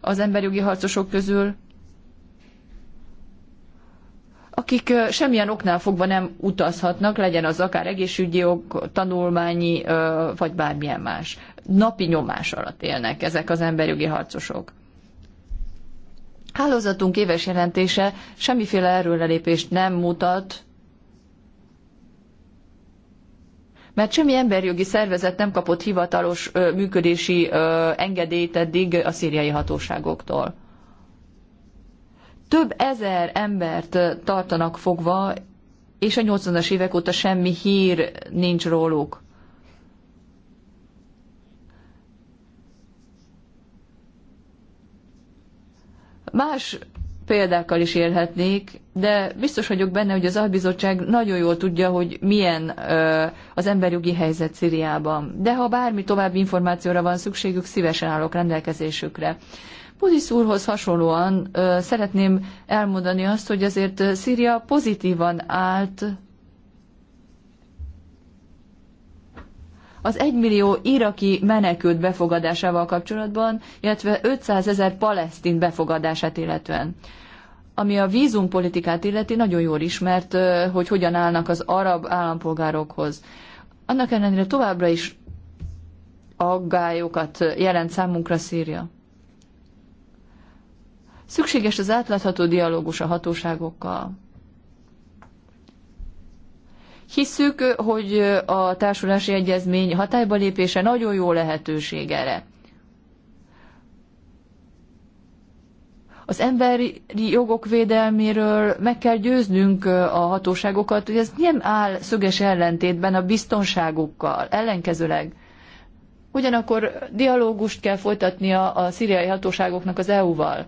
az emberjogi harcosok közül, akik semmilyen oknál fogva nem utazhatnak, legyen az akár egészségügyi ok, tanulmányi, vagy bármilyen más. Napi nyomás alatt élnek ezek az emberjogi harcosok. Hálózatunk éves jelentése semmiféle erőlelépést nem mutat mert semmi emberjogi szervezet nem kapott hivatalos működési engedélyt eddig a szíriai hatóságoktól. Több ezer embert tartanak fogva, és a 80-as évek óta semmi hír nincs róluk. Más példákkal is élhetnék, de biztos vagyok benne, hogy az albizottság nagyon jól tudja, hogy milyen ö, az emberjogi helyzet Szíriában. De ha bármi további információra van szükségük, szívesen állok rendelkezésükre. Puzis úrhoz hasonlóan ö, szeretném elmondani azt, hogy azért Szíria pozitívan állt az 1 millió iraki menekült befogadásával kapcsolatban, illetve 500 ezer palesztin befogadását illetően. Ami a vízumpolitikát illeti, nagyon jól ismert, hogy hogyan állnak az arab állampolgárokhoz. Annak ellenére továbbra is aggályokat jelent számunkra Szíria. Szükséges az átlátható dialógus a hatóságokkal. Hisszük, hogy a társulási egyezmény hatályba lépése nagyon jó lehetőség erre. Az emberi jogok védelméről meg kell győznünk a hatóságokat, hogy ez nem áll szöges ellentétben a biztonságukkal, ellenkezőleg. Ugyanakkor dialógust kell folytatnia a szíriai hatóságoknak az EU-val.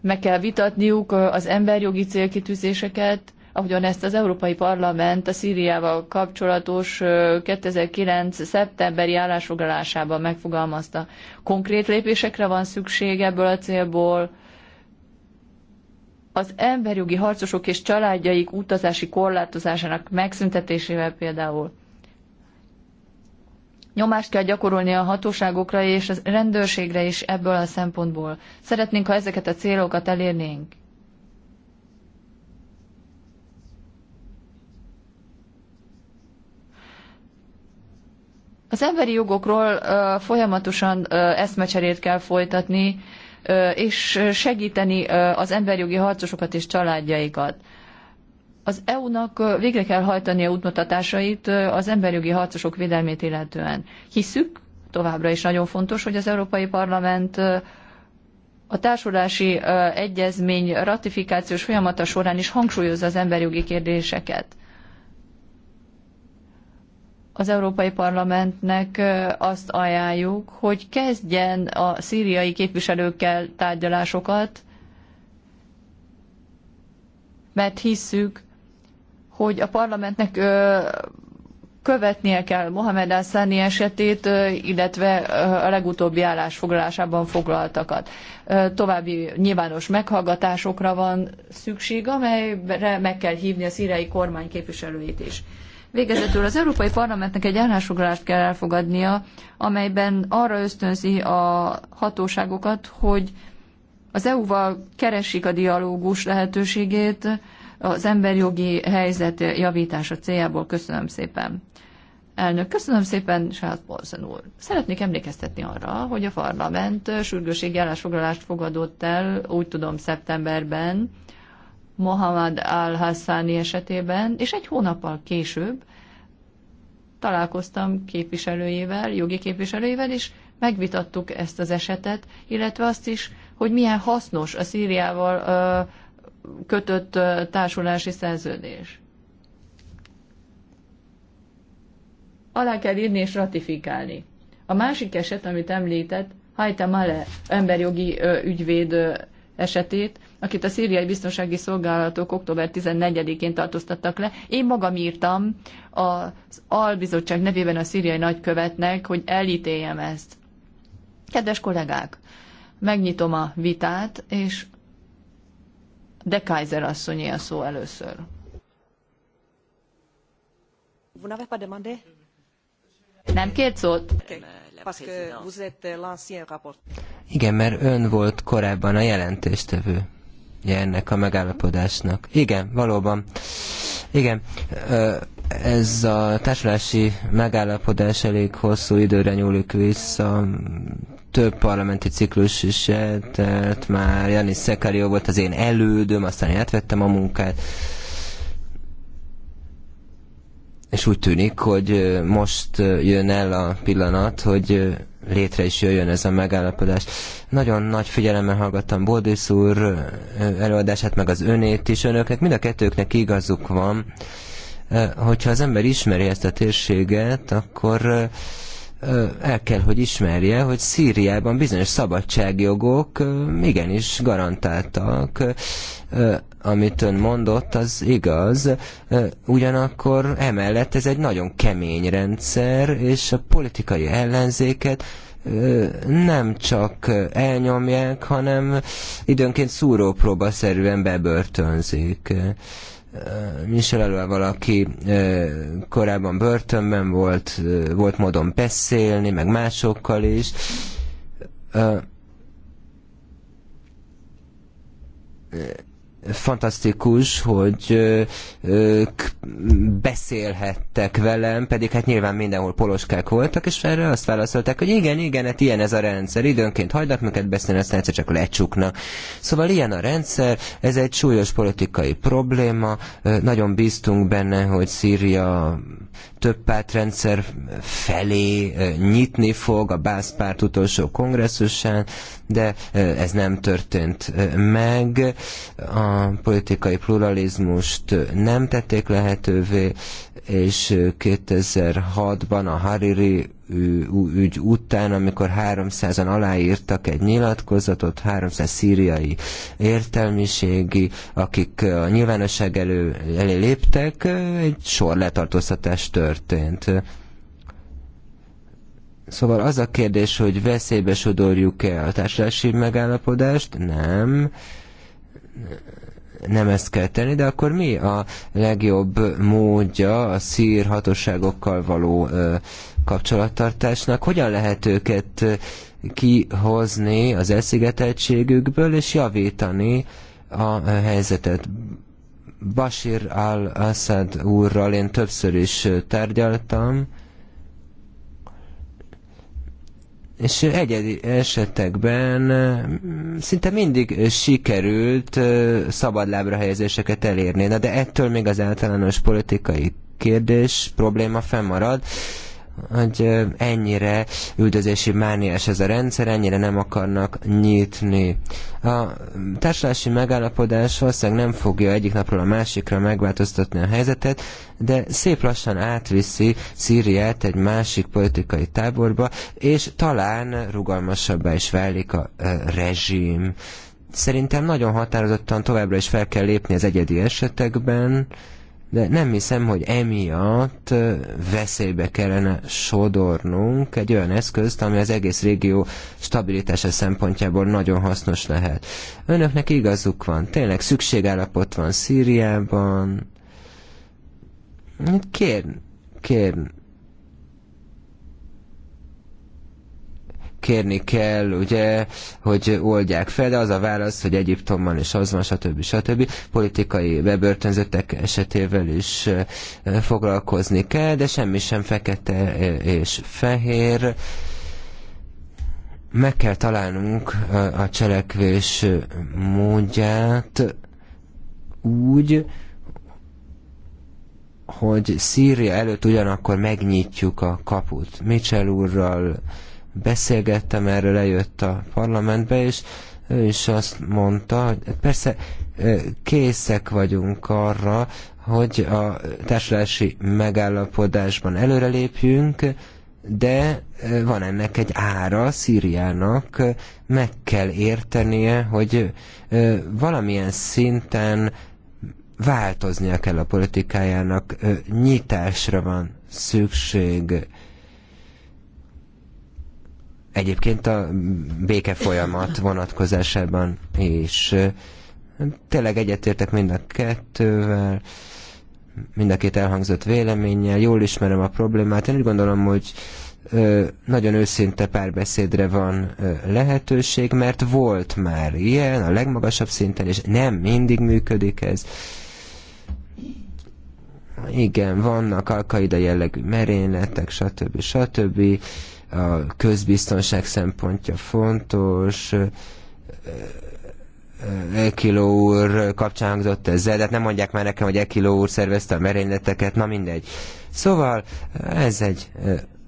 Meg kell vitatniuk az emberjogi célkitűzéseket, ahogyan ezt az Európai Parlament a Szíriával kapcsolatos 2009. szeptemberi állásfoglalásában megfogalmazta. Konkrét lépésekre van szükség ebből a célból. Az emberjogi harcosok és családjaik utazási korlátozásának megszüntetésével például. Nyomást kell gyakorolni a hatóságokra és a rendőrségre is ebből a szempontból. Szeretnénk, ha ezeket a célokat elérnénk. Az emberi jogokról folyamatosan eszmecserét kell folytatni, és segíteni az emberjogi harcosokat és családjaikat. Az EU-nak végre kell a útmutatásait az emberjogi harcosok védelmét illetően. Hiszük, továbbra is nagyon fontos, hogy az Európai Parlament a társulási egyezmény ratifikációs folyamata során is hangsúlyozza az emberjogi kérdéseket az Európai Parlamentnek azt ajánljuk, hogy kezdjen a szíriai képviselőkkel tárgyalásokat, mert hisszük, hogy a parlamentnek követnie kell Mohamed Assani esetét, illetve a legutóbbi állásfoglalásában foglaltakat. További nyilvános meghallgatásokra van szükség, amelyre meg kell hívni a szíriai kormány képviselőit is. Végezetül az Európai Parlamentnek egy állásfoglalást kell elfogadnia, amelyben arra ösztönzi a hatóságokat, hogy az EU-val keresik a dialógus lehetőségét az emberjogi helyzet javítása céljából. Köszönöm szépen. Elnök, köszönöm szépen, Charles Bolson úr. Szeretnék emlékeztetni arra, hogy a parlament sürgőségi állásfoglalást fogadott el, úgy tudom, szeptemberben, Mohamed Al-Hassani esetében, és egy hónappal később találkoztam képviselőjével, jogi képviselőjével, és megvitattuk ezt az esetet, illetve azt is, hogy milyen hasznos a Szíriával kötött társulási szerződés. Alá kell írni és ratifikálni. A másik eset, amit említett, Hajta Male emberjogi ügyvéd esetét, akit a szíriai biztonsági szolgálatok október 14-én tartóztattak le. Én magam írtam az albizottság nevében a szíriai nagykövetnek, hogy elítéljem ezt. Kedves kollégák, megnyitom a vitát, és de Kaiser asszonyé a szó először. Nem két szót? Igen, mert ön volt korábban a jelentéstevő ennek a megállapodásnak. Igen, valóban. Igen, ez a társulási megállapodás elég hosszú időre nyúlik vissza. Több parlamenti ciklus is eltelt, már Janis Szekarió volt az én elődöm, aztán én átvettem a munkát. És úgy tűnik, hogy most jön el a pillanat, hogy létre is jöjjön ez a megállapodás. Nagyon nagy figyelemmel hallgattam Bódész úr előadását, meg az önét is önöknek. Mind a kettőknek igazuk van. Hogyha az ember ismeri ezt a térséget, akkor el kell, hogy ismerje, hogy Szíriában bizonyos szabadságjogok igenis garantáltak amit ön mondott, az igaz, ugyanakkor emellett ez egy nagyon kemény rendszer, és a politikai ellenzéket nem csak elnyomják, hanem időnként szúrópróbaszerűen bebörtönzik. Michel Alva valaki korábban börtönben volt, volt módon beszélni, meg másokkal is. Uh, fantasztikus, hogy ők beszélhettek velem, pedig hát nyilván mindenhol poloskák voltak, és erre azt válaszolták, hogy igen, igen, hát ilyen ez a rendszer, időnként hagynak minket beszélni, aztán egyszer csak lecsuknak. Szóval ilyen a rendszer, ez egy súlyos politikai probléma, nagyon bíztunk benne, hogy Szíria több pártrendszer felé nyitni fog a bászpárt utolsó kongresszusán, de ez nem történt meg. A politikai pluralizmust nem tették lehetővé, és 2006-ban a Hariri ügy után, amikor 300-an aláírtak egy nyilatkozatot, 300 szíriai értelmiségi, akik a nyilvánosság elő, elé léptek, egy sor letartóztatás történt. Szóval az a kérdés, hogy veszélybe sodorjuk-e a társadalmi megállapodást? Nem nem ezt kell tenni, de akkor mi a legjobb módja a szír hatóságokkal való kapcsolattartásnak? Hogyan lehet őket kihozni az elszigeteltségükből és javítani a helyzetet? Bashir al-Assad úrral én többször is tárgyaltam, és egyedi esetekben szinte mindig sikerült szabadlábra helyezéseket elérni. Na de ettől még az általános politikai kérdés, probléma fennmarad hogy ennyire üldözési mániás ez a rendszer, ennyire nem akarnak nyitni. A társulási megállapodás valószínűleg nem fogja egyik napról a másikra megváltoztatni a helyzetet, de szép lassan átviszi Szíriát egy másik politikai táborba, és talán rugalmasabbá is válik a, a rezsim. Szerintem nagyon határozottan továbbra is fel kell lépni az egyedi esetekben, de nem hiszem, hogy emiatt veszélybe kellene sodornunk egy olyan eszközt, ami az egész régió stabilitása szempontjából nagyon hasznos lehet. Önöknek igazuk van, tényleg szükségállapot van Szíriában. Kér, kér, kérni kell, ugye, hogy oldják fel, de az a válasz, hogy Egyiptomban is az van, stb. stb. Politikai bebörtönzöttek esetével is eh, foglalkozni kell, de semmi sem fekete eh, és fehér. Meg kell találnunk eh, a cselekvés módját úgy, hogy Szíria előtt ugyanakkor megnyitjuk a kaput. Mitchell úrral beszélgettem erről, lejött a parlamentbe, és ő is azt mondta, hogy persze készek vagyunk arra, hogy a társadalási megállapodásban előrelépjünk, de van ennek egy ára Szíriának, meg kell értenie, hogy valamilyen szinten változnia kell a politikájának, nyitásra van szükség Egyébként a béke folyamat vonatkozásában is tényleg egyetértek mind a kettővel, mind a két elhangzott véleménnyel, jól ismerem a problémát. Én úgy gondolom, hogy nagyon őszinte párbeszédre van lehetőség, mert volt már ilyen a legmagasabb szinten, és nem mindig működik ez. Igen, vannak alkaida jellegű merényletek, stb. stb a közbiztonság szempontja fontos, Ekiló úr kapcsán hangzott ezzel, de hát nem mondják már nekem, hogy Ekiló úr szervezte a merényleteket, na mindegy. Szóval ez egy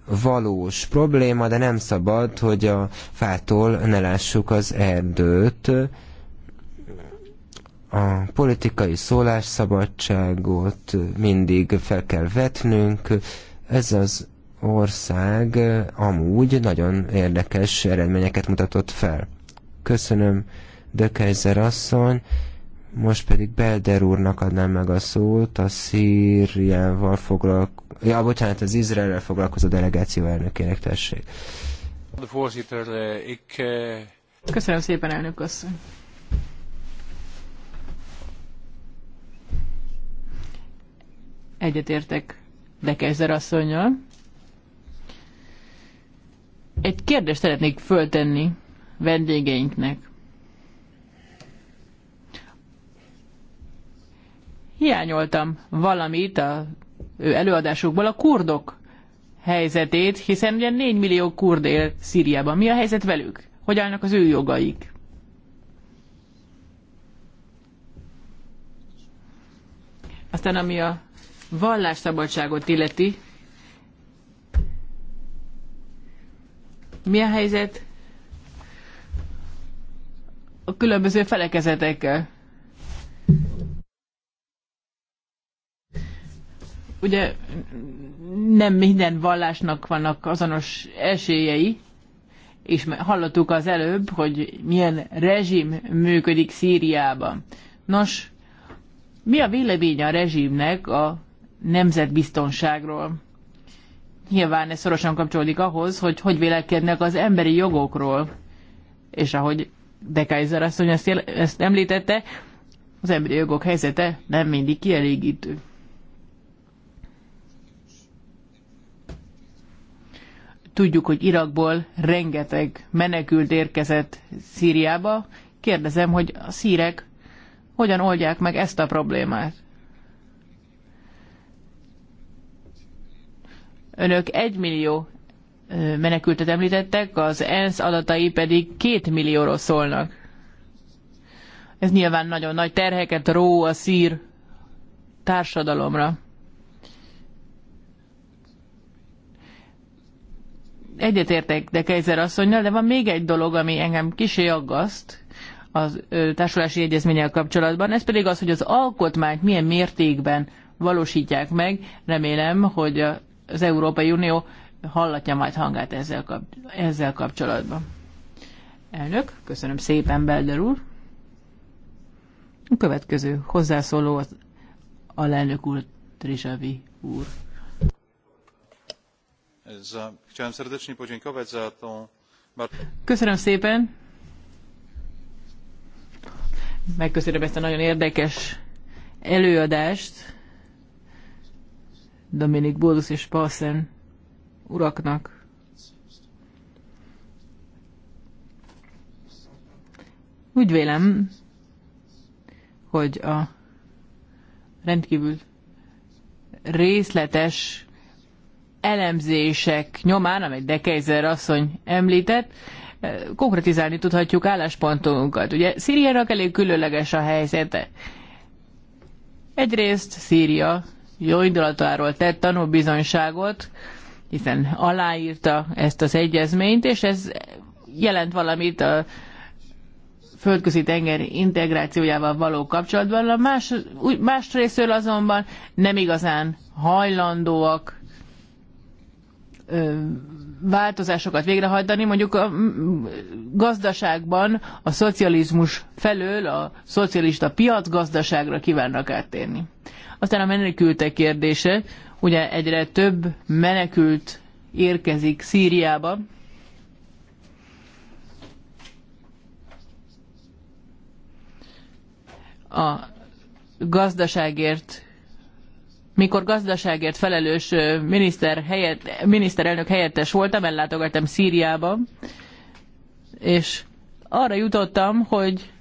valós probléma, de nem szabad, hogy a fától ne lássuk az erdőt, a politikai szólásszabadságot mindig fel kell vetnünk, ez az ország amúgy nagyon érdekes eredményeket mutatott fel. Köszönöm, De asszony. Most pedig Belder úrnak adnám meg a szót, a Szíriával foglalkozó, ja, bocsánat, az Izraelrel foglalkozó delegáció elnökének, tessék. Eh, eh, Köszönöm szépen, elnök asszony. Egyetértek Dekezer asszonynal. Egy kérdést szeretnék föltenni vendégeinknek. Hiányoltam valamit a ő előadásukból, a kurdok helyzetét, hiszen ugye 4 millió kurd él Szíriában. Mi a helyzet velük? Hogy állnak az ő jogaik? Aztán ami a vallásszabadságot illeti, Mi a helyzet a különböző felekezetekkel? Ugye nem minden vallásnak vannak azonos esélyei, és hallottuk az előbb, hogy milyen rezsim működik Szíriában. Nos, mi a véleménye a rezsimnek a nemzetbiztonságról? nyilván ez szorosan kapcsolódik ahhoz, hogy hogy vélekednek az emberi jogokról. És ahogy De Kaiser asszony ezt, ezt említette, az emberi jogok helyzete nem mindig kielégítő. Tudjuk, hogy Irakból rengeteg menekült érkezett Szíriába. Kérdezem, hogy a szírek hogyan oldják meg ezt a problémát? Önök 1 millió menekültet említettek, az ENSZ adatai pedig 2 millióról szólnak. Ez nyilván nagyon nagy terheket ró a szír társadalomra. Egyetértek de Kejzer asszonynal, de van még egy dolog, ami engem kisé aggaszt a társulási egyezménnyel kapcsolatban, ez pedig az, hogy az alkotmányt milyen mértékben valósítják meg. Remélem, hogy a az Európai Unió hallatja majd hangát ezzel, kap, ezzel kapcsolatban. Elnök, köszönöm szépen, Belder úr. A következő hozzászóló az alelnök úr, Trizsavi úr. Köszönöm szépen. Megköszönöm ezt a nagyon érdekes előadást. Dominik Bódusz és Paulsen uraknak. Úgy vélem, hogy a rendkívül részletes elemzések nyomán, amit De Kaiser asszony említett, konkretizálni tudhatjuk álláspontunkat. Ugye Szíriának elég különleges a helyzete. Egyrészt Szíria jó indulatáról tett tanúbizonyságot, hiszen aláírta ezt az egyezményt, és ez jelent valamit a földközi tenger integrációjával való kapcsolatban. A más, részről azonban nem igazán hajlandóak ö, változásokat végrehajtani, mondjuk a gazdaságban a szocializmus felől a szocialista piacgazdaságra kívánnak áttérni. Aztán a menekültek kérdése, ugye egyre több menekült érkezik Szíriába, a gazdaságért mikor gazdaságért felelős miniszter helyett, miniszterelnök helyettes voltam, ellátogattam Szíriába, és arra jutottam, hogy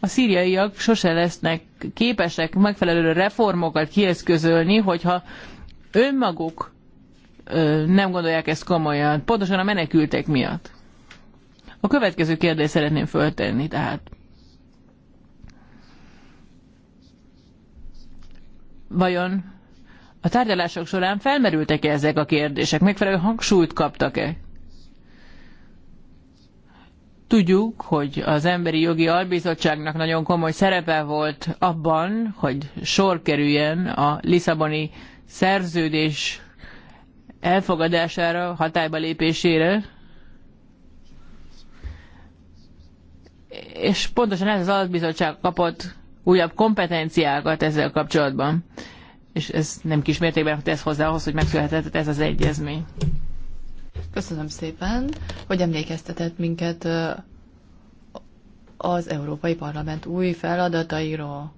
a szíriaiak sose lesznek képesek megfelelő reformokat kieszközölni, hogyha önmaguk nem gondolják ezt komolyan, pontosan a menekültek miatt. A következő kérdést szeretném föltenni, tehát vajon a tárgyalások során felmerültek-e ezek a kérdések? Megfelelő hangsúlyt kaptak-e? Tudjuk, hogy az Emberi Jogi Albizottságnak nagyon komoly szerepe volt abban, hogy sor kerüljen a Lisszaboni szerződés elfogadására, hatályba lépésére, és pontosan ez az albizottság kapott újabb kompetenciákat ezzel kapcsolatban. És ez nem kis mértékben tesz hozzá ahhoz, hogy megszületett ez az egyezmény. Köszönöm szépen, hogy emlékeztetett minket az Európai Parlament új feladatairól.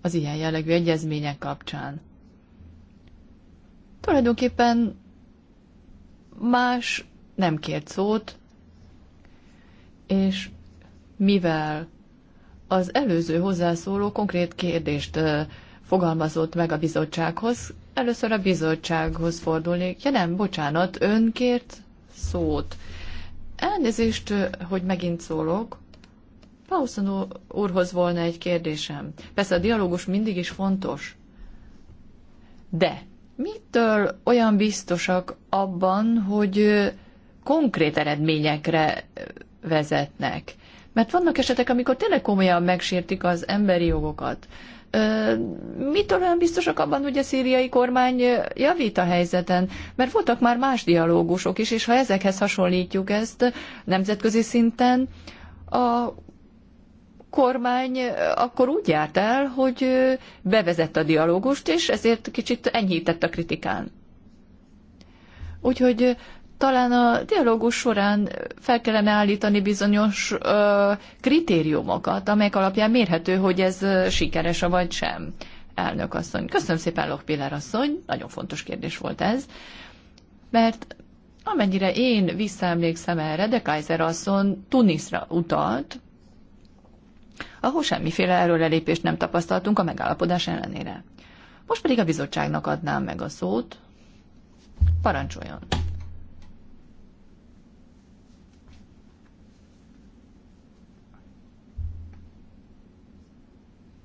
az ilyen jellegű egyezmények kapcsán. Tulajdonképpen más nem kért szót, és mivel az előző hozzászóló konkrét kérdést fogalmazott meg a bizottsághoz, Először a bizottsághoz fordulnék. Ja nem, bocsánat, ön kért szót. Elnézést, hogy megint szólok. Pauszon úrhoz volna egy kérdésem. Persze a dialógus mindig is fontos. De mitől olyan biztosak abban, hogy konkrét eredményekre vezetnek? Mert vannak esetek, amikor tényleg komolyan megsértik az emberi jogokat mitől olyan biztosak abban, hogy a szíriai kormány javít a helyzeten? Mert voltak már más dialógusok is, és ha ezekhez hasonlítjuk ezt nemzetközi szinten, a kormány akkor úgy járt el, hogy bevezette a dialógust, és ezért kicsit enyhített a kritikán. Úgyhogy talán a dialógus során fel kellene állítani bizonyos ö, kritériumokat, amelyek alapján mérhető, hogy ez sikeres a vagy sem. Elnök asszony. Köszönöm szépen, Pilar asszony. Nagyon fontos kérdés volt ez. Mert amennyire én visszaemlékszem erre, de Kaiser asszony Tuniszra utalt, ahol semmiféle erőrelépést nem tapasztaltunk a megállapodás ellenére. Most pedig a bizottságnak adnám meg a szót. Parancsoljon!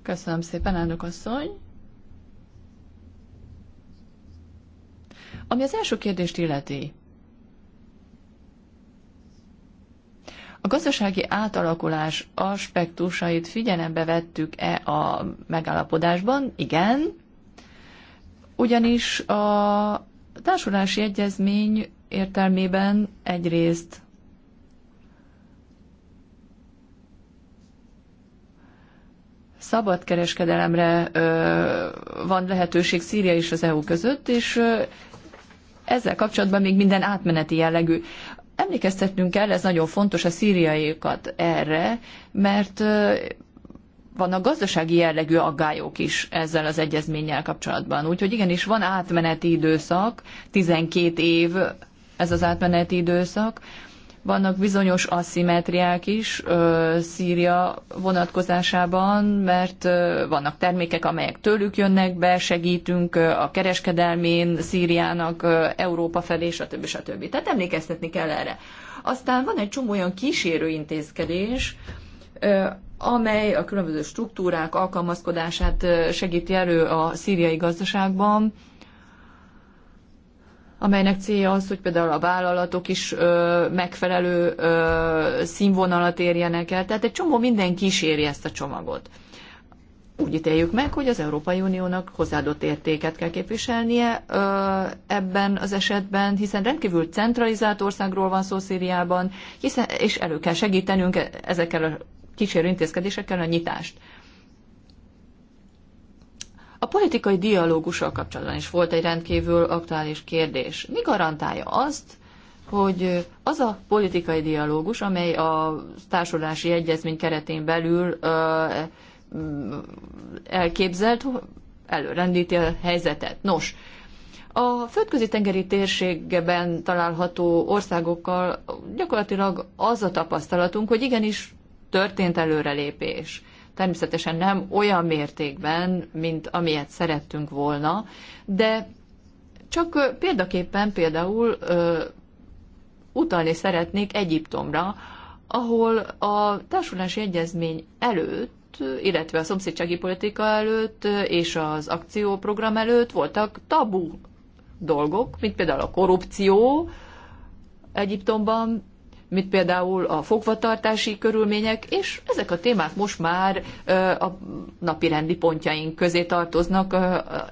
Köszönöm szépen, elnök asszony. Ami az első kérdést illeti, a gazdasági átalakulás aspektusait figyelembe vettük-e a megállapodásban? Igen, ugyanis a társulási egyezmény értelmében egyrészt szabad kereskedelemre van lehetőség Szíria és az EU között, és ezzel kapcsolatban még minden átmeneti jellegű. Emlékeztetnünk kell, ez nagyon fontos a szíriaiakat erre, mert vannak gazdasági jellegű aggályok is ezzel az egyezménnyel kapcsolatban. Úgyhogy igenis van átmeneti időszak, 12 év ez az átmeneti időszak, vannak bizonyos aszimetriák is ö, Szíria vonatkozásában, mert ö, vannak termékek, amelyek tőlük jönnek be, segítünk ö, a kereskedelmén Szíriának, ö, Európa felé, stb. stb. Tehát emlékeztetni kell erre. Aztán van egy csomó olyan kísérő intézkedés, ö, amely a különböző struktúrák alkalmazkodását segíti elő a szíriai gazdaságban, amelynek célja az, hogy például a vállalatok is ö, megfelelő ö, színvonalat érjenek el. Tehát egy csomó minden kíséri ezt a csomagot. Úgy ítéljük meg, hogy az Európai Uniónak hozzáadott értéket kell képviselnie ö, ebben az esetben, hiszen rendkívül centralizált országról van szó Szíriában, hiszen, és elő kell segítenünk ezekkel a kísérő intézkedésekkel a nyitást. A politikai dialógussal kapcsolatban is volt egy rendkívül aktuális kérdés. Mi garantálja azt, hogy az a politikai dialógus, amely a társulási egyezmény keretén belül mm, elképzelt, előrendíti a helyzetet. Nos, a földközi tengeri térségben található országokkal gyakorlatilag az a tapasztalatunk, hogy igenis történt előrelépés természetesen nem olyan mértékben, mint amilyet szerettünk volna, de csak példaképpen például ö, utalni szeretnék Egyiptomra, ahol a társulási egyezmény előtt illetve a szomszédsági politika előtt és az akcióprogram előtt voltak tabu dolgok, mint például a korrupció Egyiptomban, mint például a fogvatartási körülmények, és ezek a témák most már a napi rendi pontjaink közé tartoznak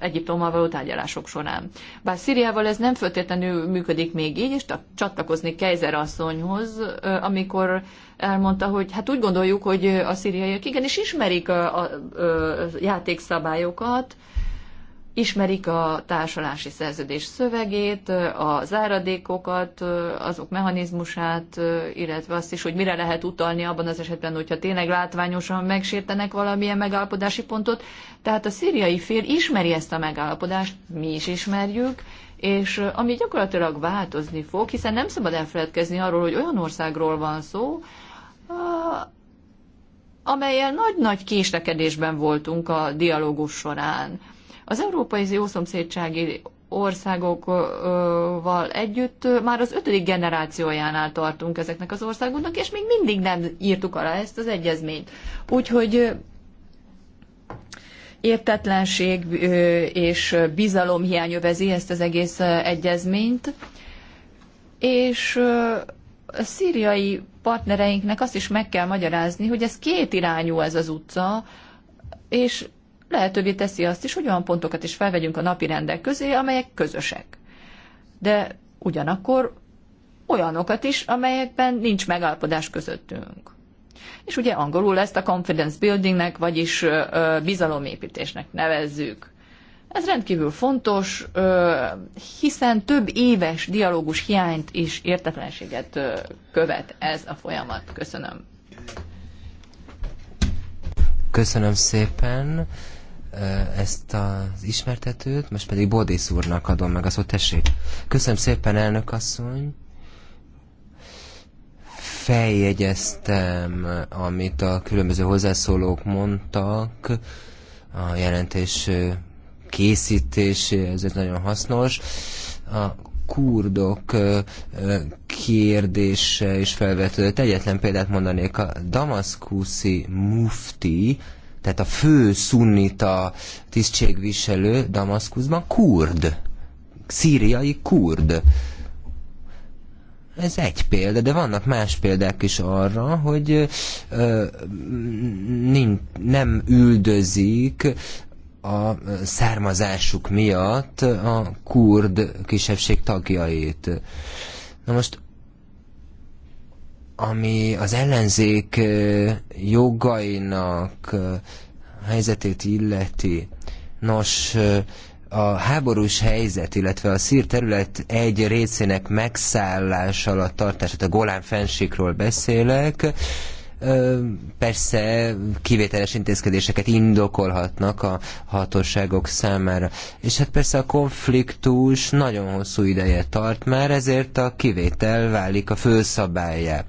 Egyiptommal való tárgyalások során. Bár Szíriával ez nem feltétlenül működik még így, és csatlakozni Kejzer asszonyhoz, amikor elmondta, hogy hát úgy gondoljuk, hogy a szíriaiak igenis ismerik a, a, a játékszabályokat, ismerik a társulási szerződés szövegét, a záradékokat, azok mechanizmusát, illetve azt is, hogy mire lehet utalni abban az esetben, hogyha tényleg látványosan megsértenek valamilyen megállapodási pontot. Tehát a szíriai fél ismeri ezt a megállapodást, mi is ismerjük, és ami gyakorlatilag változni fog, hiszen nem szabad elfeledkezni arról, hogy olyan országról van szó, amelyel nagy-nagy késlekedésben voltunk a dialógus során az európai jószomszédsági országokkal együtt már az ötödik generációjánál tartunk ezeknek az országoknak, és még mindig nem írtuk alá ezt az egyezményt. Úgyhogy értetlenség és bizalomhiány övezi ezt az egész egyezményt, és a szíriai partnereinknek azt is meg kell magyarázni, hogy ez két irányú ez az utca, és lehetővé teszi azt is, hogy olyan pontokat is felvegyünk a napi rendek közé, amelyek közösek. De ugyanakkor olyanokat is, amelyekben nincs megállapodás közöttünk. És ugye angolul ezt a confidence buildingnek, vagyis bizalomépítésnek nevezzük. Ez rendkívül fontos, hiszen több éves dialógus hiányt és értetlenséget követ ez a folyamat. Köszönöm. Köszönöm szépen ezt az ismertetőt, most pedig Bódész úrnak adom meg az szót, tessék. Köszönöm szépen, elnök asszony. Feljegyeztem, amit a különböző hozzászólók mondtak, a jelentés készítéséhez ez nagyon hasznos. A kurdok kérdése is felvetődött. Egyetlen példát mondanék, a damaszkuszi mufti, tehát a fő szunnita tisztségviselő Damaszkuszban kurd. Szíriai kurd. Ez egy példa, de vannak más példák is arra, hogy ö, nincs, nem üldözik a származásuk miatt a kurd kisebbség tagjait. Na most ami az ellenzék jogainak helyzetét illeti. Nos, a háborús helyzet, illetve a szír terület egy részének megszállás alatt tartását, a Golán fensikről beszélek, Persze kivételes intézkedéseket indokolhatnak a hatóságok számára. És hát persze a konfliktus nagyon hosszú ideje tart már, ezért a kivétel válik a főszabályá.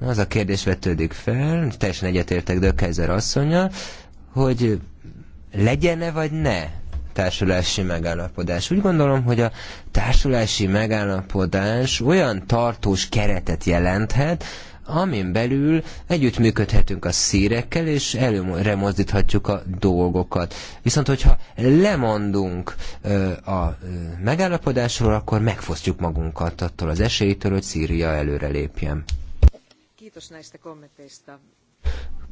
Az a kérdés vetődik fel, teljesen egyetértek Dökezer asszonya, hogy legyen-e vagy ne társulási megállapodás. Úgy gondolom, hogy a társulási megállapodás olyan tartós keretet jelenthet, amin belül együttműködhetünk a szírekkel, és előre mozdíthatjuk a dolgokat. Viszont, hogyha lemondunk a megállapodásról, akkor megfosztjuk magunkat attól az esélytől, hogy Szíria előrelépjen.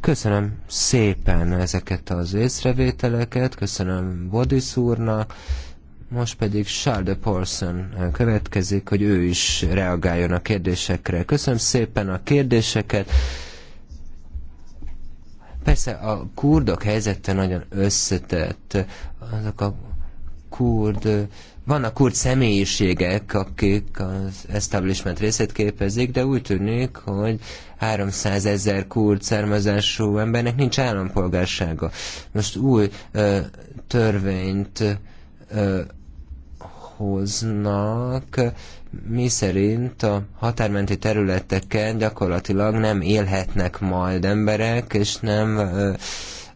Köszönöm szépen ezeket az észrevételeket, köszönöm Bodis úrnak, most pedig Charles de Paulson következik, hogy ő is reagáljon a kérdésekre. Köszönöm szépen a kérdéseket. Persze a kurdok helyzete nagyon összetett. Azok a kurd, vannak kurd személyiségek, akik az establishment részét képezik, de úgy tűnik, hogy 300 ezer kurd származású embernek nincs állampolgársága. Most új ö, törvényt hoznak, mi szerint a határmenti területeken gyakorlatilag nem élhetnek majd emberek, és nem ö,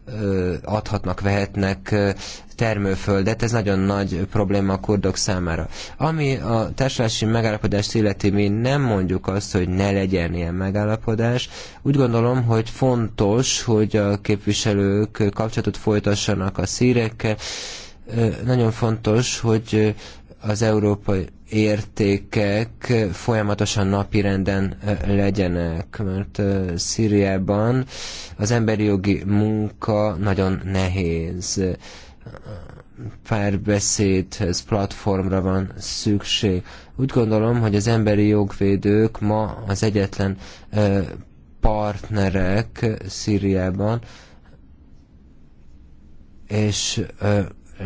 ö, adhatnak, vehetnek termőföldet, ez nagyon nagy probléma a kurdok számára. Ami a társadalmi megállapodást illeti, mi nem mondjuk azt, hogy ne legyen ilyen megállapodás. Úgy gondolom, hogy fontos, hogy a képviselők kapcsolatot folytassanak a szírekkel, nagyon fontos, hogy az európai értékek folyamatosan napirenden legyenek, mert Szíriában az emberi jogi munka nagyon nehéz párbeszédhez, platformra van szükség. Úgy gondolom, hogy az emberi jogvédők ma az egyetlen partnerek Szíriában, és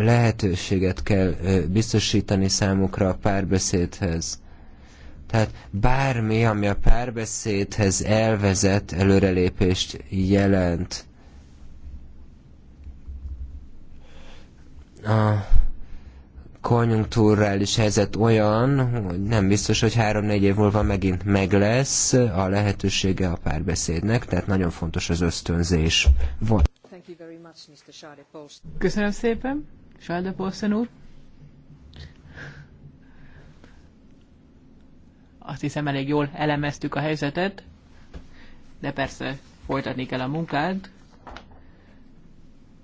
lehetőséget kell biztosítani számukra a párbeszédhez. Tehát bármi, ami a párbeszédhez elvezet, előrelépést jelent. A konjunkturális helyzet olyan, hogy nem biztos, hogy három-négy év múlva megint meg lesz a lehetősége a párbeszédnek, tehát nagyon fontos az ösztönzés. Köszönöm szépen. Saldepolszen úr. Azt hiszem elég jól elemeztük a helyzetet, de persze folytatni kell a munkát.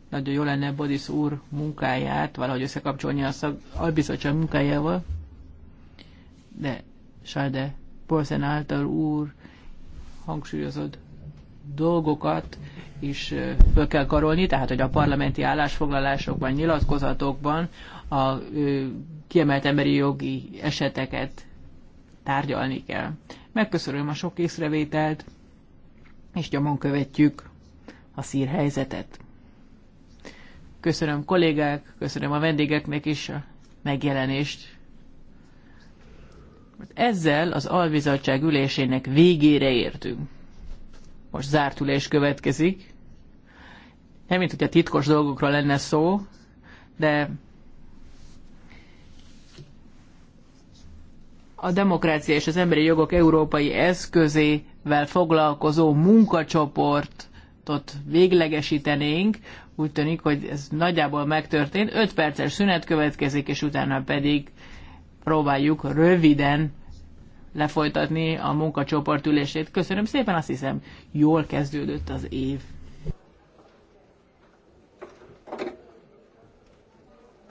Nagyon jó lenne Bodis úr munkáját valahogy összekapcsolni a szag, albizottság munkájával, de Salde Polszen által úr hangsúlyozott dolgokat is föl kell karolni, tehát hogy a parlamenti állásfoglalásokban, nyilatkozatokban a kiemelt emberi jogi eseteket tárgyalni kell. Megköszönöm a sok észrevételt, és gyomon követjük a szírhelyzetet. helyzetet. Köszönöm kollégák, köszönöm a vendégeknek is a megjelenést. Ezzel az albizottság ülésének végére értünk. Most zárt ülés következik nem mint a titkos dolgokra lenne szó, de a demokrácia és az emberi jogok európai eszközével foglalkozó munkacsoportot véglegesítenénk, úgy tűnik, hogy ez nagyjából megtörtént. 5 perces szünet következik, és utána pedig próbáljuk röviden lefolytatni a munkacsoport ülését. Köszönöm szépen, azt hiszem jól kezdődött az év.